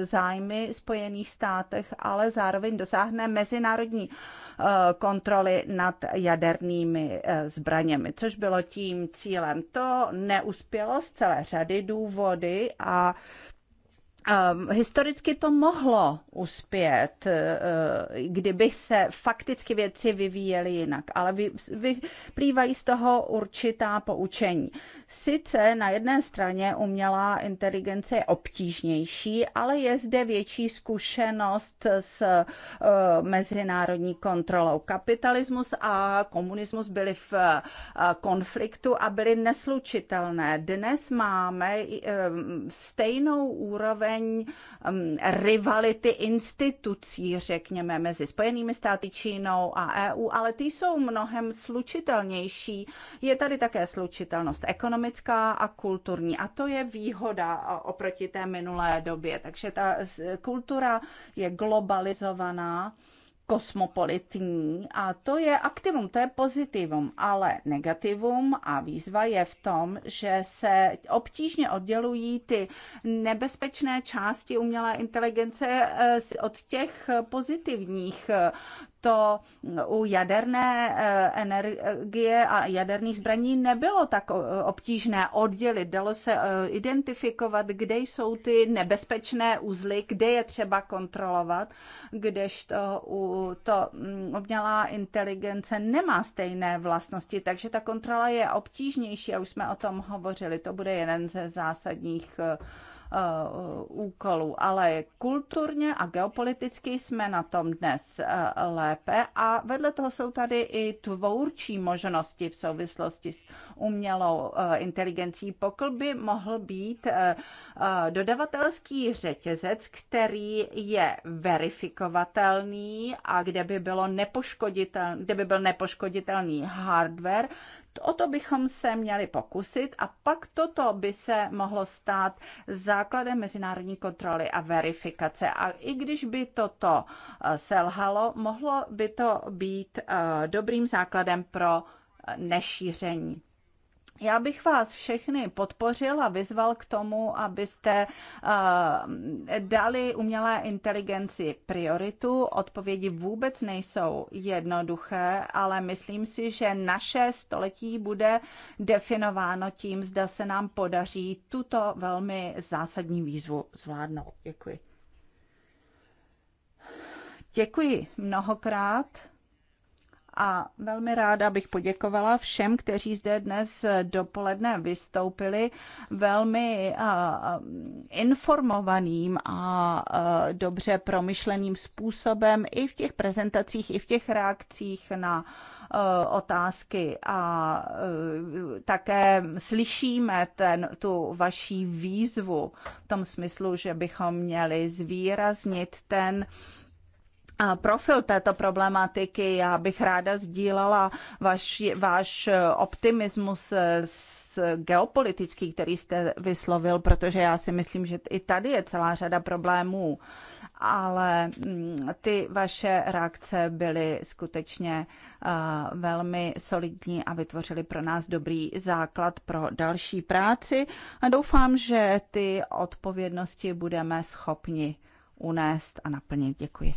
zájmy Spojených státech, ale zároveň dosáhne mezinárodní Eh, kontroly nad jadernými eh, zbraněmi, což bylo tím cílem. To neuspělo z celé řady důvody a Ehm, historicky to mohlo uspět, eh, eh, kdyby se fakticky věci vyvíjely jinak, ale vyplývají z toho určitá poučení. Sice na jedné straně umělá inteligence je obtížnější, ale je zde větší zkušenost s eh, mezinárodní kontrolou. Kapitalismus a komunismus byly v konfliktu a byly neslučitelné. Dnes máme stejnou úroveň um, rivality institucí, řekněme, mezi Spojenými státy, Čínou a EU, ale ty jsou mnohem slučitelnější. Je tady také slučitelnost ekonomická a kulturní a to je výhoda oproti té minulé době. Takže ta kultura je globalizovaná kosmopolitní a to je aktivum, to je pozitivum, ale negativum a výzva je v tom, že se obtížně oddělují ty nebezpečné části umělé inteligence eh, od těch pozitivních to u jaderné eh, energie a jaderných zbraní nebylo tak eh, obtížné oddělit. Dalo se eh, identifikovat, kde jsou ty nebezpečné uzly, kde je třeba kontrolovat, kdežto u to obmělá mm, inteligence nemá stejné vlastnosti, takže ta kontrola je obtížnější a už jsme o tom hovořili. To bude jeden ze zásadních Eh, úkolů, ale kulturně a geopoliticky jsme na tom dnes eh, lépe a vedle toho jsou tady i tvůrčí možnosti v souvislosti s umělou eh, inteligencí. Pokud by mohl být dodavatelský řetězec, který je verifikovatelný a kde by, bylo nepoškoditelný, kde by byl nepoškoditelný hardware O to bychom se měli pokusit a pak toto by se mohlo stát základem mezinárodní kontroly a verifikace. A i když by toto eh, selhalo, mohlo by to být eh, dobrým základem pro eh, nešíření. Já bych vás všechny podpořil a vyzval k tomu, abyste uh, dali umělé inteligenci prioritu. Odpovědi vůbec nejsou jednoduché, ale myslím si, že naše století bude definováno tím, zda se nám podaří tuto velmi zásadní výzvu zvládnout. Děkuji. Děkuji mnohokrát a velmi ráda bych poděkovala všem, kteří zde dnes dopoledne vystoupili velmi informovaným a dobře promyšleným způsobem i v těch prezentacích, i v těch reakcích na otázky a také slyšíme ten, tu vaší výzvu v tom smyslu, že bychom měli zvýraznit ten profil této problematiky. Já bych ráda sdílala vaš, váš optimismus s geopolitický, který jste vyslovil, protože já si myslím, že i tady je celá řada problémů, ale mm, ty vaše reakce byly skutečně eh, velmi solidní a vytvořily pro nás dobrý základ pro další práci a doufám, že ty odpovědnosti budeme schopni unést a naplnit. Děkuji.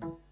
thank you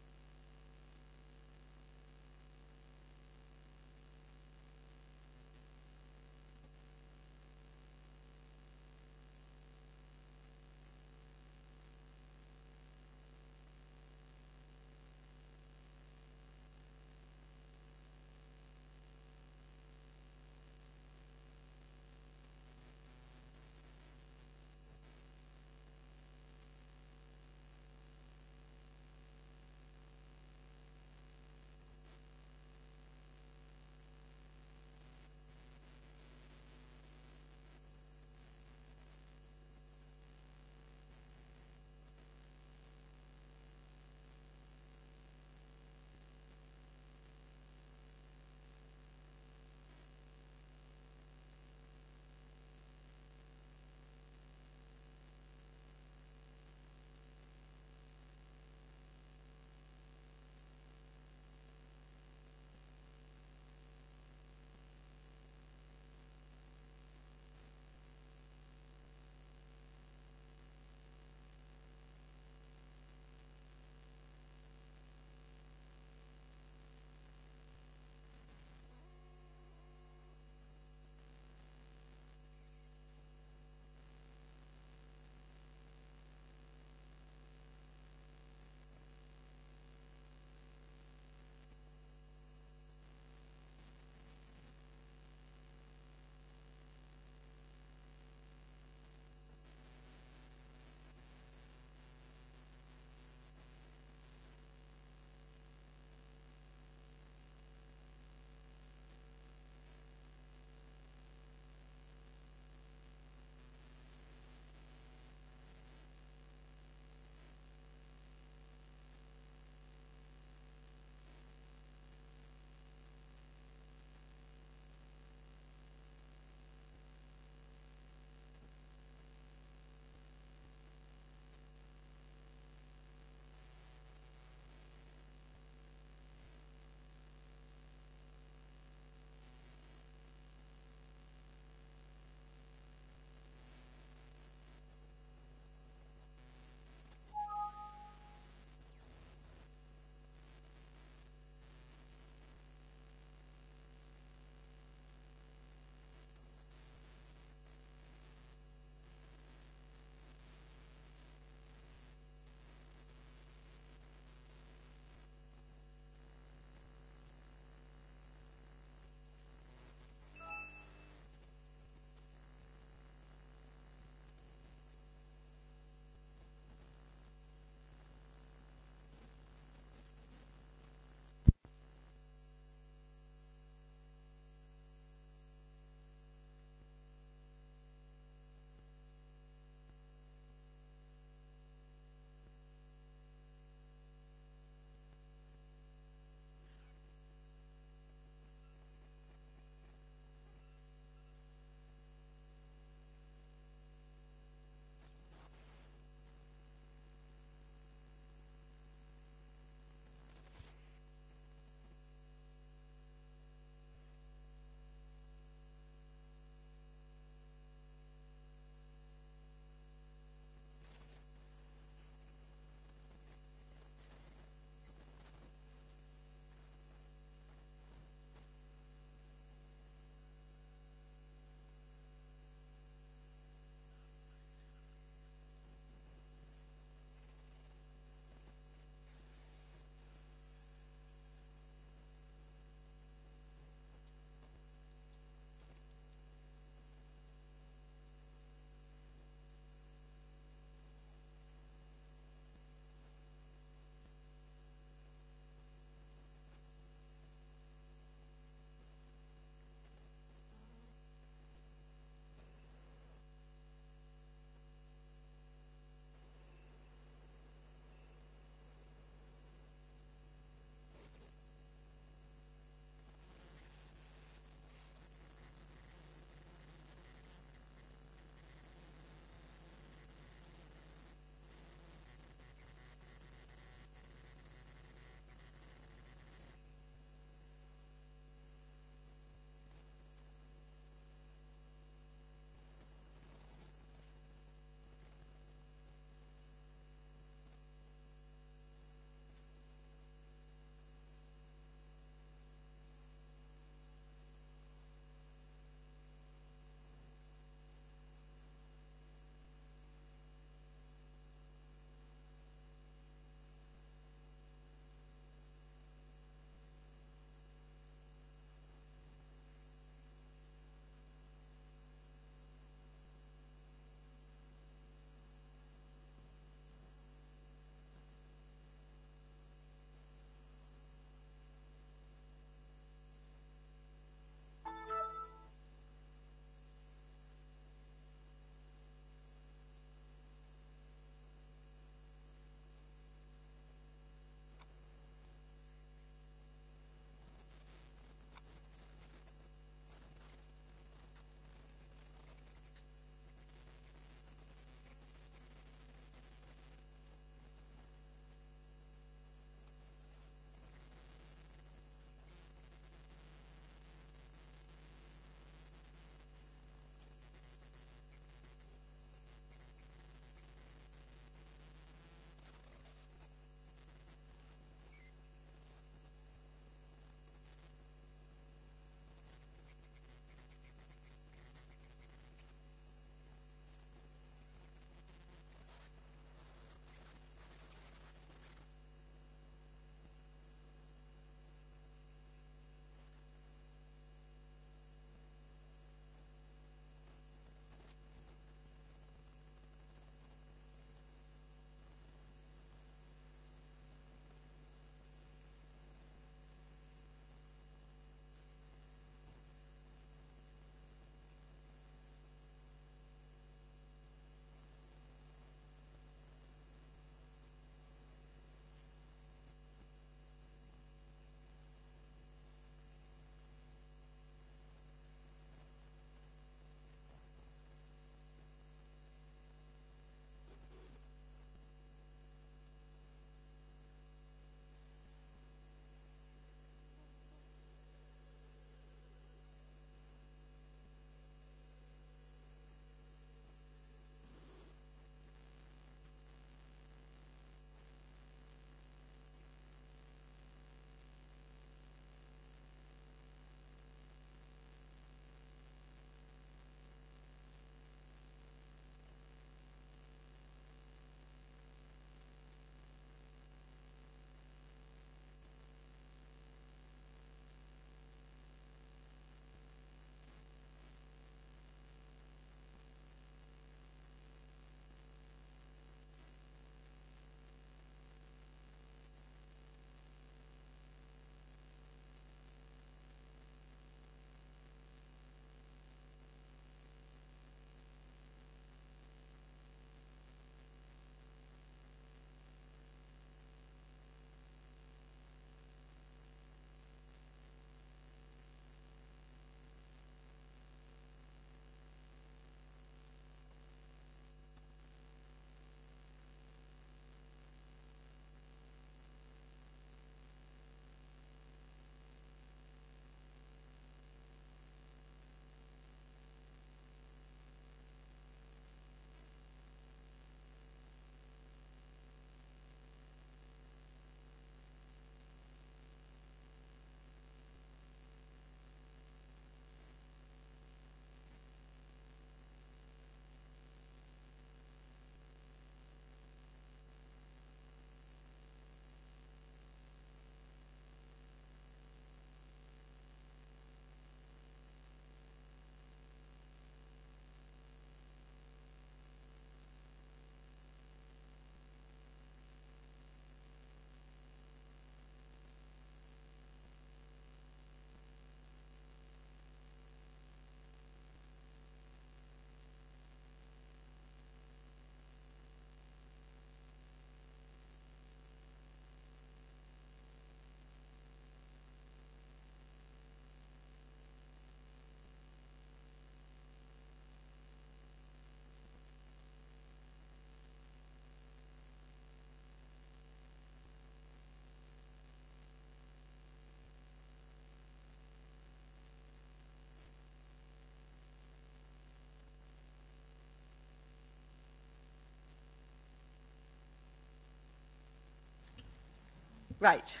Right.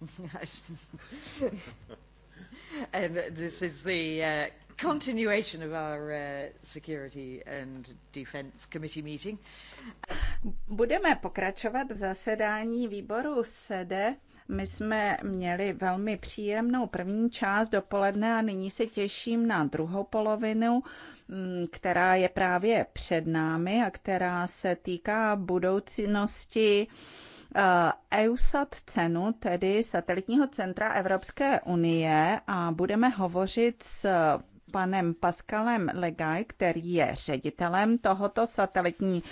and this is the uh, continuation of our uh, Security and Defense Committee meeting. Budeme pokračovat v zasedání výboru SEDE. My jsme měli velmi příjemnou první část dopoledne a nyní se těším na druhou polovinu mm, která je právě před námi a která se týká budoucnosti Eh, EUSAT cenu, tedy satelitního centra Evropské unie a budeme hovořit s panem Paskalem Legaj, který je ředitelem tohoto satelitního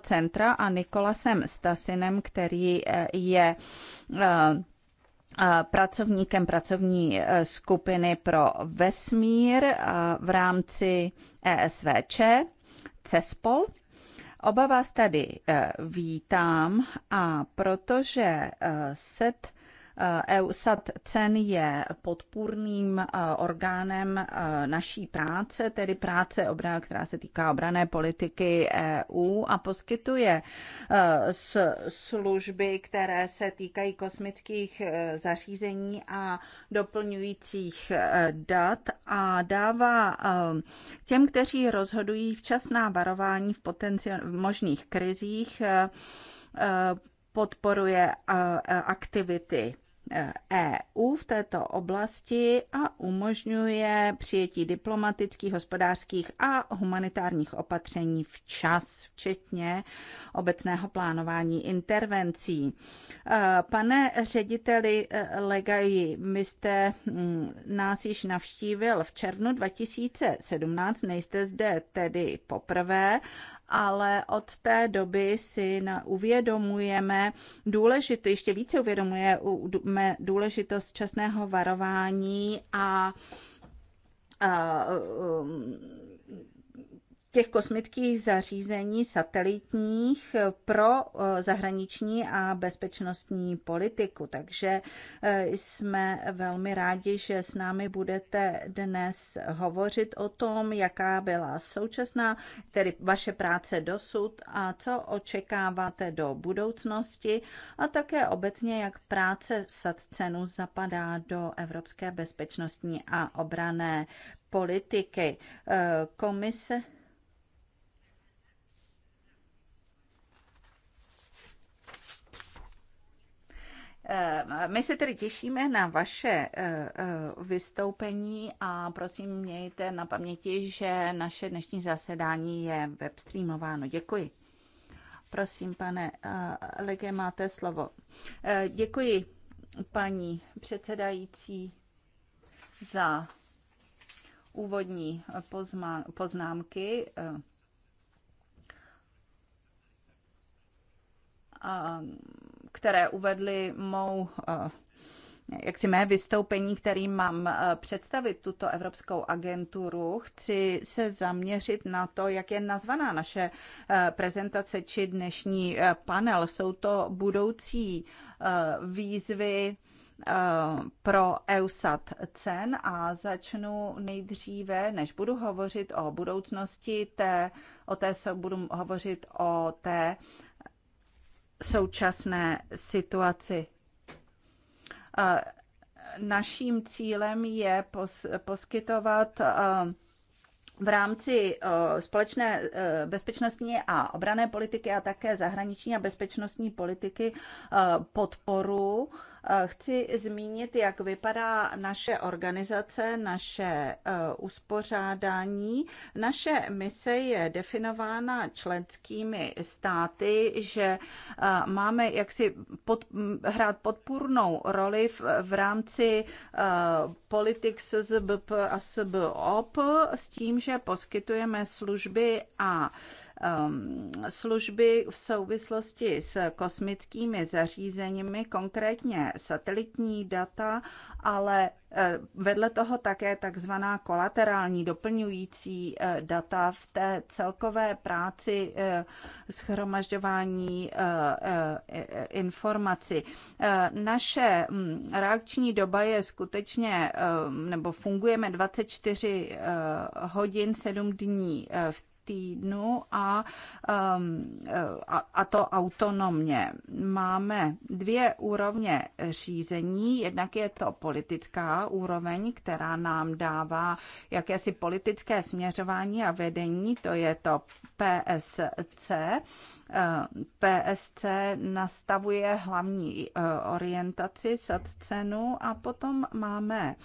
centra a Nikolasem Stasinem, který eh, je eh, pracovníkem pracovní skupiny pro vesmír v rámci ESVČ CESPOL Oba vás tady eh, vítám a protože eh, set Eh, EUSAT CEN je podpůrným eh, orgánem eh, naší práce, tedy práce, která se týká obrané politiky EU a poskytuje služby, které se týkají kosmických zařízení a doplňujících dat a dává těm, kteří rozhodují včasná varování v potenciál možných krizích, podporuje aktivity EU e v této oblasti a umožňuje přijetí diplomatických, hospodářských a humanitárních opatření včas, včetně obecného plánování intervencí. E, pane řediteli e, Legaji, my jste mm, nás již navštívil v červnu 2017, nejste zde tedy poprvé ale od té doby si uvědomujeme důležitost, ještě více uvědomujeme důležitost časného varování a a um, těch kosmických zařízení satelitních pro eh, zahraniční a bezpečnostní politiku. Takže eh, jsme velmi rádi, že s námi budete dnes hovořit o tom, jaká byla současná, tedy vaše práce dosud a co očekáváte do budoucnosti a také obecně, jak práce v SATCENu zapadá do evropské bezpečnostní a obrané politiky. Eh, komise Eh, my se tedy těšíme na vaše eh, eh, vystoupení a prosím mějte na paměti, že naše dnešní zasedání je webstreamováno. Děkuji. Prosím, pane Lege, máte slovo. Děkuji, paní předsedající, za úvodní poznámky. A které uvedly mou eh, jak si mé vystoupení, kterým mám eh, představit tuto Evropskou agenturu, chci se zaměřit na to, jak je nazvaná naše eh, prezentace či dnešní panel. Jsou to budoucí výzvy pro EUSAT cen a začnu nejdříve, než budu hovořit o budoucnosti té, o té se budu hovořit o té současné situaci. Naším cílem je poskytovat v rámci společné e, bezpečnostní a obrané politiky a také zahraniční a bezpečnostní politiky e, podporu Eh, chci zmínit, jak vypadá naše organizace, naše eh, uspořádání. Naše mise je definována členskými státy, že eh, máme jaksi pod, hrát podpůrnou roli v, v rámci politik SZBP a SBOP s tím, že poskytujeme služby a Ehm, služby v souvislosti s kosmickými zařízeními, konkrétně satelitní data, ale eh, vedle toho také takzvaná kolaterální doplňující eh, data v té celkové práci eh, schromažďování informací. Naše hm, reakční doba je skutečně, nebo fungujeme 24 hodin 7 dní v týdnu a, um, a, a to autonomně. Máme dvě úrovně řízení. Jednak je to politická úroveň, která nám dává jakési politické směřování a vedení, to je to PSC, PSC nastavuje hlavní eh, orientaci, sad cenu a potom máme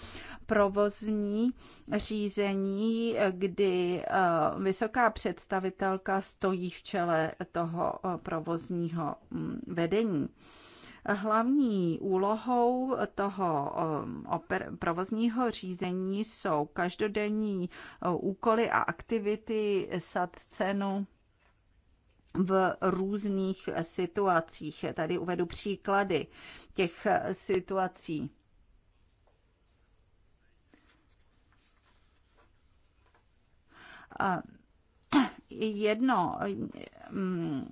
provozní řízení, kdy eh, vysoká představitelka stojí v čele toho eh, provozního mm, vedení. Hlavní úlohou toho oper- provozního řízení jsou každodenní úkoly a aktivity sad cenu v různých situacích. Tady uvedu příklady těch situací. A jedno um,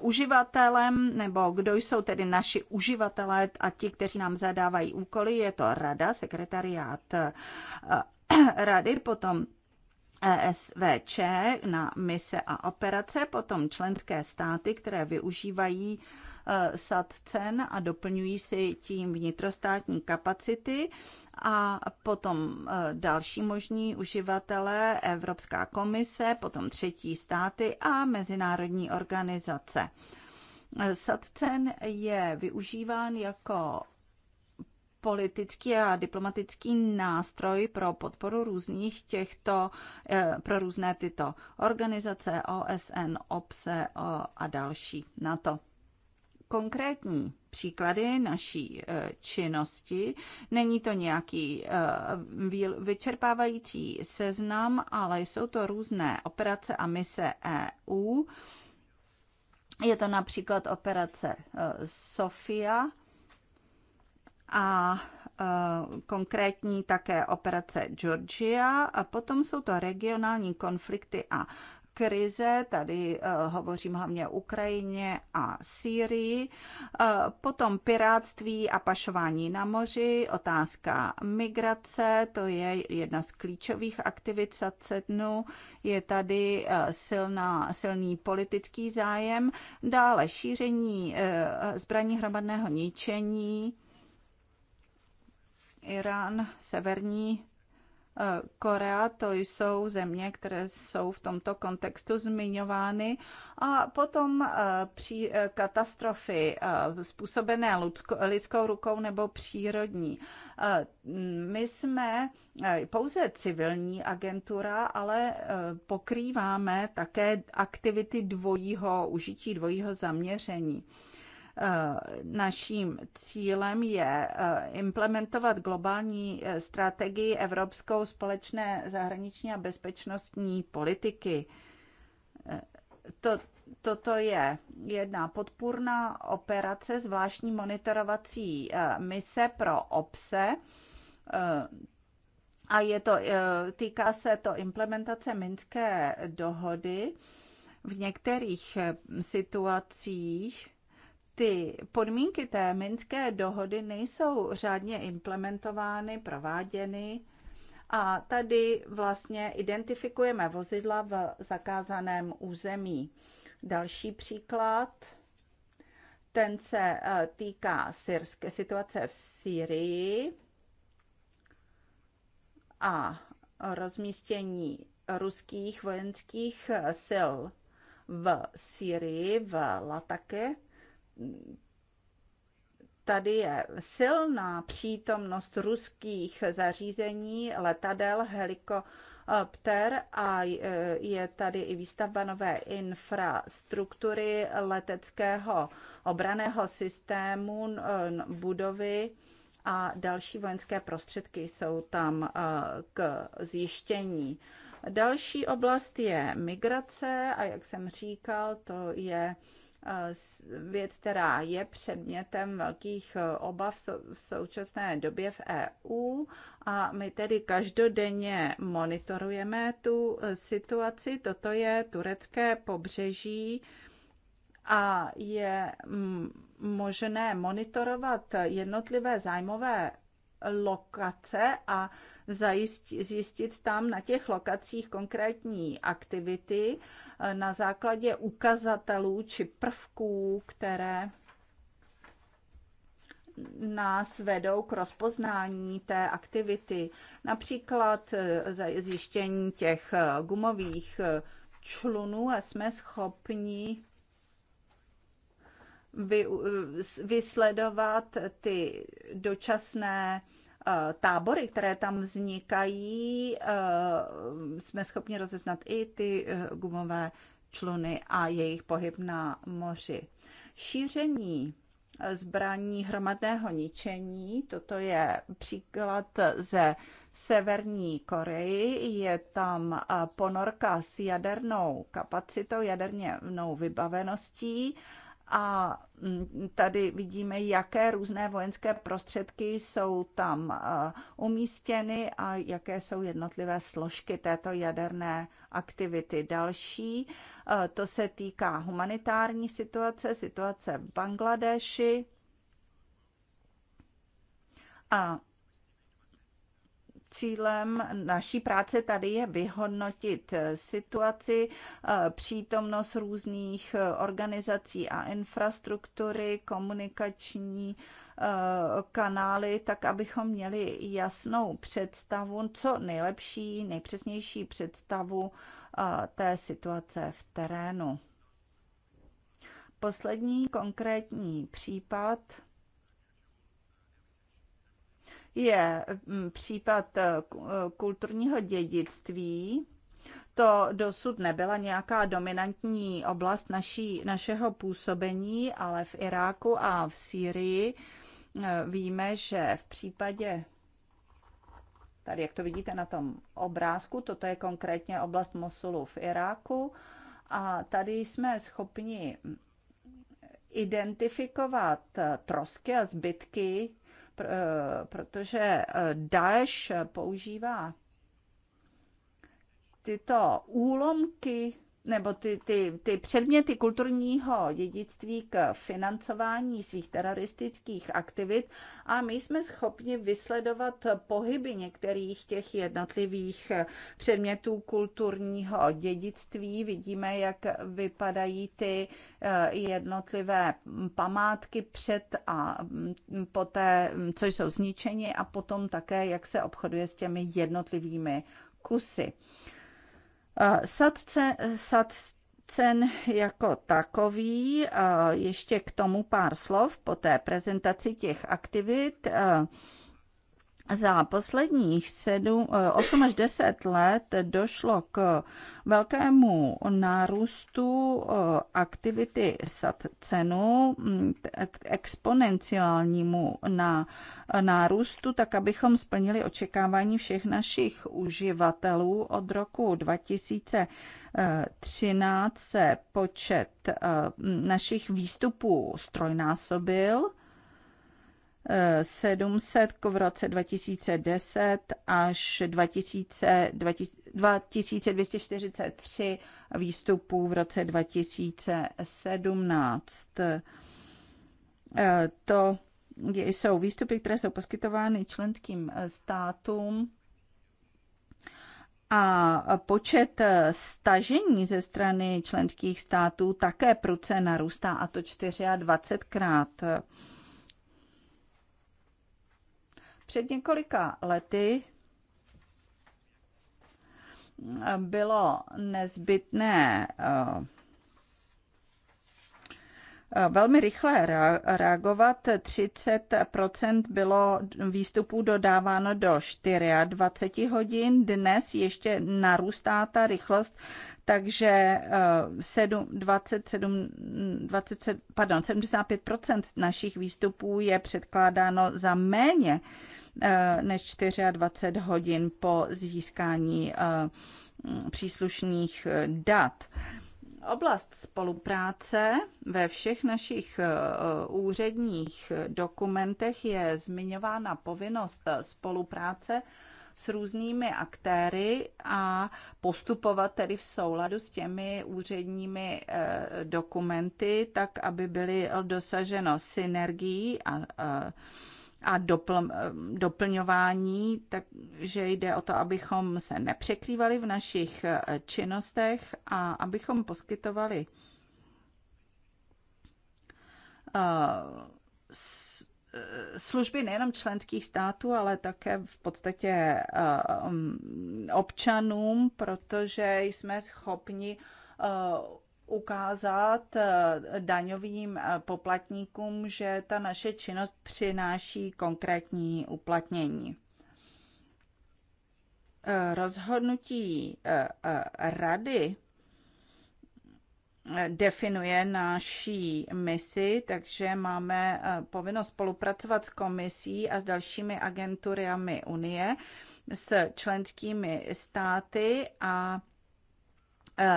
uživatelem, nebo kdo jsou tedy naši uživatelé a ti, kteří nám zadávají úkoly, je to rada, sekretariát uh, rady, potom ESVČ na mise a operace, potom členské státy, které využívají e, sad cen a doplňují si tím vnitrostátní kapacity a potom e, další možní uživatelé, Evropská komise, potom třetí státy a mezinárodní organizace. E, Sadcen je využíván jako politický a diplomatický nástroj pro podporu různých těchto, eh, pro různé tyto organizace, OSN, OPSE a další na to konkrétní příklady naší eh, činnosti. Není to nějaký eh, vyčerpávající seznam, ale jsou to různé operace a mise EU. Je to například operace Sofia, a eh, konkrétní také operace Georgia a potom jsou to regionální konflikty a krize, tady eh, hovořím hlavně o Ukrajině a Sýrii, eh, potom piráctví a pašování na moři, otázka migrace, to je jedna z klíčových aktivit SACEDNu, je tady silná, silný politický zájem, dále šíření zbraní hromadného ničení, Irán, Severní eh, Korea, to jsou země, které jsou v tomto kontextu zmiňovány. A potom eh, při eh, katastrofy způsobené lidskou rukou nebo přírodní. My jsme pouze civilní agentura, ale pokrýváme také aktivity dvojího užití, dvojího zaměření. Eh, naším cílem je eh, implementovat globální eh, strategii evropskou společné zahraniční a bezpečnostní politiky. To, toto je jedna podpůrná operace, zvláštní monitorovací mise pro OPSE. A je to, týká se to implementace Minské dohody. V některých situacích ty podmínky té minské dohody nejsou řádně implementovány, prováděny a tady vlastně identifikujeme vozidla v zakázaném území. Další příklad, ten se eh, týká syrské situace v Syrii a rozmístění ruských vojenských eh, sil v Syrii, v Latake tady je silná přítomnost ruských zařízení, letadel, helikopter a je tady i výstavba nové infrastruktury leteckého obraného systému, budovy a další vojenské prostředky jsou tam k zjištění. Další oblast je migrace a jak jsem říkal, to je Eh, věc, která je předmětem velkých eh, obav v současné době v EU a my tedy každodenně monitorujeme tu eh, situaci. Toto je turecké pobřeží a je mm, možné monitorovat jednotlivé zájmové lokace a zajistit, zjistit tam na těch lokacích konkrétní aktivity eh, na základě ukazatelů či prvků, které nás vedou k rozpoznání té aktivity. Například eh, zjištění těch eh, gumových člunů a jsme schopni vy vysledovat ty dočasné eh, tábory, které tam vznikají, eh, jsme schopni rozeznat i ty eh, gumové čluny a jejich pohyb na moři. Šíření zbraní hromadného ničení, toto je příklad ze Severní Koreji, je tam ponorka s jadernou kapacitou, jadernou vybaveností a mm, tady vidíme, jaké různé vojenské prostředky jsou tam eh, umístěny a jaké jsou jednotlivé složky této jaderné aktivity. Další, eh, to se týká humanitární situace, situace v Bangladeši a Cílem naší práce tady je vyhodnotit eh, situaci, eh, přítomnost různých eh, organizací a infrastruktury, komunikační kanály, tak abychom měli jasnou představu, co nejlepší, nejpřesnější představu té situace v terénu. Poslední konkrétní případ je mm, případ eh, eh, kulturního dědictví. To dosud nebyla nějaká dominantní oblast naší, našeho působení, ale v Iráku a v Sýrii eh, víme, že v případě tady, jak to vidíte na tom obrázku, toto je konkrétně oblast Mosulu v Iráku a tady jsme schopni identifikovat trosky a zbytky pr- eh, protože eh, Daesh používá tyto úlomky nebo ty, ty, ty předměty kulturního dědictví k financování svých teroristických aktivit a my jsme schopni vysledovat pohyby některých těch jednotlivých předmětů kulturního dědictví. Vidíme, jak vypadají ty eh, jednotlivé památky před a mm, poté, mm, co jsou zničeni a potom také, jak se obchoduje s těmi jednotlivými kusy. Sadce, sadce cen jako takový. Ještě k tomu pár slov po té prezentaci těch aktivit. Za posledních 7, 8 eh, až 10 let došlo k velkému nárůstu eh, aktivity SAT cenu, mm, k exponenciálnímu na nárůstu, tak abychom splnili očekávání všech našich uživatelů od roku 2000. 13 se počet eh, našich výstupů strojnásobil 700 v roce 2010 až 2000, 2243 výstupů v roce 2017. Eh, to jsou výstupy, které jsou poskytovány členským eh, státům a počet eh, stažení ze strany členských států také pruce narůstá, a to 24krát. Před několika lety bylo nezbytné eh, eh, velmi rychle reagovat. 30 bylo výstupů dodáváno do 24 hodin. Dnes ještě narůstá ta rychlost, takže 7, 27, 27, pardon, 75 našich výstupů je předkládáno za méně Eh, než 24 hodin po získání eh, příslušných eh, dat. Oblast spolupráce ve všech našich úředních dokumentech je zmiňována povinnost spolupráce s různými aktéry a postupovat tedy v souladu s těmi úředními dokumenty, tak aby byly dosaženo synergií a, a a dopl, doplňování, takže jde o to, abychom se nepřekrývali v našich eh, činnostech a abychom poskytovali eh, eh, služby nejenom členských států, ale také v podstatě mm, občanům, protože jsme schopni ukázat eh, daňovým eh, poplatníkům, že ta naše činnost přináší konkrétní uplatnění. Eh, rozhodnutí rady definuje naší misi, takže máme povinnost spolupracovat s komisí a s dalšími agenturiami Unie, s členskými státy a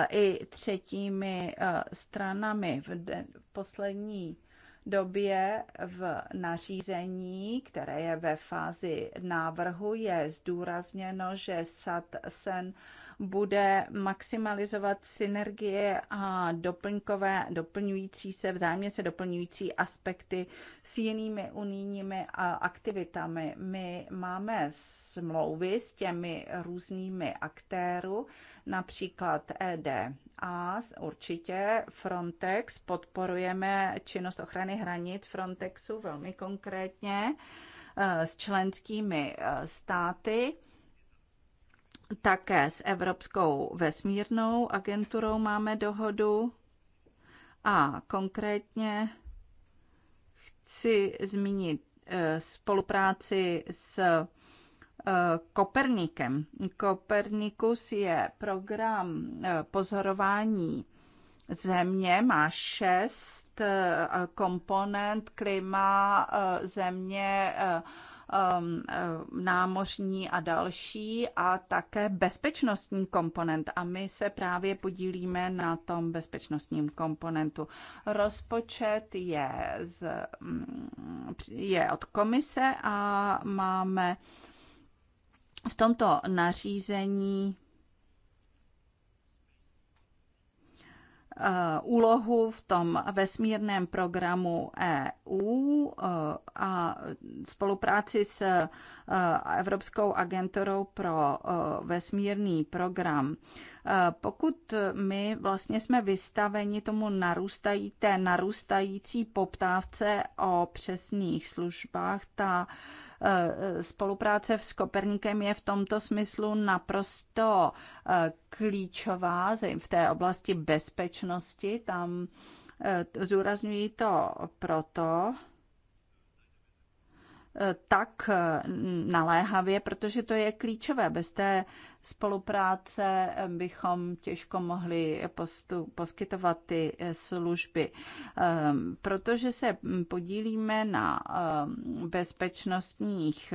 i třetími eh, stranami. V poslední době v nařízení, které je ve fázi návrhu, je zdůrazněno, že SAT sen bude maximalizovat synergie a doplňkové, doplňující se, vzájemně se doplňující aspekty s jinými unijními aktivitami. My máme smlouvy s těmi různými aktéru, například ED a určitě Frontex, podporujeme činnost ochrany hranic Frontexu velmi konkrétně eh, s členskými eh, státy také s Evropskou vesmírnou agenturou máme dohodu a konkrétně chci zmínit eh, spolupráci s eh, Kopernikem. Kopernikus je program eh, pozorování Země má šest komponent, klima, země, Um, eh, námořní a další, a také bezpečnostní komponent. A my se právě podílíme na tom bezpečnostním komponentu. Rozpočet je, z, mm, je od komise a máme v tomto nařízení Eh, úlohu v tom vesmírném programu EU eh, a spolupráci s eh, Evropskou agenturou pro vesmírný program. Pokud my vlastně jsme vystaveni tomu narůstají, té narůstající poptávce o přesných službách, ta Eh, spolupráce s Koperníkem je v tomto smyslu naprosto eh, klíčová v té oblasti bezpečnosti. Tam eh, zúrazňuji to proto, tak naléhavě, protože to je klíčové. Bez té spolupráce bychom těžko mohli postu, poskytovat ty eh, služby. Ehm, protože se podílíme na ehm, bezpečnostních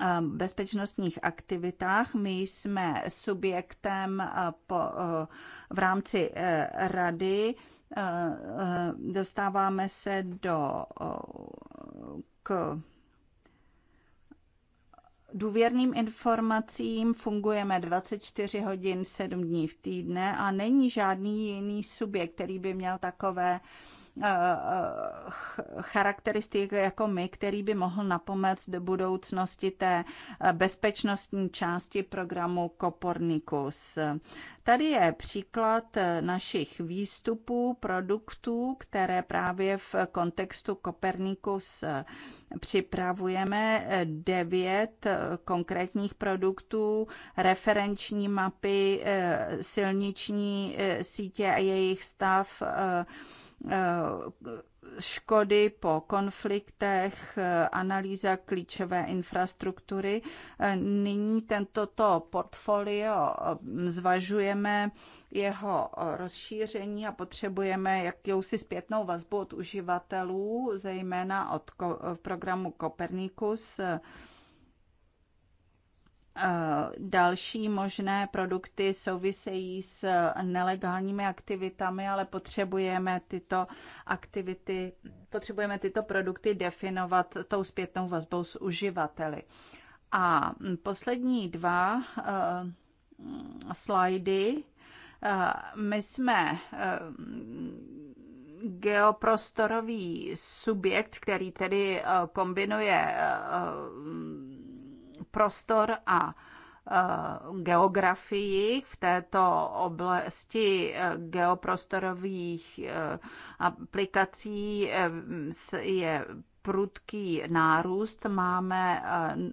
ehm, bezpečnostních aktivitách. My jsme subjektem eh, po, eh, v rámci rady. Dostáváme se do k důvěrným informacím fungujeme 24 hodin 7 dní v týdne a není žádný jiný subjekt, který by měl takové Eh, eh, charakteristik jako my, který by mohl napomést do budoucnosti té eh, bezpečnostní části programu Copernicus. Tady je příklad našich výstupů, produktů, které právě v kontextu Copernicus připravujeme devět konkrétních produktů, referenční mapy, silniční sítě a jejich stav, Eh, škody po konfliktech, eh, analýza klíčové infrastruktury. Eh, nyní tento portfolio zvažujeme jeho rozšíření a potřebujeme jakousi zpětnou vazbu od uživatelů, zejména od programu Copernicus Další možné produkty souvisejí s nelegálními aktivitami, ale potřebujeme tyto aktivity, potřebujeme tyto produkty definovat tou zpětnou vazbou s uživateli. A poslední dva uh, slajdy. Uh, my jsme uh, geoprostorový subjekt, který tedy kombinuje prostor a eh, geografii v této oblasti eh, geoprostorových eh, aplikací je prudký nárůst. Máme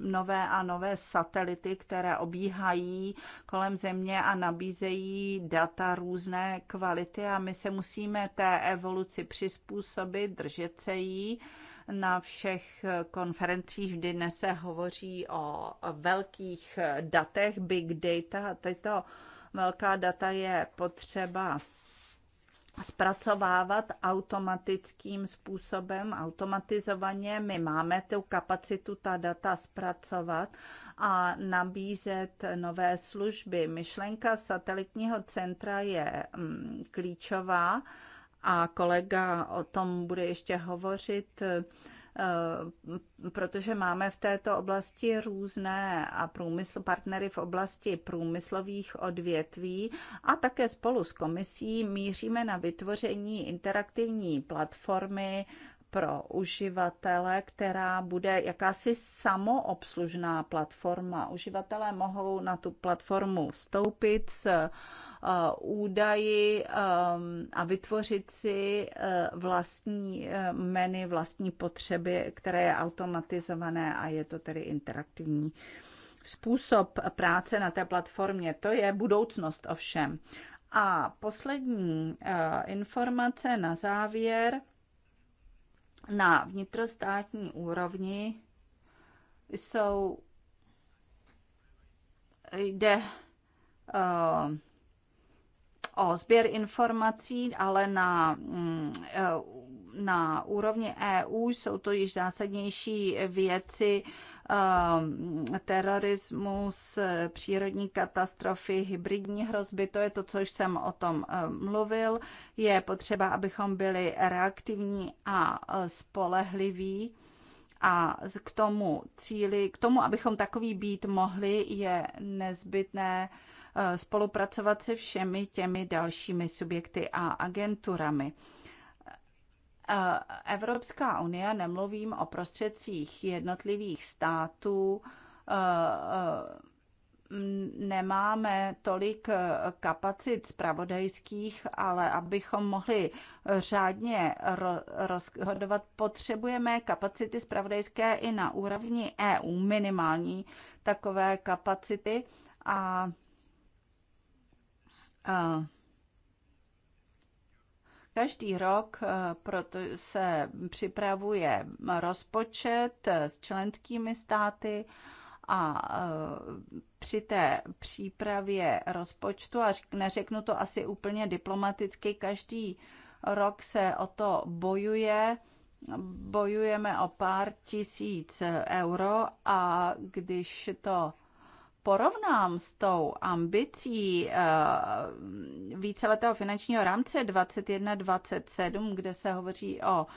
nové a nové satelity, které obíhají kolem země a nabízejí data různé kvality a my se musíme té evoluci přizpůsobit, držet se jí na všech eh, konferencích dnes se hovoří o velkých eh, datech, big data. Tyto velká data je potřeba zpracovávat automatickým způsobem, automatizovaně. My máme tu kapacitu ta data zpracovat a nabízet nové služby. Myšlenka satelitního centra je mm, klíčová a kolega o tom bude ještě hovořit eh, protože máme v této oblasti různé a průmysl, partnery v oblasti průmyslových odvětví a také spolu s komisí míříme na vytvoření interaktivní platformy pro uživatele, která bude jakási samoobslužná platforma. Uživatelé mohou na tu platformu vstoupit s Eh, údaji eh, a vytvořit si eh, vlastní meny, vlastní potřeby, které je automatizované a je to tedy interaktivní způsob práce na té platformě. To je budoucnost ovšem. A poslední informace na závěr. Na vnitrostátní úrovni jsou jde uh, o sběr informací, ale na mm, e, na úrovni EU jsou to již zásadnější věci, e, terorismus, přírodní katastrofy, hybridní hrozby, to je to, co jsem o tom e, mluvil. Je potřeba, abychom byli reaktivní a spolehliví. A k tomu cíli, k tomu, abychom takový být mohli, je nezbytné Eh, spolupracovat se všemi těmi dalšími subjekty a agenturami. Eh, Evropská unie, nemluvím o prostředcích jednotlivých států, eh, nemáme tolik kapacit spravodajských, ale abychom mohli řádně rozhodovat, potřebujeme kapacity spravodajské i na úrovni EU, minimální takové kapacity a Každý rok e, proto se připravuje rozpočet e, s členskými státy a e, při té přípravě rozpočtu, a neřeknu to asi úplně diplomaticky, každý rok se o to bojuje, bojujeme o pár tisíc euro a když to porovnám s tou ambicí eh, víceletého finančního rámce 21-27, kde se hovoří o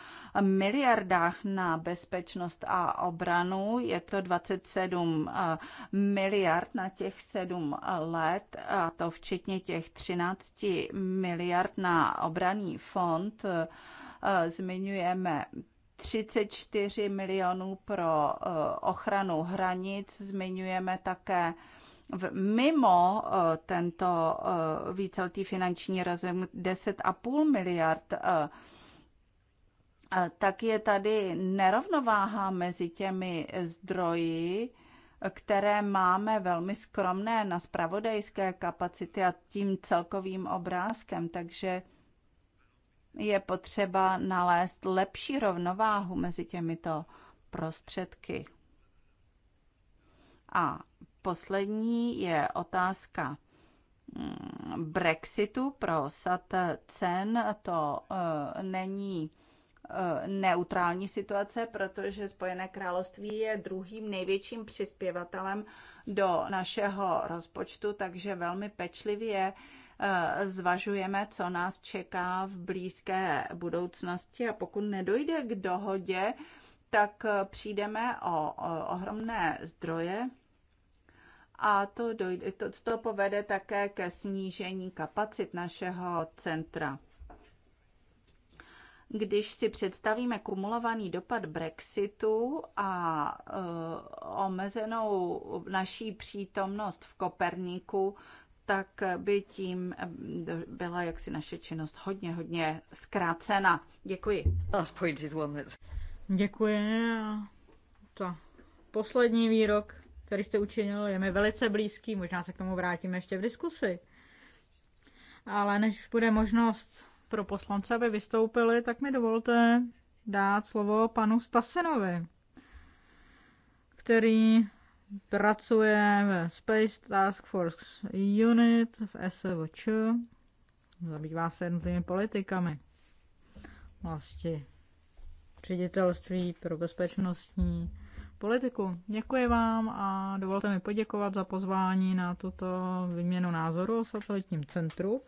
miliardách na bezpečnost a obranu, je to 27 eh, miliard na těch 7 let, a to včetně těch 13 miliard na obraný fond, eh, zmiňujeme 34 milionů pro eh, ochranu hranic, zmiňujeme také v, mimo eh, tento eh, víceletý finanční rozum 10,5 miliard tak je tady nerovnováha mezi těmi zdroji, které máme velmi skromné na spravodajské kapacity a tím celkovým obrázkem. Takže je potřeba nalézt lepší rovnováhu mezi těmito prostředky. A poslední je otázka mm, Brexitu pro sat cen. To eh, není eh, neutrální situace, protože Spojené království je druhým největším přispěvatelem do našeho rozpočtu, takže velmi pečlivě Eh, zvažujeme, co nás čeká v blízké budoucnosti a pokud nedojde k dohodě, tak eh, přijdeme o, ohromné zdroje a to, dojde, to, to povede také ke snížení kapacit našeho centra. Když si představíme kumulovaný dopad Brexitu a e, omezenou naší přítomnost v Koperníku, tak by tím eh, byla jaksi naše činnost hodně, hodně zkrácena. Děkuji. Děkuji. To poslední výrok, který jste učinil, je mi velice blízký. Možná se k tomu vrátíme ještě v diskusi. Ale než bude možnost pro poslance, aby vystoupili, tak mi dovolte dát slovo panu Stasenovi, který pracuje ve Space Task Force Unit v SVČ. Zabývá se jednotlivými politikami vlasti ředitelství pro bezpečnostní politiku. Děkuji vám a dovolte mi poděkovat za pozvání na tuto výměnu názoru o satelitním centru,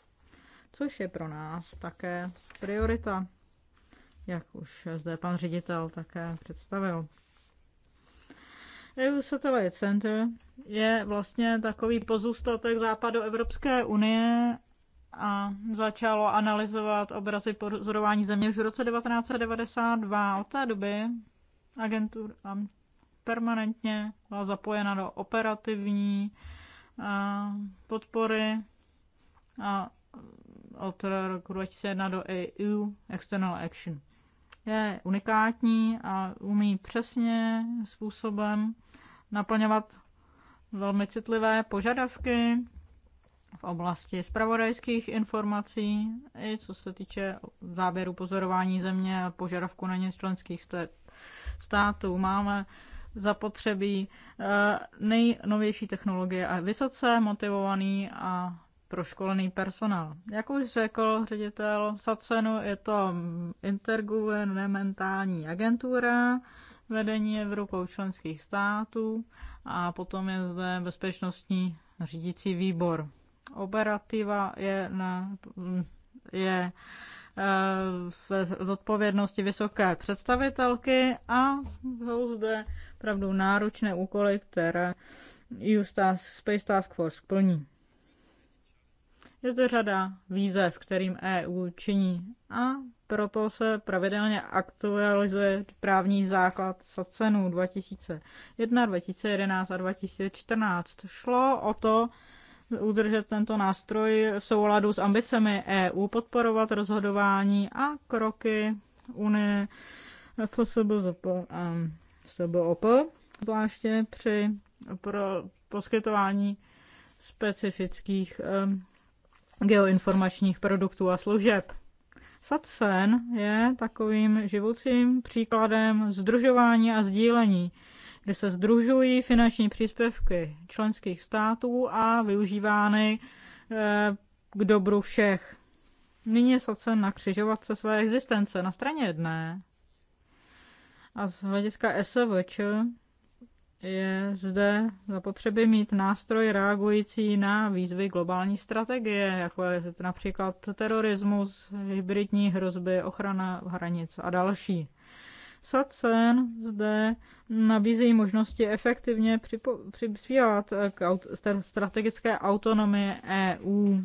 což je pro nás také priorita, jak už zde pan ředitel také představil. EU Satellite Center je vlastně takový pozůstatek západu Evropské unie a začalo analyzovat obrazy pozorování země už v roce 1992. Od té doby agentura permanentně byla zapojena do operativní podpory a od roku 2001 do EU External Action je unikátní a umí přesně způsobem naplňovat velmi citlivé požadavky v oblasti spravodajských informací i co se týče záběru pozorování země a požadavku na ně členských států. Máme zapotřebí eh, nejnovější technologie a vysoce motivovaný a proškolený personál. Jak už řekl ředitel Sacenu, je to intergovernmentální agentura, vedení je v rukou členských států a potom je zde bezpečnostní řídící výbor. Operativa je, na, je eh, v zodpovědnosti vysoké představitelky a jsou zde opravdu náročné úkoly, které Space Task Force plní. Je zde řada výzev, kterým EU činí a proto se pravidelně aktualizuje právní základ cenu 2001, 2011 a 2014. Šlo o to udržet tento nástroj v souladu s ambicemi EU, podporovat rozhodování a kroky Unie FSBZP SBOP, zvláště při pro poskytování specifických um, geoinformačních produktů a služeb. Satsen je takovým živoucím příkladem združování a sdílení, kde se združují finanční příspěvky členských států a využívány eh, k dobru všech. Nyní je Satsen na křižovatce své existence na straně jedné a z hlediska SVČ je zde zapotřebí mít nástroj reagující na výzvy globální strategie, jako je například terorismus, hybridní hrozby, ochrana hranic a další. SACEN zde nabízí možnosti efektivně přispívat k strategické autonomii EU.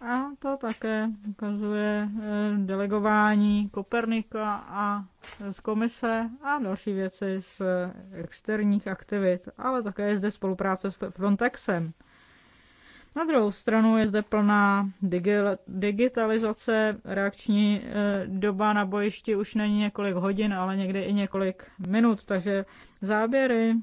A to také ukazuje eh, delegování Kopernika a z komise a další věci z eh, externích aktivit, ale také je zde spolupráce s Frontexem. Na druhou stranu je zde plná digitalizace, reakční eh, doba na bojišti už není několik hodin, ale někdy i několik minut, takže záběry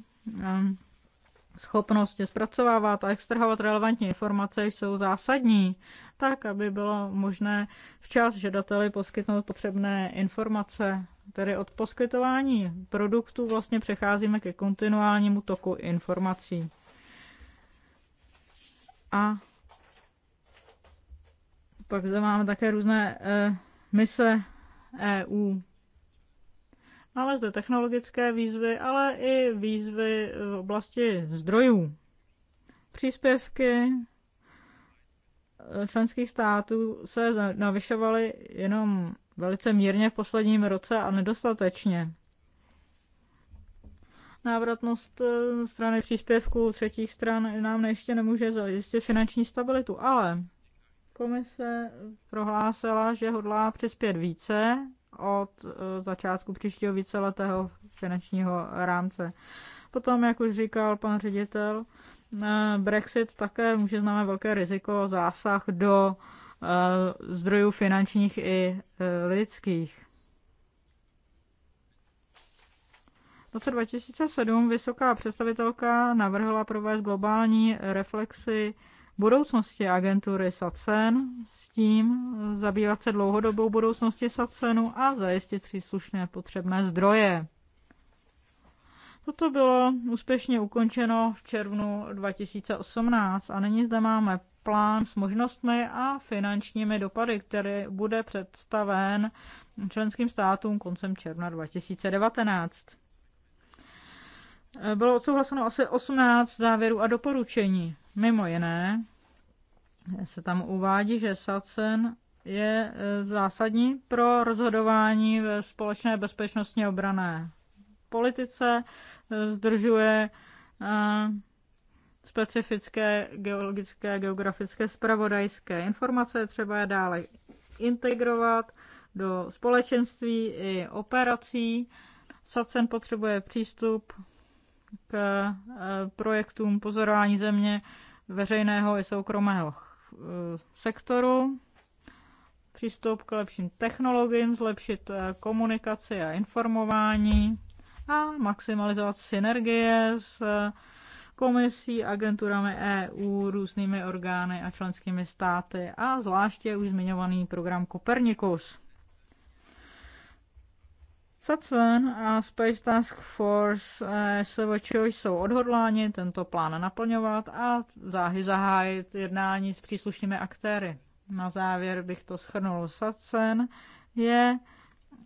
schopnost je zpracovávat a extrahovat relevantní informace jsou zásadní, tak aby bylo možné včas žadateli poskytnout potřebné informace. Tedy od poskytování produktů vlastně přecházíme ke kontinuálnímu toku informací. A pak zde máme také různé eh, e, mise EU Máme zde technologické výzvy, ale i výzvy v oblasti zdrojů. Příspěvky eh, členských států se navyšovaly jenom velice mírně v posledním roce a nedostatečně. Návratnost eh, strany příspěvků třetích stran nám ještě nemůže zajistit finanční stabilitu, ale komise prohlásila, že hodlá přispět více od eh, začátku příštího víceletého finančního rámce. Potom, jak už říkal pan ředitel, eh, Brexit také může znamenat velké riziko zásah do eh, zdrojů finančních i lidských. V roce 2007 vysoká představitelka navrhla provést globální reflexi budoucnosti agentury SACEN, s tím zabývat se dlouhodobou budoucností SACENu a zajistit příslušné potřebné zdroje. Toto bylo úspěšně ukončeno v červnu 2018 a nyní zde máme plán s možnostmi a finančními dopady, který bude představen členským státům koncem června 2019. Bylo odsouhlaseno asi 18 závěrů a doporučení. Mimo jiné se tam uvádí, že SACEN je e, zásadní pro rozhodování ve společné bezpečnostně obrané politice, e, zdržuje e, specifické geologické, geografické, spravodajské informace, třeba je dále integrovat do společenství i operací. SACEN potřebuje přístup k projektům pozorování země veřejného i soukromého Eh, sektoru, přístup k lepším technologiím, zlepšit eh, komunikaci a informování a maximalizovat synergie s eh, komisí, agenturami EU, různými orgány a členskými státy a zvláště už zmiňovaný program Kopernikus. SACEN a Space Task Force eh, SVČ jsou odhodláni tento plán naplňovat a záhy zahájit jednání s příslušnými aktéry. Na závěr bych to schrnul. SACEN je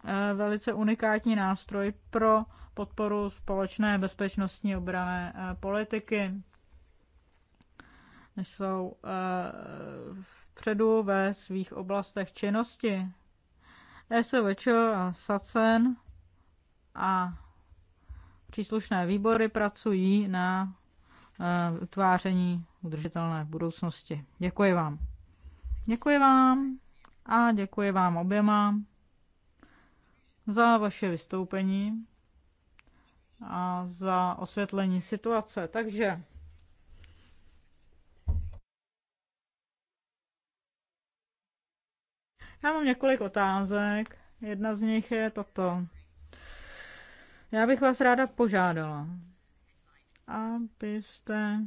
eh, velice unikátní nástroj pro podporu společné bezpečnostní obrané eh, politiky. Jsou vpředu ve svých oblastech činnosti. SVČ a SACEN a příslušné výbory pracují na eh, utváření udržitelné budoucnosti. Děkuji vám. Děkuji vám a děkuji vám oběma za vaše vystoupení a za osvětlení situace. Takže já mám několik otázek. Jedna z nich je toto. Já bych vás ráda požádala, abyste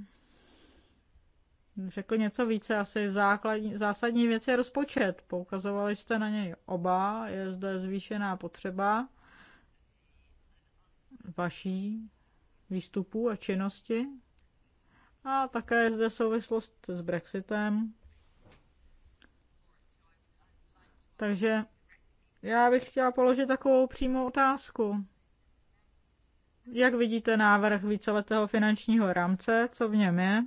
Řekl něco více, asi základní, zásadní věc je rozpočet. Poukazovali jste na něj oba, je zde zvýšená potřeba vaší výstupů a činnosti. A také je zde souvislost s Brexitem. Takže já bych chtěla položit takovou přímou otázku jak vidíte návrh víceletého finančního rámce, co v něm je,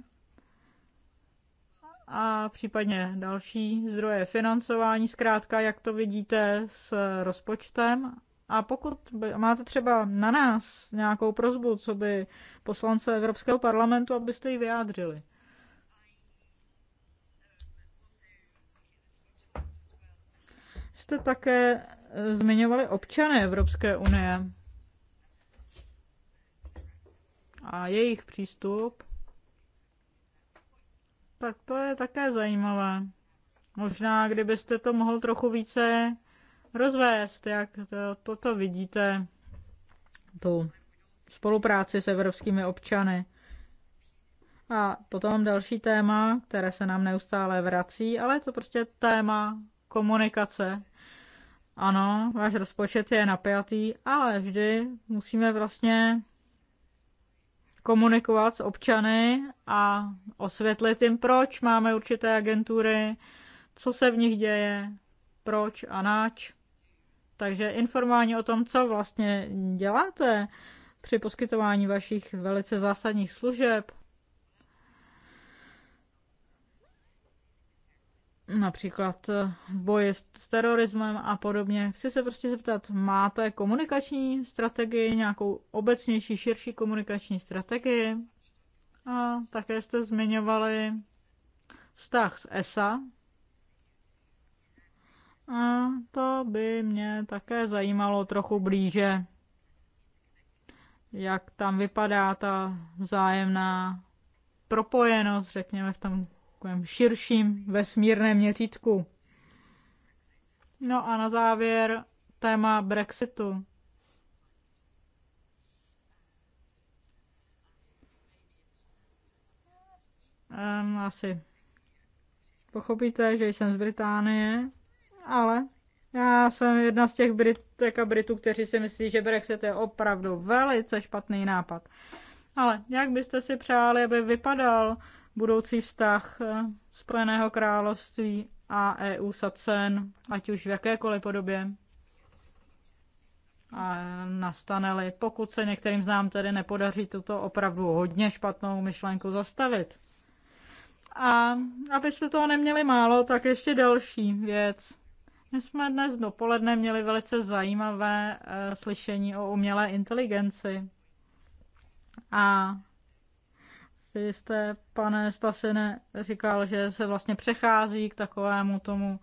a případně další zdroje financování, zkrátka jak to vidíte s rozpočtem. A pokud máte třeba na nás nějakou prozbu, co by poslance Evropského parlamentu, abyste ji vyjádřili. Jste také zmiňovali občany Evropské unie a jejich přístup, tak to je také zajímavé. Možná, kdybyste to mohl trochu více rozvést, jak to, toto vidíte, tu spolupráci s evropskými občany. A potom další téma, které se nám neustále vrací, ale je to prostě téma komunikace. Ano, váš rozpočet je napjatý, ale vždy musíme vlastně komunikovat s občany a osvětlit jim, proč máme určité agentury, co se v nich děje, proč a nač. Takže informování o tom, co vlastně děláte při poskytování vašich velice zásadních služeb, například eh, boje s terorismem a podobně. Chci se prostě zeptat, máte komunikační strategii, nějakou obecnější, širší komunikační strategii? A také jste zmiňovali vztah s ESA. A to by mě také zajímalo trochu blíže, jak tam vypadá ta vzájemná propojenost, řekněme, v tom takovém širším vesmírném měřítku. No a na závěr téma Brexitu. Um, asi pochopíte, že jsem z Británie, ale já jsem jedna z těch Britek a Britů, kteří si myslí, že Brexit je opravdu velice špatný nápad. Ale jak byste si přáli, aby vypadal budoucí vztah eh, Spojeného království a EU SACEN, ať už v jakékoliv podobě. A nastane-li, pokud se některým z nám tedy nepodaří tuto opravdu hodně špatnou myšlenku zastavit. A abyste toho neměli málo, tak ještě další věc. My jsme dnes dopoledne měli velice zajímavé eh, slyšení o umělé inteligenci. A vy jste, pane Stasine, říkal, že se vlastně přechází k takovému tomu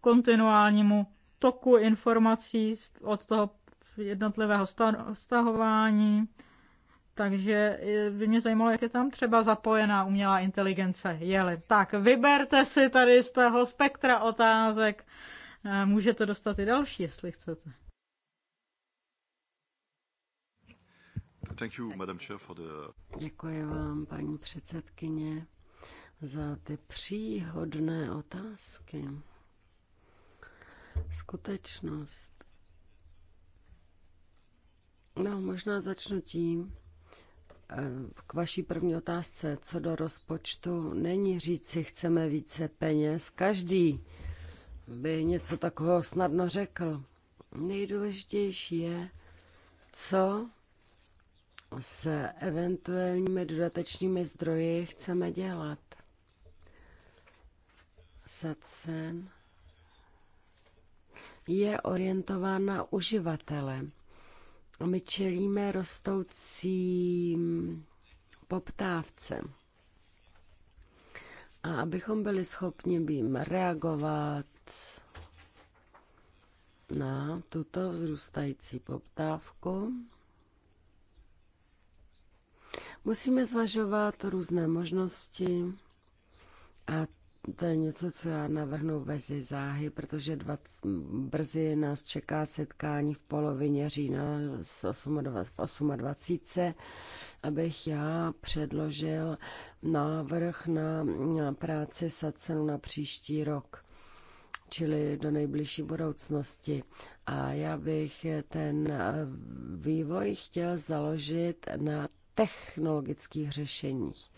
kontinuálnímu toku informací od toho jednotlivého stahování. Takže by mě zajímalo, jak je tam třeba zapojená umělá inteligence. Jeli. Tak vyberte si tady z toho spektra otázek. Eh, Můžete dostat i další, jestli chcete. Děkuji vám, paní předsedkyně, za ty příhodné otázky. Skutečnost. No, možná začnu tím, eh, k vaší první otázce, co do rozpočtu, není říct si, chceme více peněz. Každý by něco takového snadno řekl. Nejdůležitější je, co s eventuálními dodatečnými zdroji chceme dělat. Satsen je orientován na uživatele. My čelíme rostoucím poptávce. A abychom byli schopni bým reagovat na tuto vzrůstající poptávku, Musíme zvažovat různé možnosti a to je něco, co já navrhnu vezi záhy, protože dva, brzy nás čeká setkání v polovině října s 28, v 28. abych já předložil návrh na, na práci SACENu na příští rok čili do nejbližší budoucnosti. A já bych ten vývoj chtěl založit na technologických řešeních.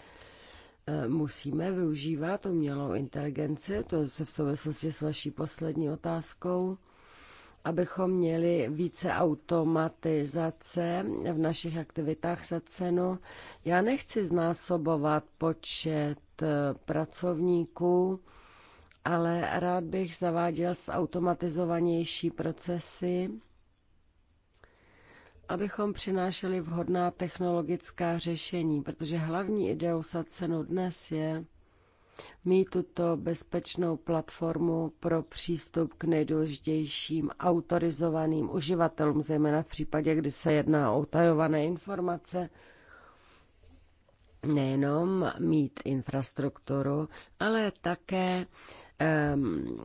E, musíme využívat umělou inteligenci, to se v souvislosti s vaší poslední otázkou, abychom měli více automatizace v našich aktivitách za cenu. Já nechci znásobovat počet e, pracovníků, ale rád bych zaváděl zautomatizovanější procesy abychom přinášeli vhodná technologická řešení, protože hlavní ideou Satsenu dnes je mít tuto bezpečnou platformu pro přístup k nejdůležitějším autorizovaným uživatelům, zejména v případě, kdy se jedná o utajované informace, nejenom mít infrastrukturu, ale také um,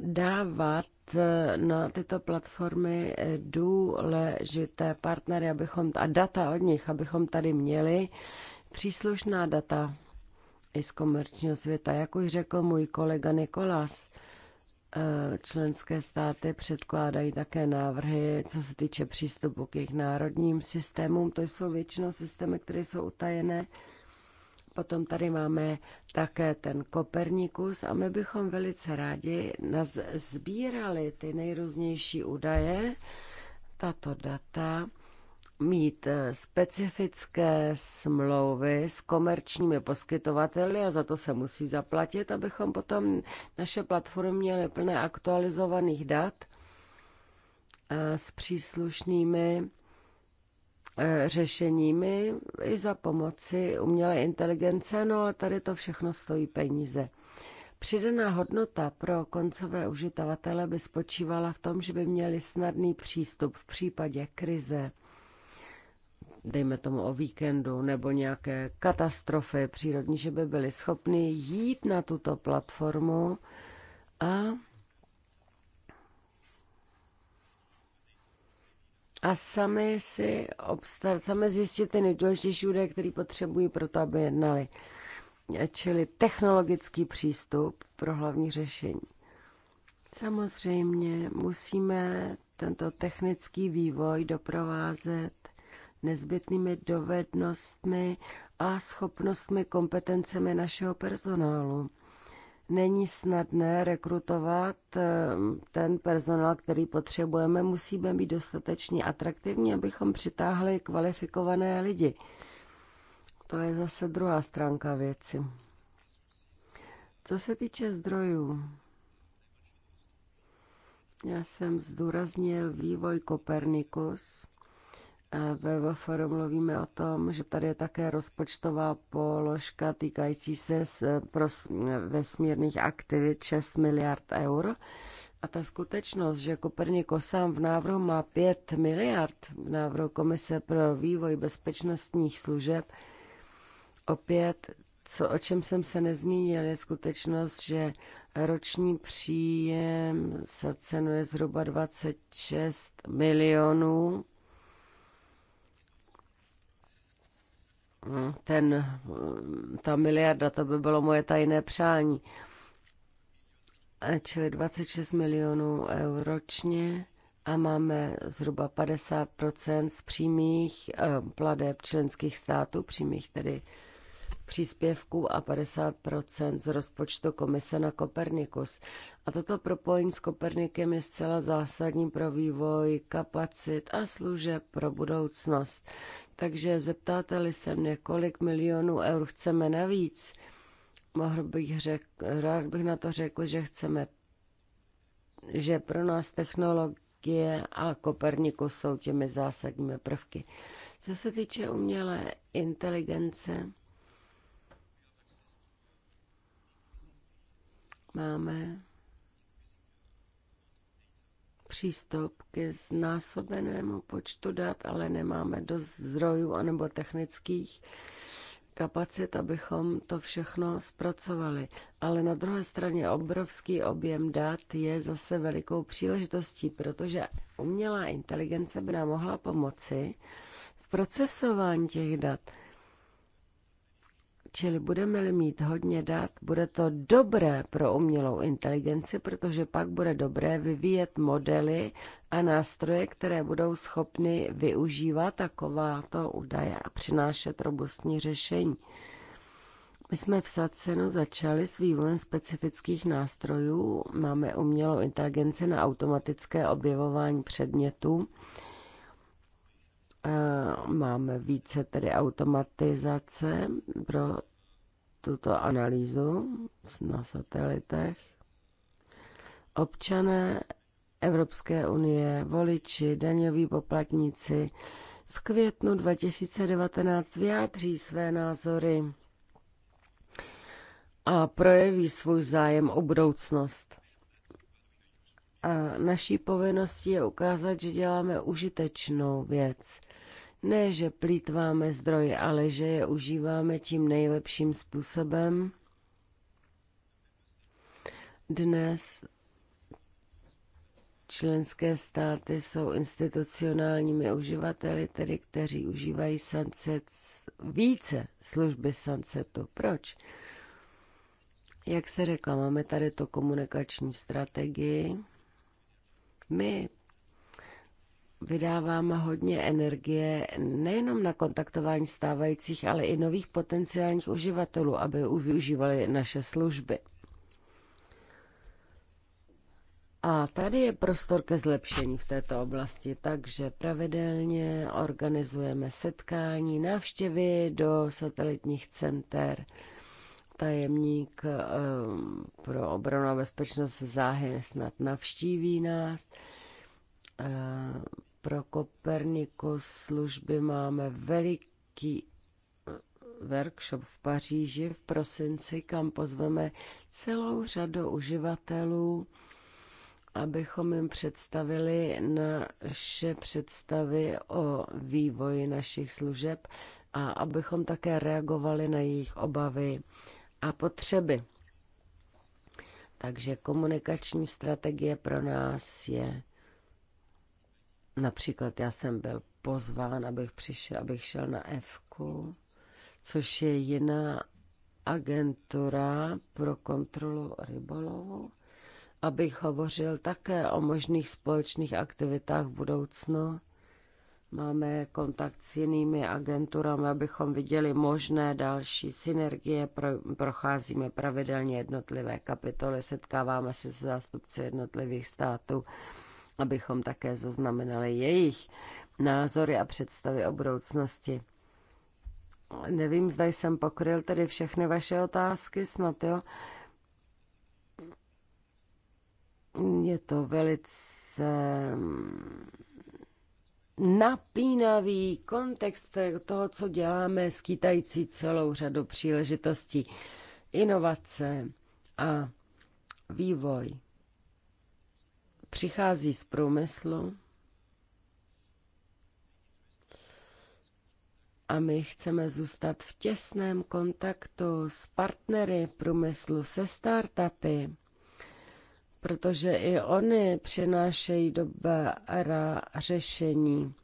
dávat E, na tyto platformy důležité partnery abychom, a data od nich, abychom tady měli příslušná data i z komerčního světa. Jak už řekl můj kolega Nikolas, e, členské státy předkládají také návrhy, co se týče přístupu k jejich národním systémům. To jsou většinou systémy, které jsou utajené Potom tady máme také ten Kopernikus a my bychom velice rádi sbírali ty nejrůznější údaje, tato data, mít eh, specifické smlouvy s komerčními poskytovateli a za to se musí zaplatit, abychom potom naše platformy měly plné aktualizovaných dat eh, s příslušnými E, řešeními i za pomoci umělé inteligence, no ale tady to všechno stojí peníze. Přidaná hodnota pro koncové uživatele by spočívala v tom, že by měli snadný přístup v případě krize, dejme tomu o víkendu nebo nějaké katastrofy přírodní, že by byli schopni jít na tuto platformu a a sami si obstar, sami zjistit ty nejdůležitější údaje, které potřebují pro to, aby jednali. Čili technologický přístup pro hlavní řešení. Samozřejmě musíme tento technický vývoj doprovázet nezbytnými dovednostmi a schopnostmi kompetencemi našeho personálu není snadné rekrutovat eh, ten personál, který potřebujeme. Musíme být dostatečně atraktivní, abychom přitáhli kvalifikované lidi. To je zase druhá stránka věci. Co se týče zdrojů, já jsem zdůraznil vývoj Kopernikus – ve VFR mluvíme o tom, že tady je také rozpočtová položka týkající se vesmírných aktivit 6 miliard eur. A ta skutečnost, že Koperniko sám v návrhu má 5 miliard v návrhu Komise pro vývoj bezpečnostních služeb, opět, co, o čem jsem se nezmínil, je skutečnost, že roční příjem se cenuje zhruba 26 milionů ten, ta miliarda, to by bylo moje tajné přání. Čili 26 milionů eur ročně a máme zhruba 50 z přímých eh, plade členských států, přímých tedy příspěvků a 50 z rozpočtu komise na Kopernikus. A toto propojení s Kopernikem je zcela zásadní pro vývoj kapacit a služeb pro budoucnost. Takže zeptáte-li se mě, kolik milionů eur chceme navíc, mohl bych řek, rád bych na to řekl, že chceme, že pro nás technologie a Kopernikus jsou těmi zásadními prvky. Co se týče umělé inteligence, máme přístup ke znásobenému počtu dat, ale nemáme dost zdrojů anebo technických kapacit, abychom to všechno zpracovali. Ale na druhé straně obrovský objem dat je zase velikou příležitostí, protože umělá inteligence by nám mohla pomoci v procesování těch dat. Čili budeme-li mít hodně dat, bude to dobré pro umělou inteligenci, protože pak bude dobré vyvíjet modely a nástroje, které budou schopny využívat takováto údaje a přinášet robustní řešení. My jsme v Sacenu začali s vývojem specifických nástrojů. Máme umělou inteligenci na automatické objevování předmětů Máme více tedy automatizace pro tuto analýzu na satelitech. Občané Evropské unie, voliči, daňoví poplatníci v květnu 2019 vyjádří své názory a projeví svůj zájem o budoucnost. A naší povinností je ukázat, že děláme užitečnou věc ne, že plítváme zdroje, ale že je užíváme tím nejlepším způsobem. Dnes členské státy jsou institucionálními uživateli, tedy kteří užívají sunset více služby sunsetu. Proč? Jak se řekla, máme tady to komunikační strategii. My vydáváme hodně energie nejenom na kontaktování stávajících, ale i nových potenciálních uživatelů, aby už využívali naše služby. A tady je prostor ke zlepšení v této oblasti, takže pravidelně organizujeme setkání, návštěvy do satelitních center. Tajemník eh, pro obranu a bezpečnost záhy snad navštíví nás eh, pro Kopernikus služby máme veliký eh, workshop v Paříži v prosinci, kam pozveme celou řadu uživatelů, abychom jim představili naše představy o vývoji našich služeb a abychom také reagovali na jejich obavy a potřeby. Takže komunikační strategie pro nás je Například já jsem byl pozván, abych, přišel, abych šel na EFKU, což je jiná agentura pro kontrolu rybolovu, abych hovořil také o možných společných aktivitách v budoucnu. Máme kontakt s jinými agenturami, abychom viděli možné další synergie. Procházíme pravidelně jednotlivé kapitoly, setkáváme se s zástupci jednotlivých států abychom také zaznamenali jejich názory a představy o budoucnosti. Nevím, zda jsem pokryl tedy všechny vaše otázky, snad jo. Je to velice mm, napínavý kontext toho, co děláme, skýtající celou řadu příležitostí. Inovace a vývoj přichází z průmyslu a my chceme zůstat v těsném kontaktu s partnery v průmyslu, se startupy, protože i oni přinášejí dobrá řešení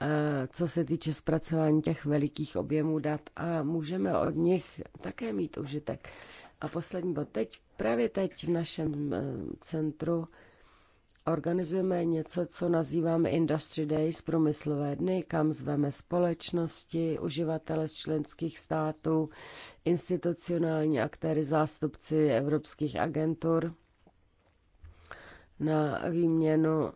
eh, co se týče zpracování těch velikých objemů dat a můžeme od nich také mít užitek. A poslední bod, teď, právě teď v našem eh, centru organizujeme něco, co nazýváme Industry Days, průmyslové dny, kam zveme společnosti, uživatele z členských států, institucionální aktéry, zástupci evropských agentur na výměnu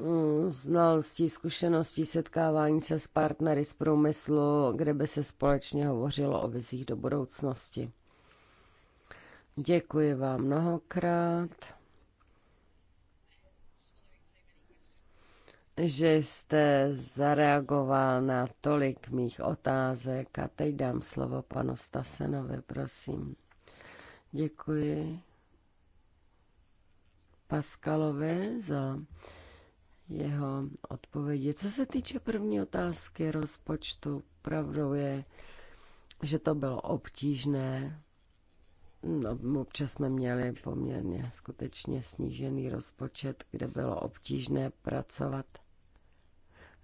mm, znalostí, zkušeností, setkávání se s partnery z průmyslu, kde by se společně hovořilo o vizích do budoucnosti. Děkuji vám mnohokrát. že jste zareagoval na tolik mých otázek a teď dám slovo panu Stasenovi, prosím. Děkuji Paskalovi za jeho odpovědi. Co se týče první otázky rozpočtu, pravdou je, že to bylo obtížné. No, občas jsme měli poměrně skutečně snížený rozpočet, kde bylo obtížné pracovat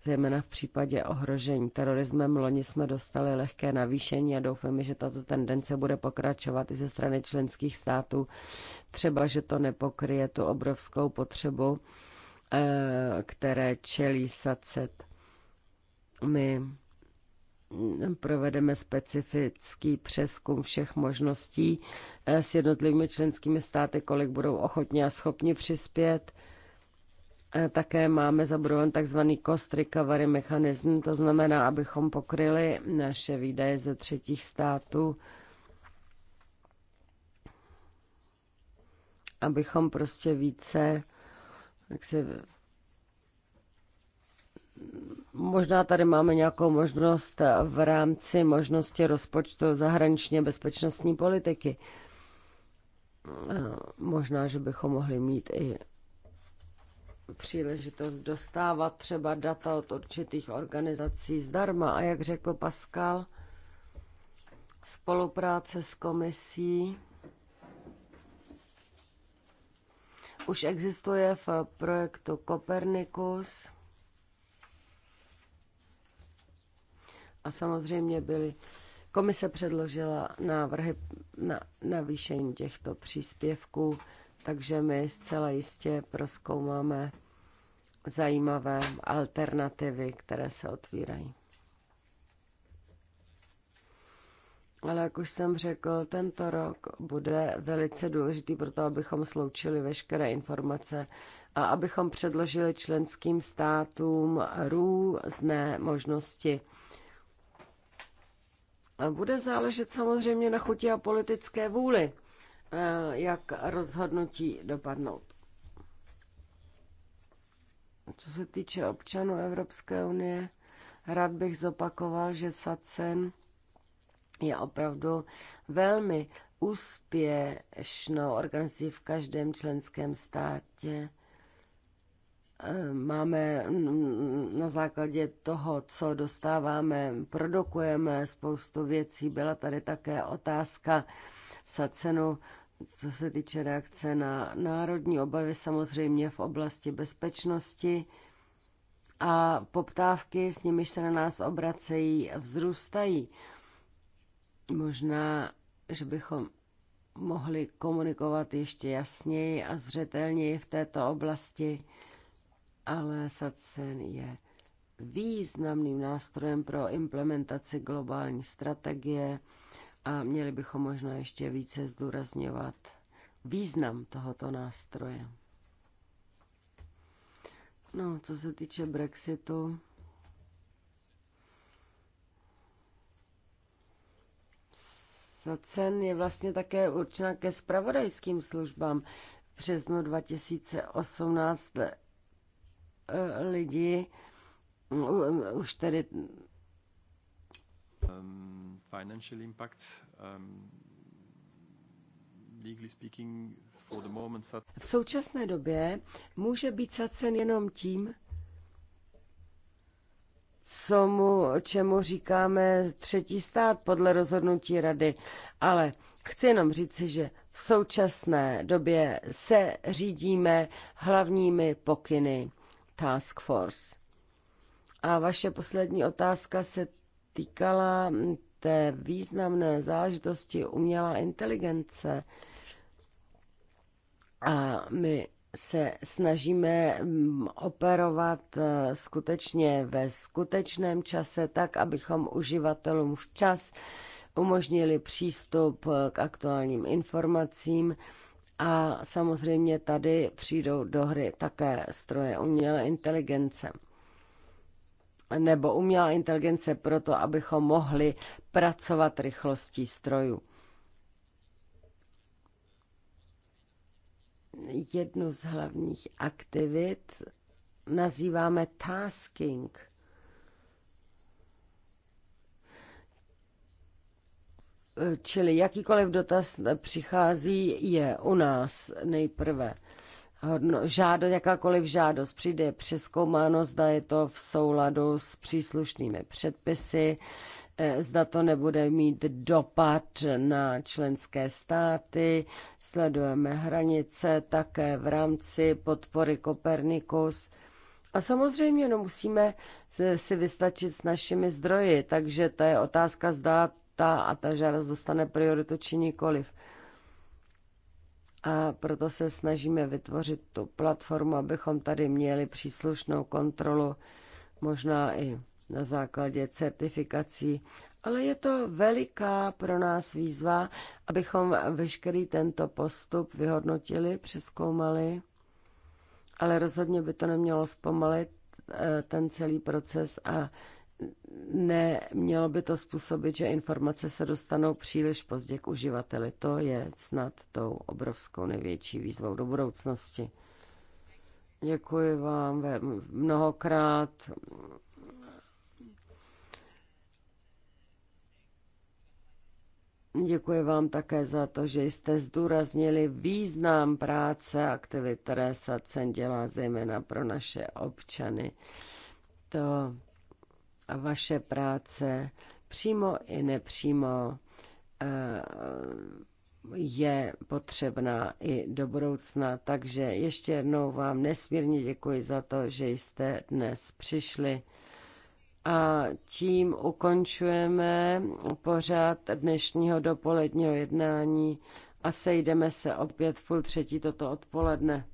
zejména v případě ohrožení terorismem. Loni jsme dostali lehké navýšení a doufáme, že tato tendence bude pokračovat i ze strany členských států. Třeba, že to nepokryje tu obrovskou potřebu, eh, které čelí SACET. My mm, provedeme specifický přeskum všech možností eh, s jednotlivými členskými státy, kolik budou ochotně a schopni přispět E, také máme zabudovan takzvaný cost recovery mechanism, to znamená, abychom pokryli naše výdaje ze třetích států, abychom prostě více jak si, Možná tady máme nějakou možnost v rámci možnosti rozpočtu zahraničně bezpečnostní politiky. E, možná, že bychom mohli mít i příležitost dostávat třeba data od určitých organizací zdarma. A jak řekl Pascal, spolupráce s komisí už existuje v projektu Copernicus. A samozřejmě byly. Komise předložila návrhy na navýšení těchto příspěvků takže my zcela jistě proskoumáme zajímavé alternativy, které se otvírají. Ale jak už jsem řekl, tento rok bude velice důležitý pro to, abychom sloučili veškeré informace a abychom předložili členským státům různé možnosti. A bude záležet samozřejmě na chuti a politické vůli. Eh, jak rozhodnutí dopadnout. Co se týče občanů Evropské unie, rád bych zopakoval, že SACEN je opravdu velmi úspěšnou organizací v každém členském státě. Eh, máme na základě toho, co dostáváme, produkujeme spoustu věcí. Byla tady také otázka Sacenu co se týče reakce na národní obavy, samozřejmě v oblasti bezpečnosti a poptávky, s nimiž se na nás obracejí, vzrůstají. Možná, že bychom mohli komunikovat ještě jasněji a zřetelněji v této oblasti, ale SACEN je významným nástrojem pro implementaci globální strategie a měli bychom možná ještě více zdůrazňovat význam tohoto nástroje. No, co se týče Brexitu, cen je vlastně také určena ke spravodajským službám. V březnu 2018 eh, lidi už tedy um financial impact. Um, v současné době může být sacen jenom tím, co mu, čemu říkáme třetí stát podle rozhodnutí rady. Ale chci jenom říci, že v současné době se řídíme hlavními pokyny Task Force. A vaše poslední otázka se týkala té významné zážitosti umělá inteligence. A my se snažíme mm, operovat eh, skutečně ve skutečném čase, tak abychom uživatelům včas umožnili přístup eh, k aktuálním informacím. A samozřejmě tady přijdou do hry také stroje umělé inteligence nebo umělá inteligence proto, abychom mohli pracovat rychlostí strojů. Jednu z hlavních aktivit nazýváme tasking. Čili jakýkoliv dotaz přichází, je u nás nejprve žádost, jakákoliv žádost přijde přeskoumáno, zda je to v souladu s příslušnými předpisy, eh, zda to nebude mít dopad na členské státy. Sledujeme hranice také v rámci podpory Kopernikus. A samozřejmě no, musíme si vystačit s našimi zdroji, takže to je otázka, zda ta a ta žádost dostane prioritu či nikoliv a proto se snažíme vytvořit tu platformu, abychom tady měli příslušnou kontrolu, možná i na základě certifikací, ale je to veliká pro nás výzva, abychom veškerý tento postup vyhodnotili, přeskoumali, ale rozhodně by to nemělo zpomalit eh, ten celý proces a nemělo by to způsobit, že informace se dostanou příliš pozdě k uživateli. To je snad tou obrovskou největší výzvou do budoucnosti. Děkuji vám mnohokrát. Děkuji vám také za to, že jste zdůraznili význam práce aktivit, které SACEN dělá zejména pro naše občany. To vaše práce přímo i nepřímo eh, je potřebná i do budoucna. Takže ještě jednou vám nesmírně děkuji za to, že jste dnes přišli. A tím ukončujeme pořád dnešního dopoledního jednání a sejdeme se opět v půl třetí toto odpoledne.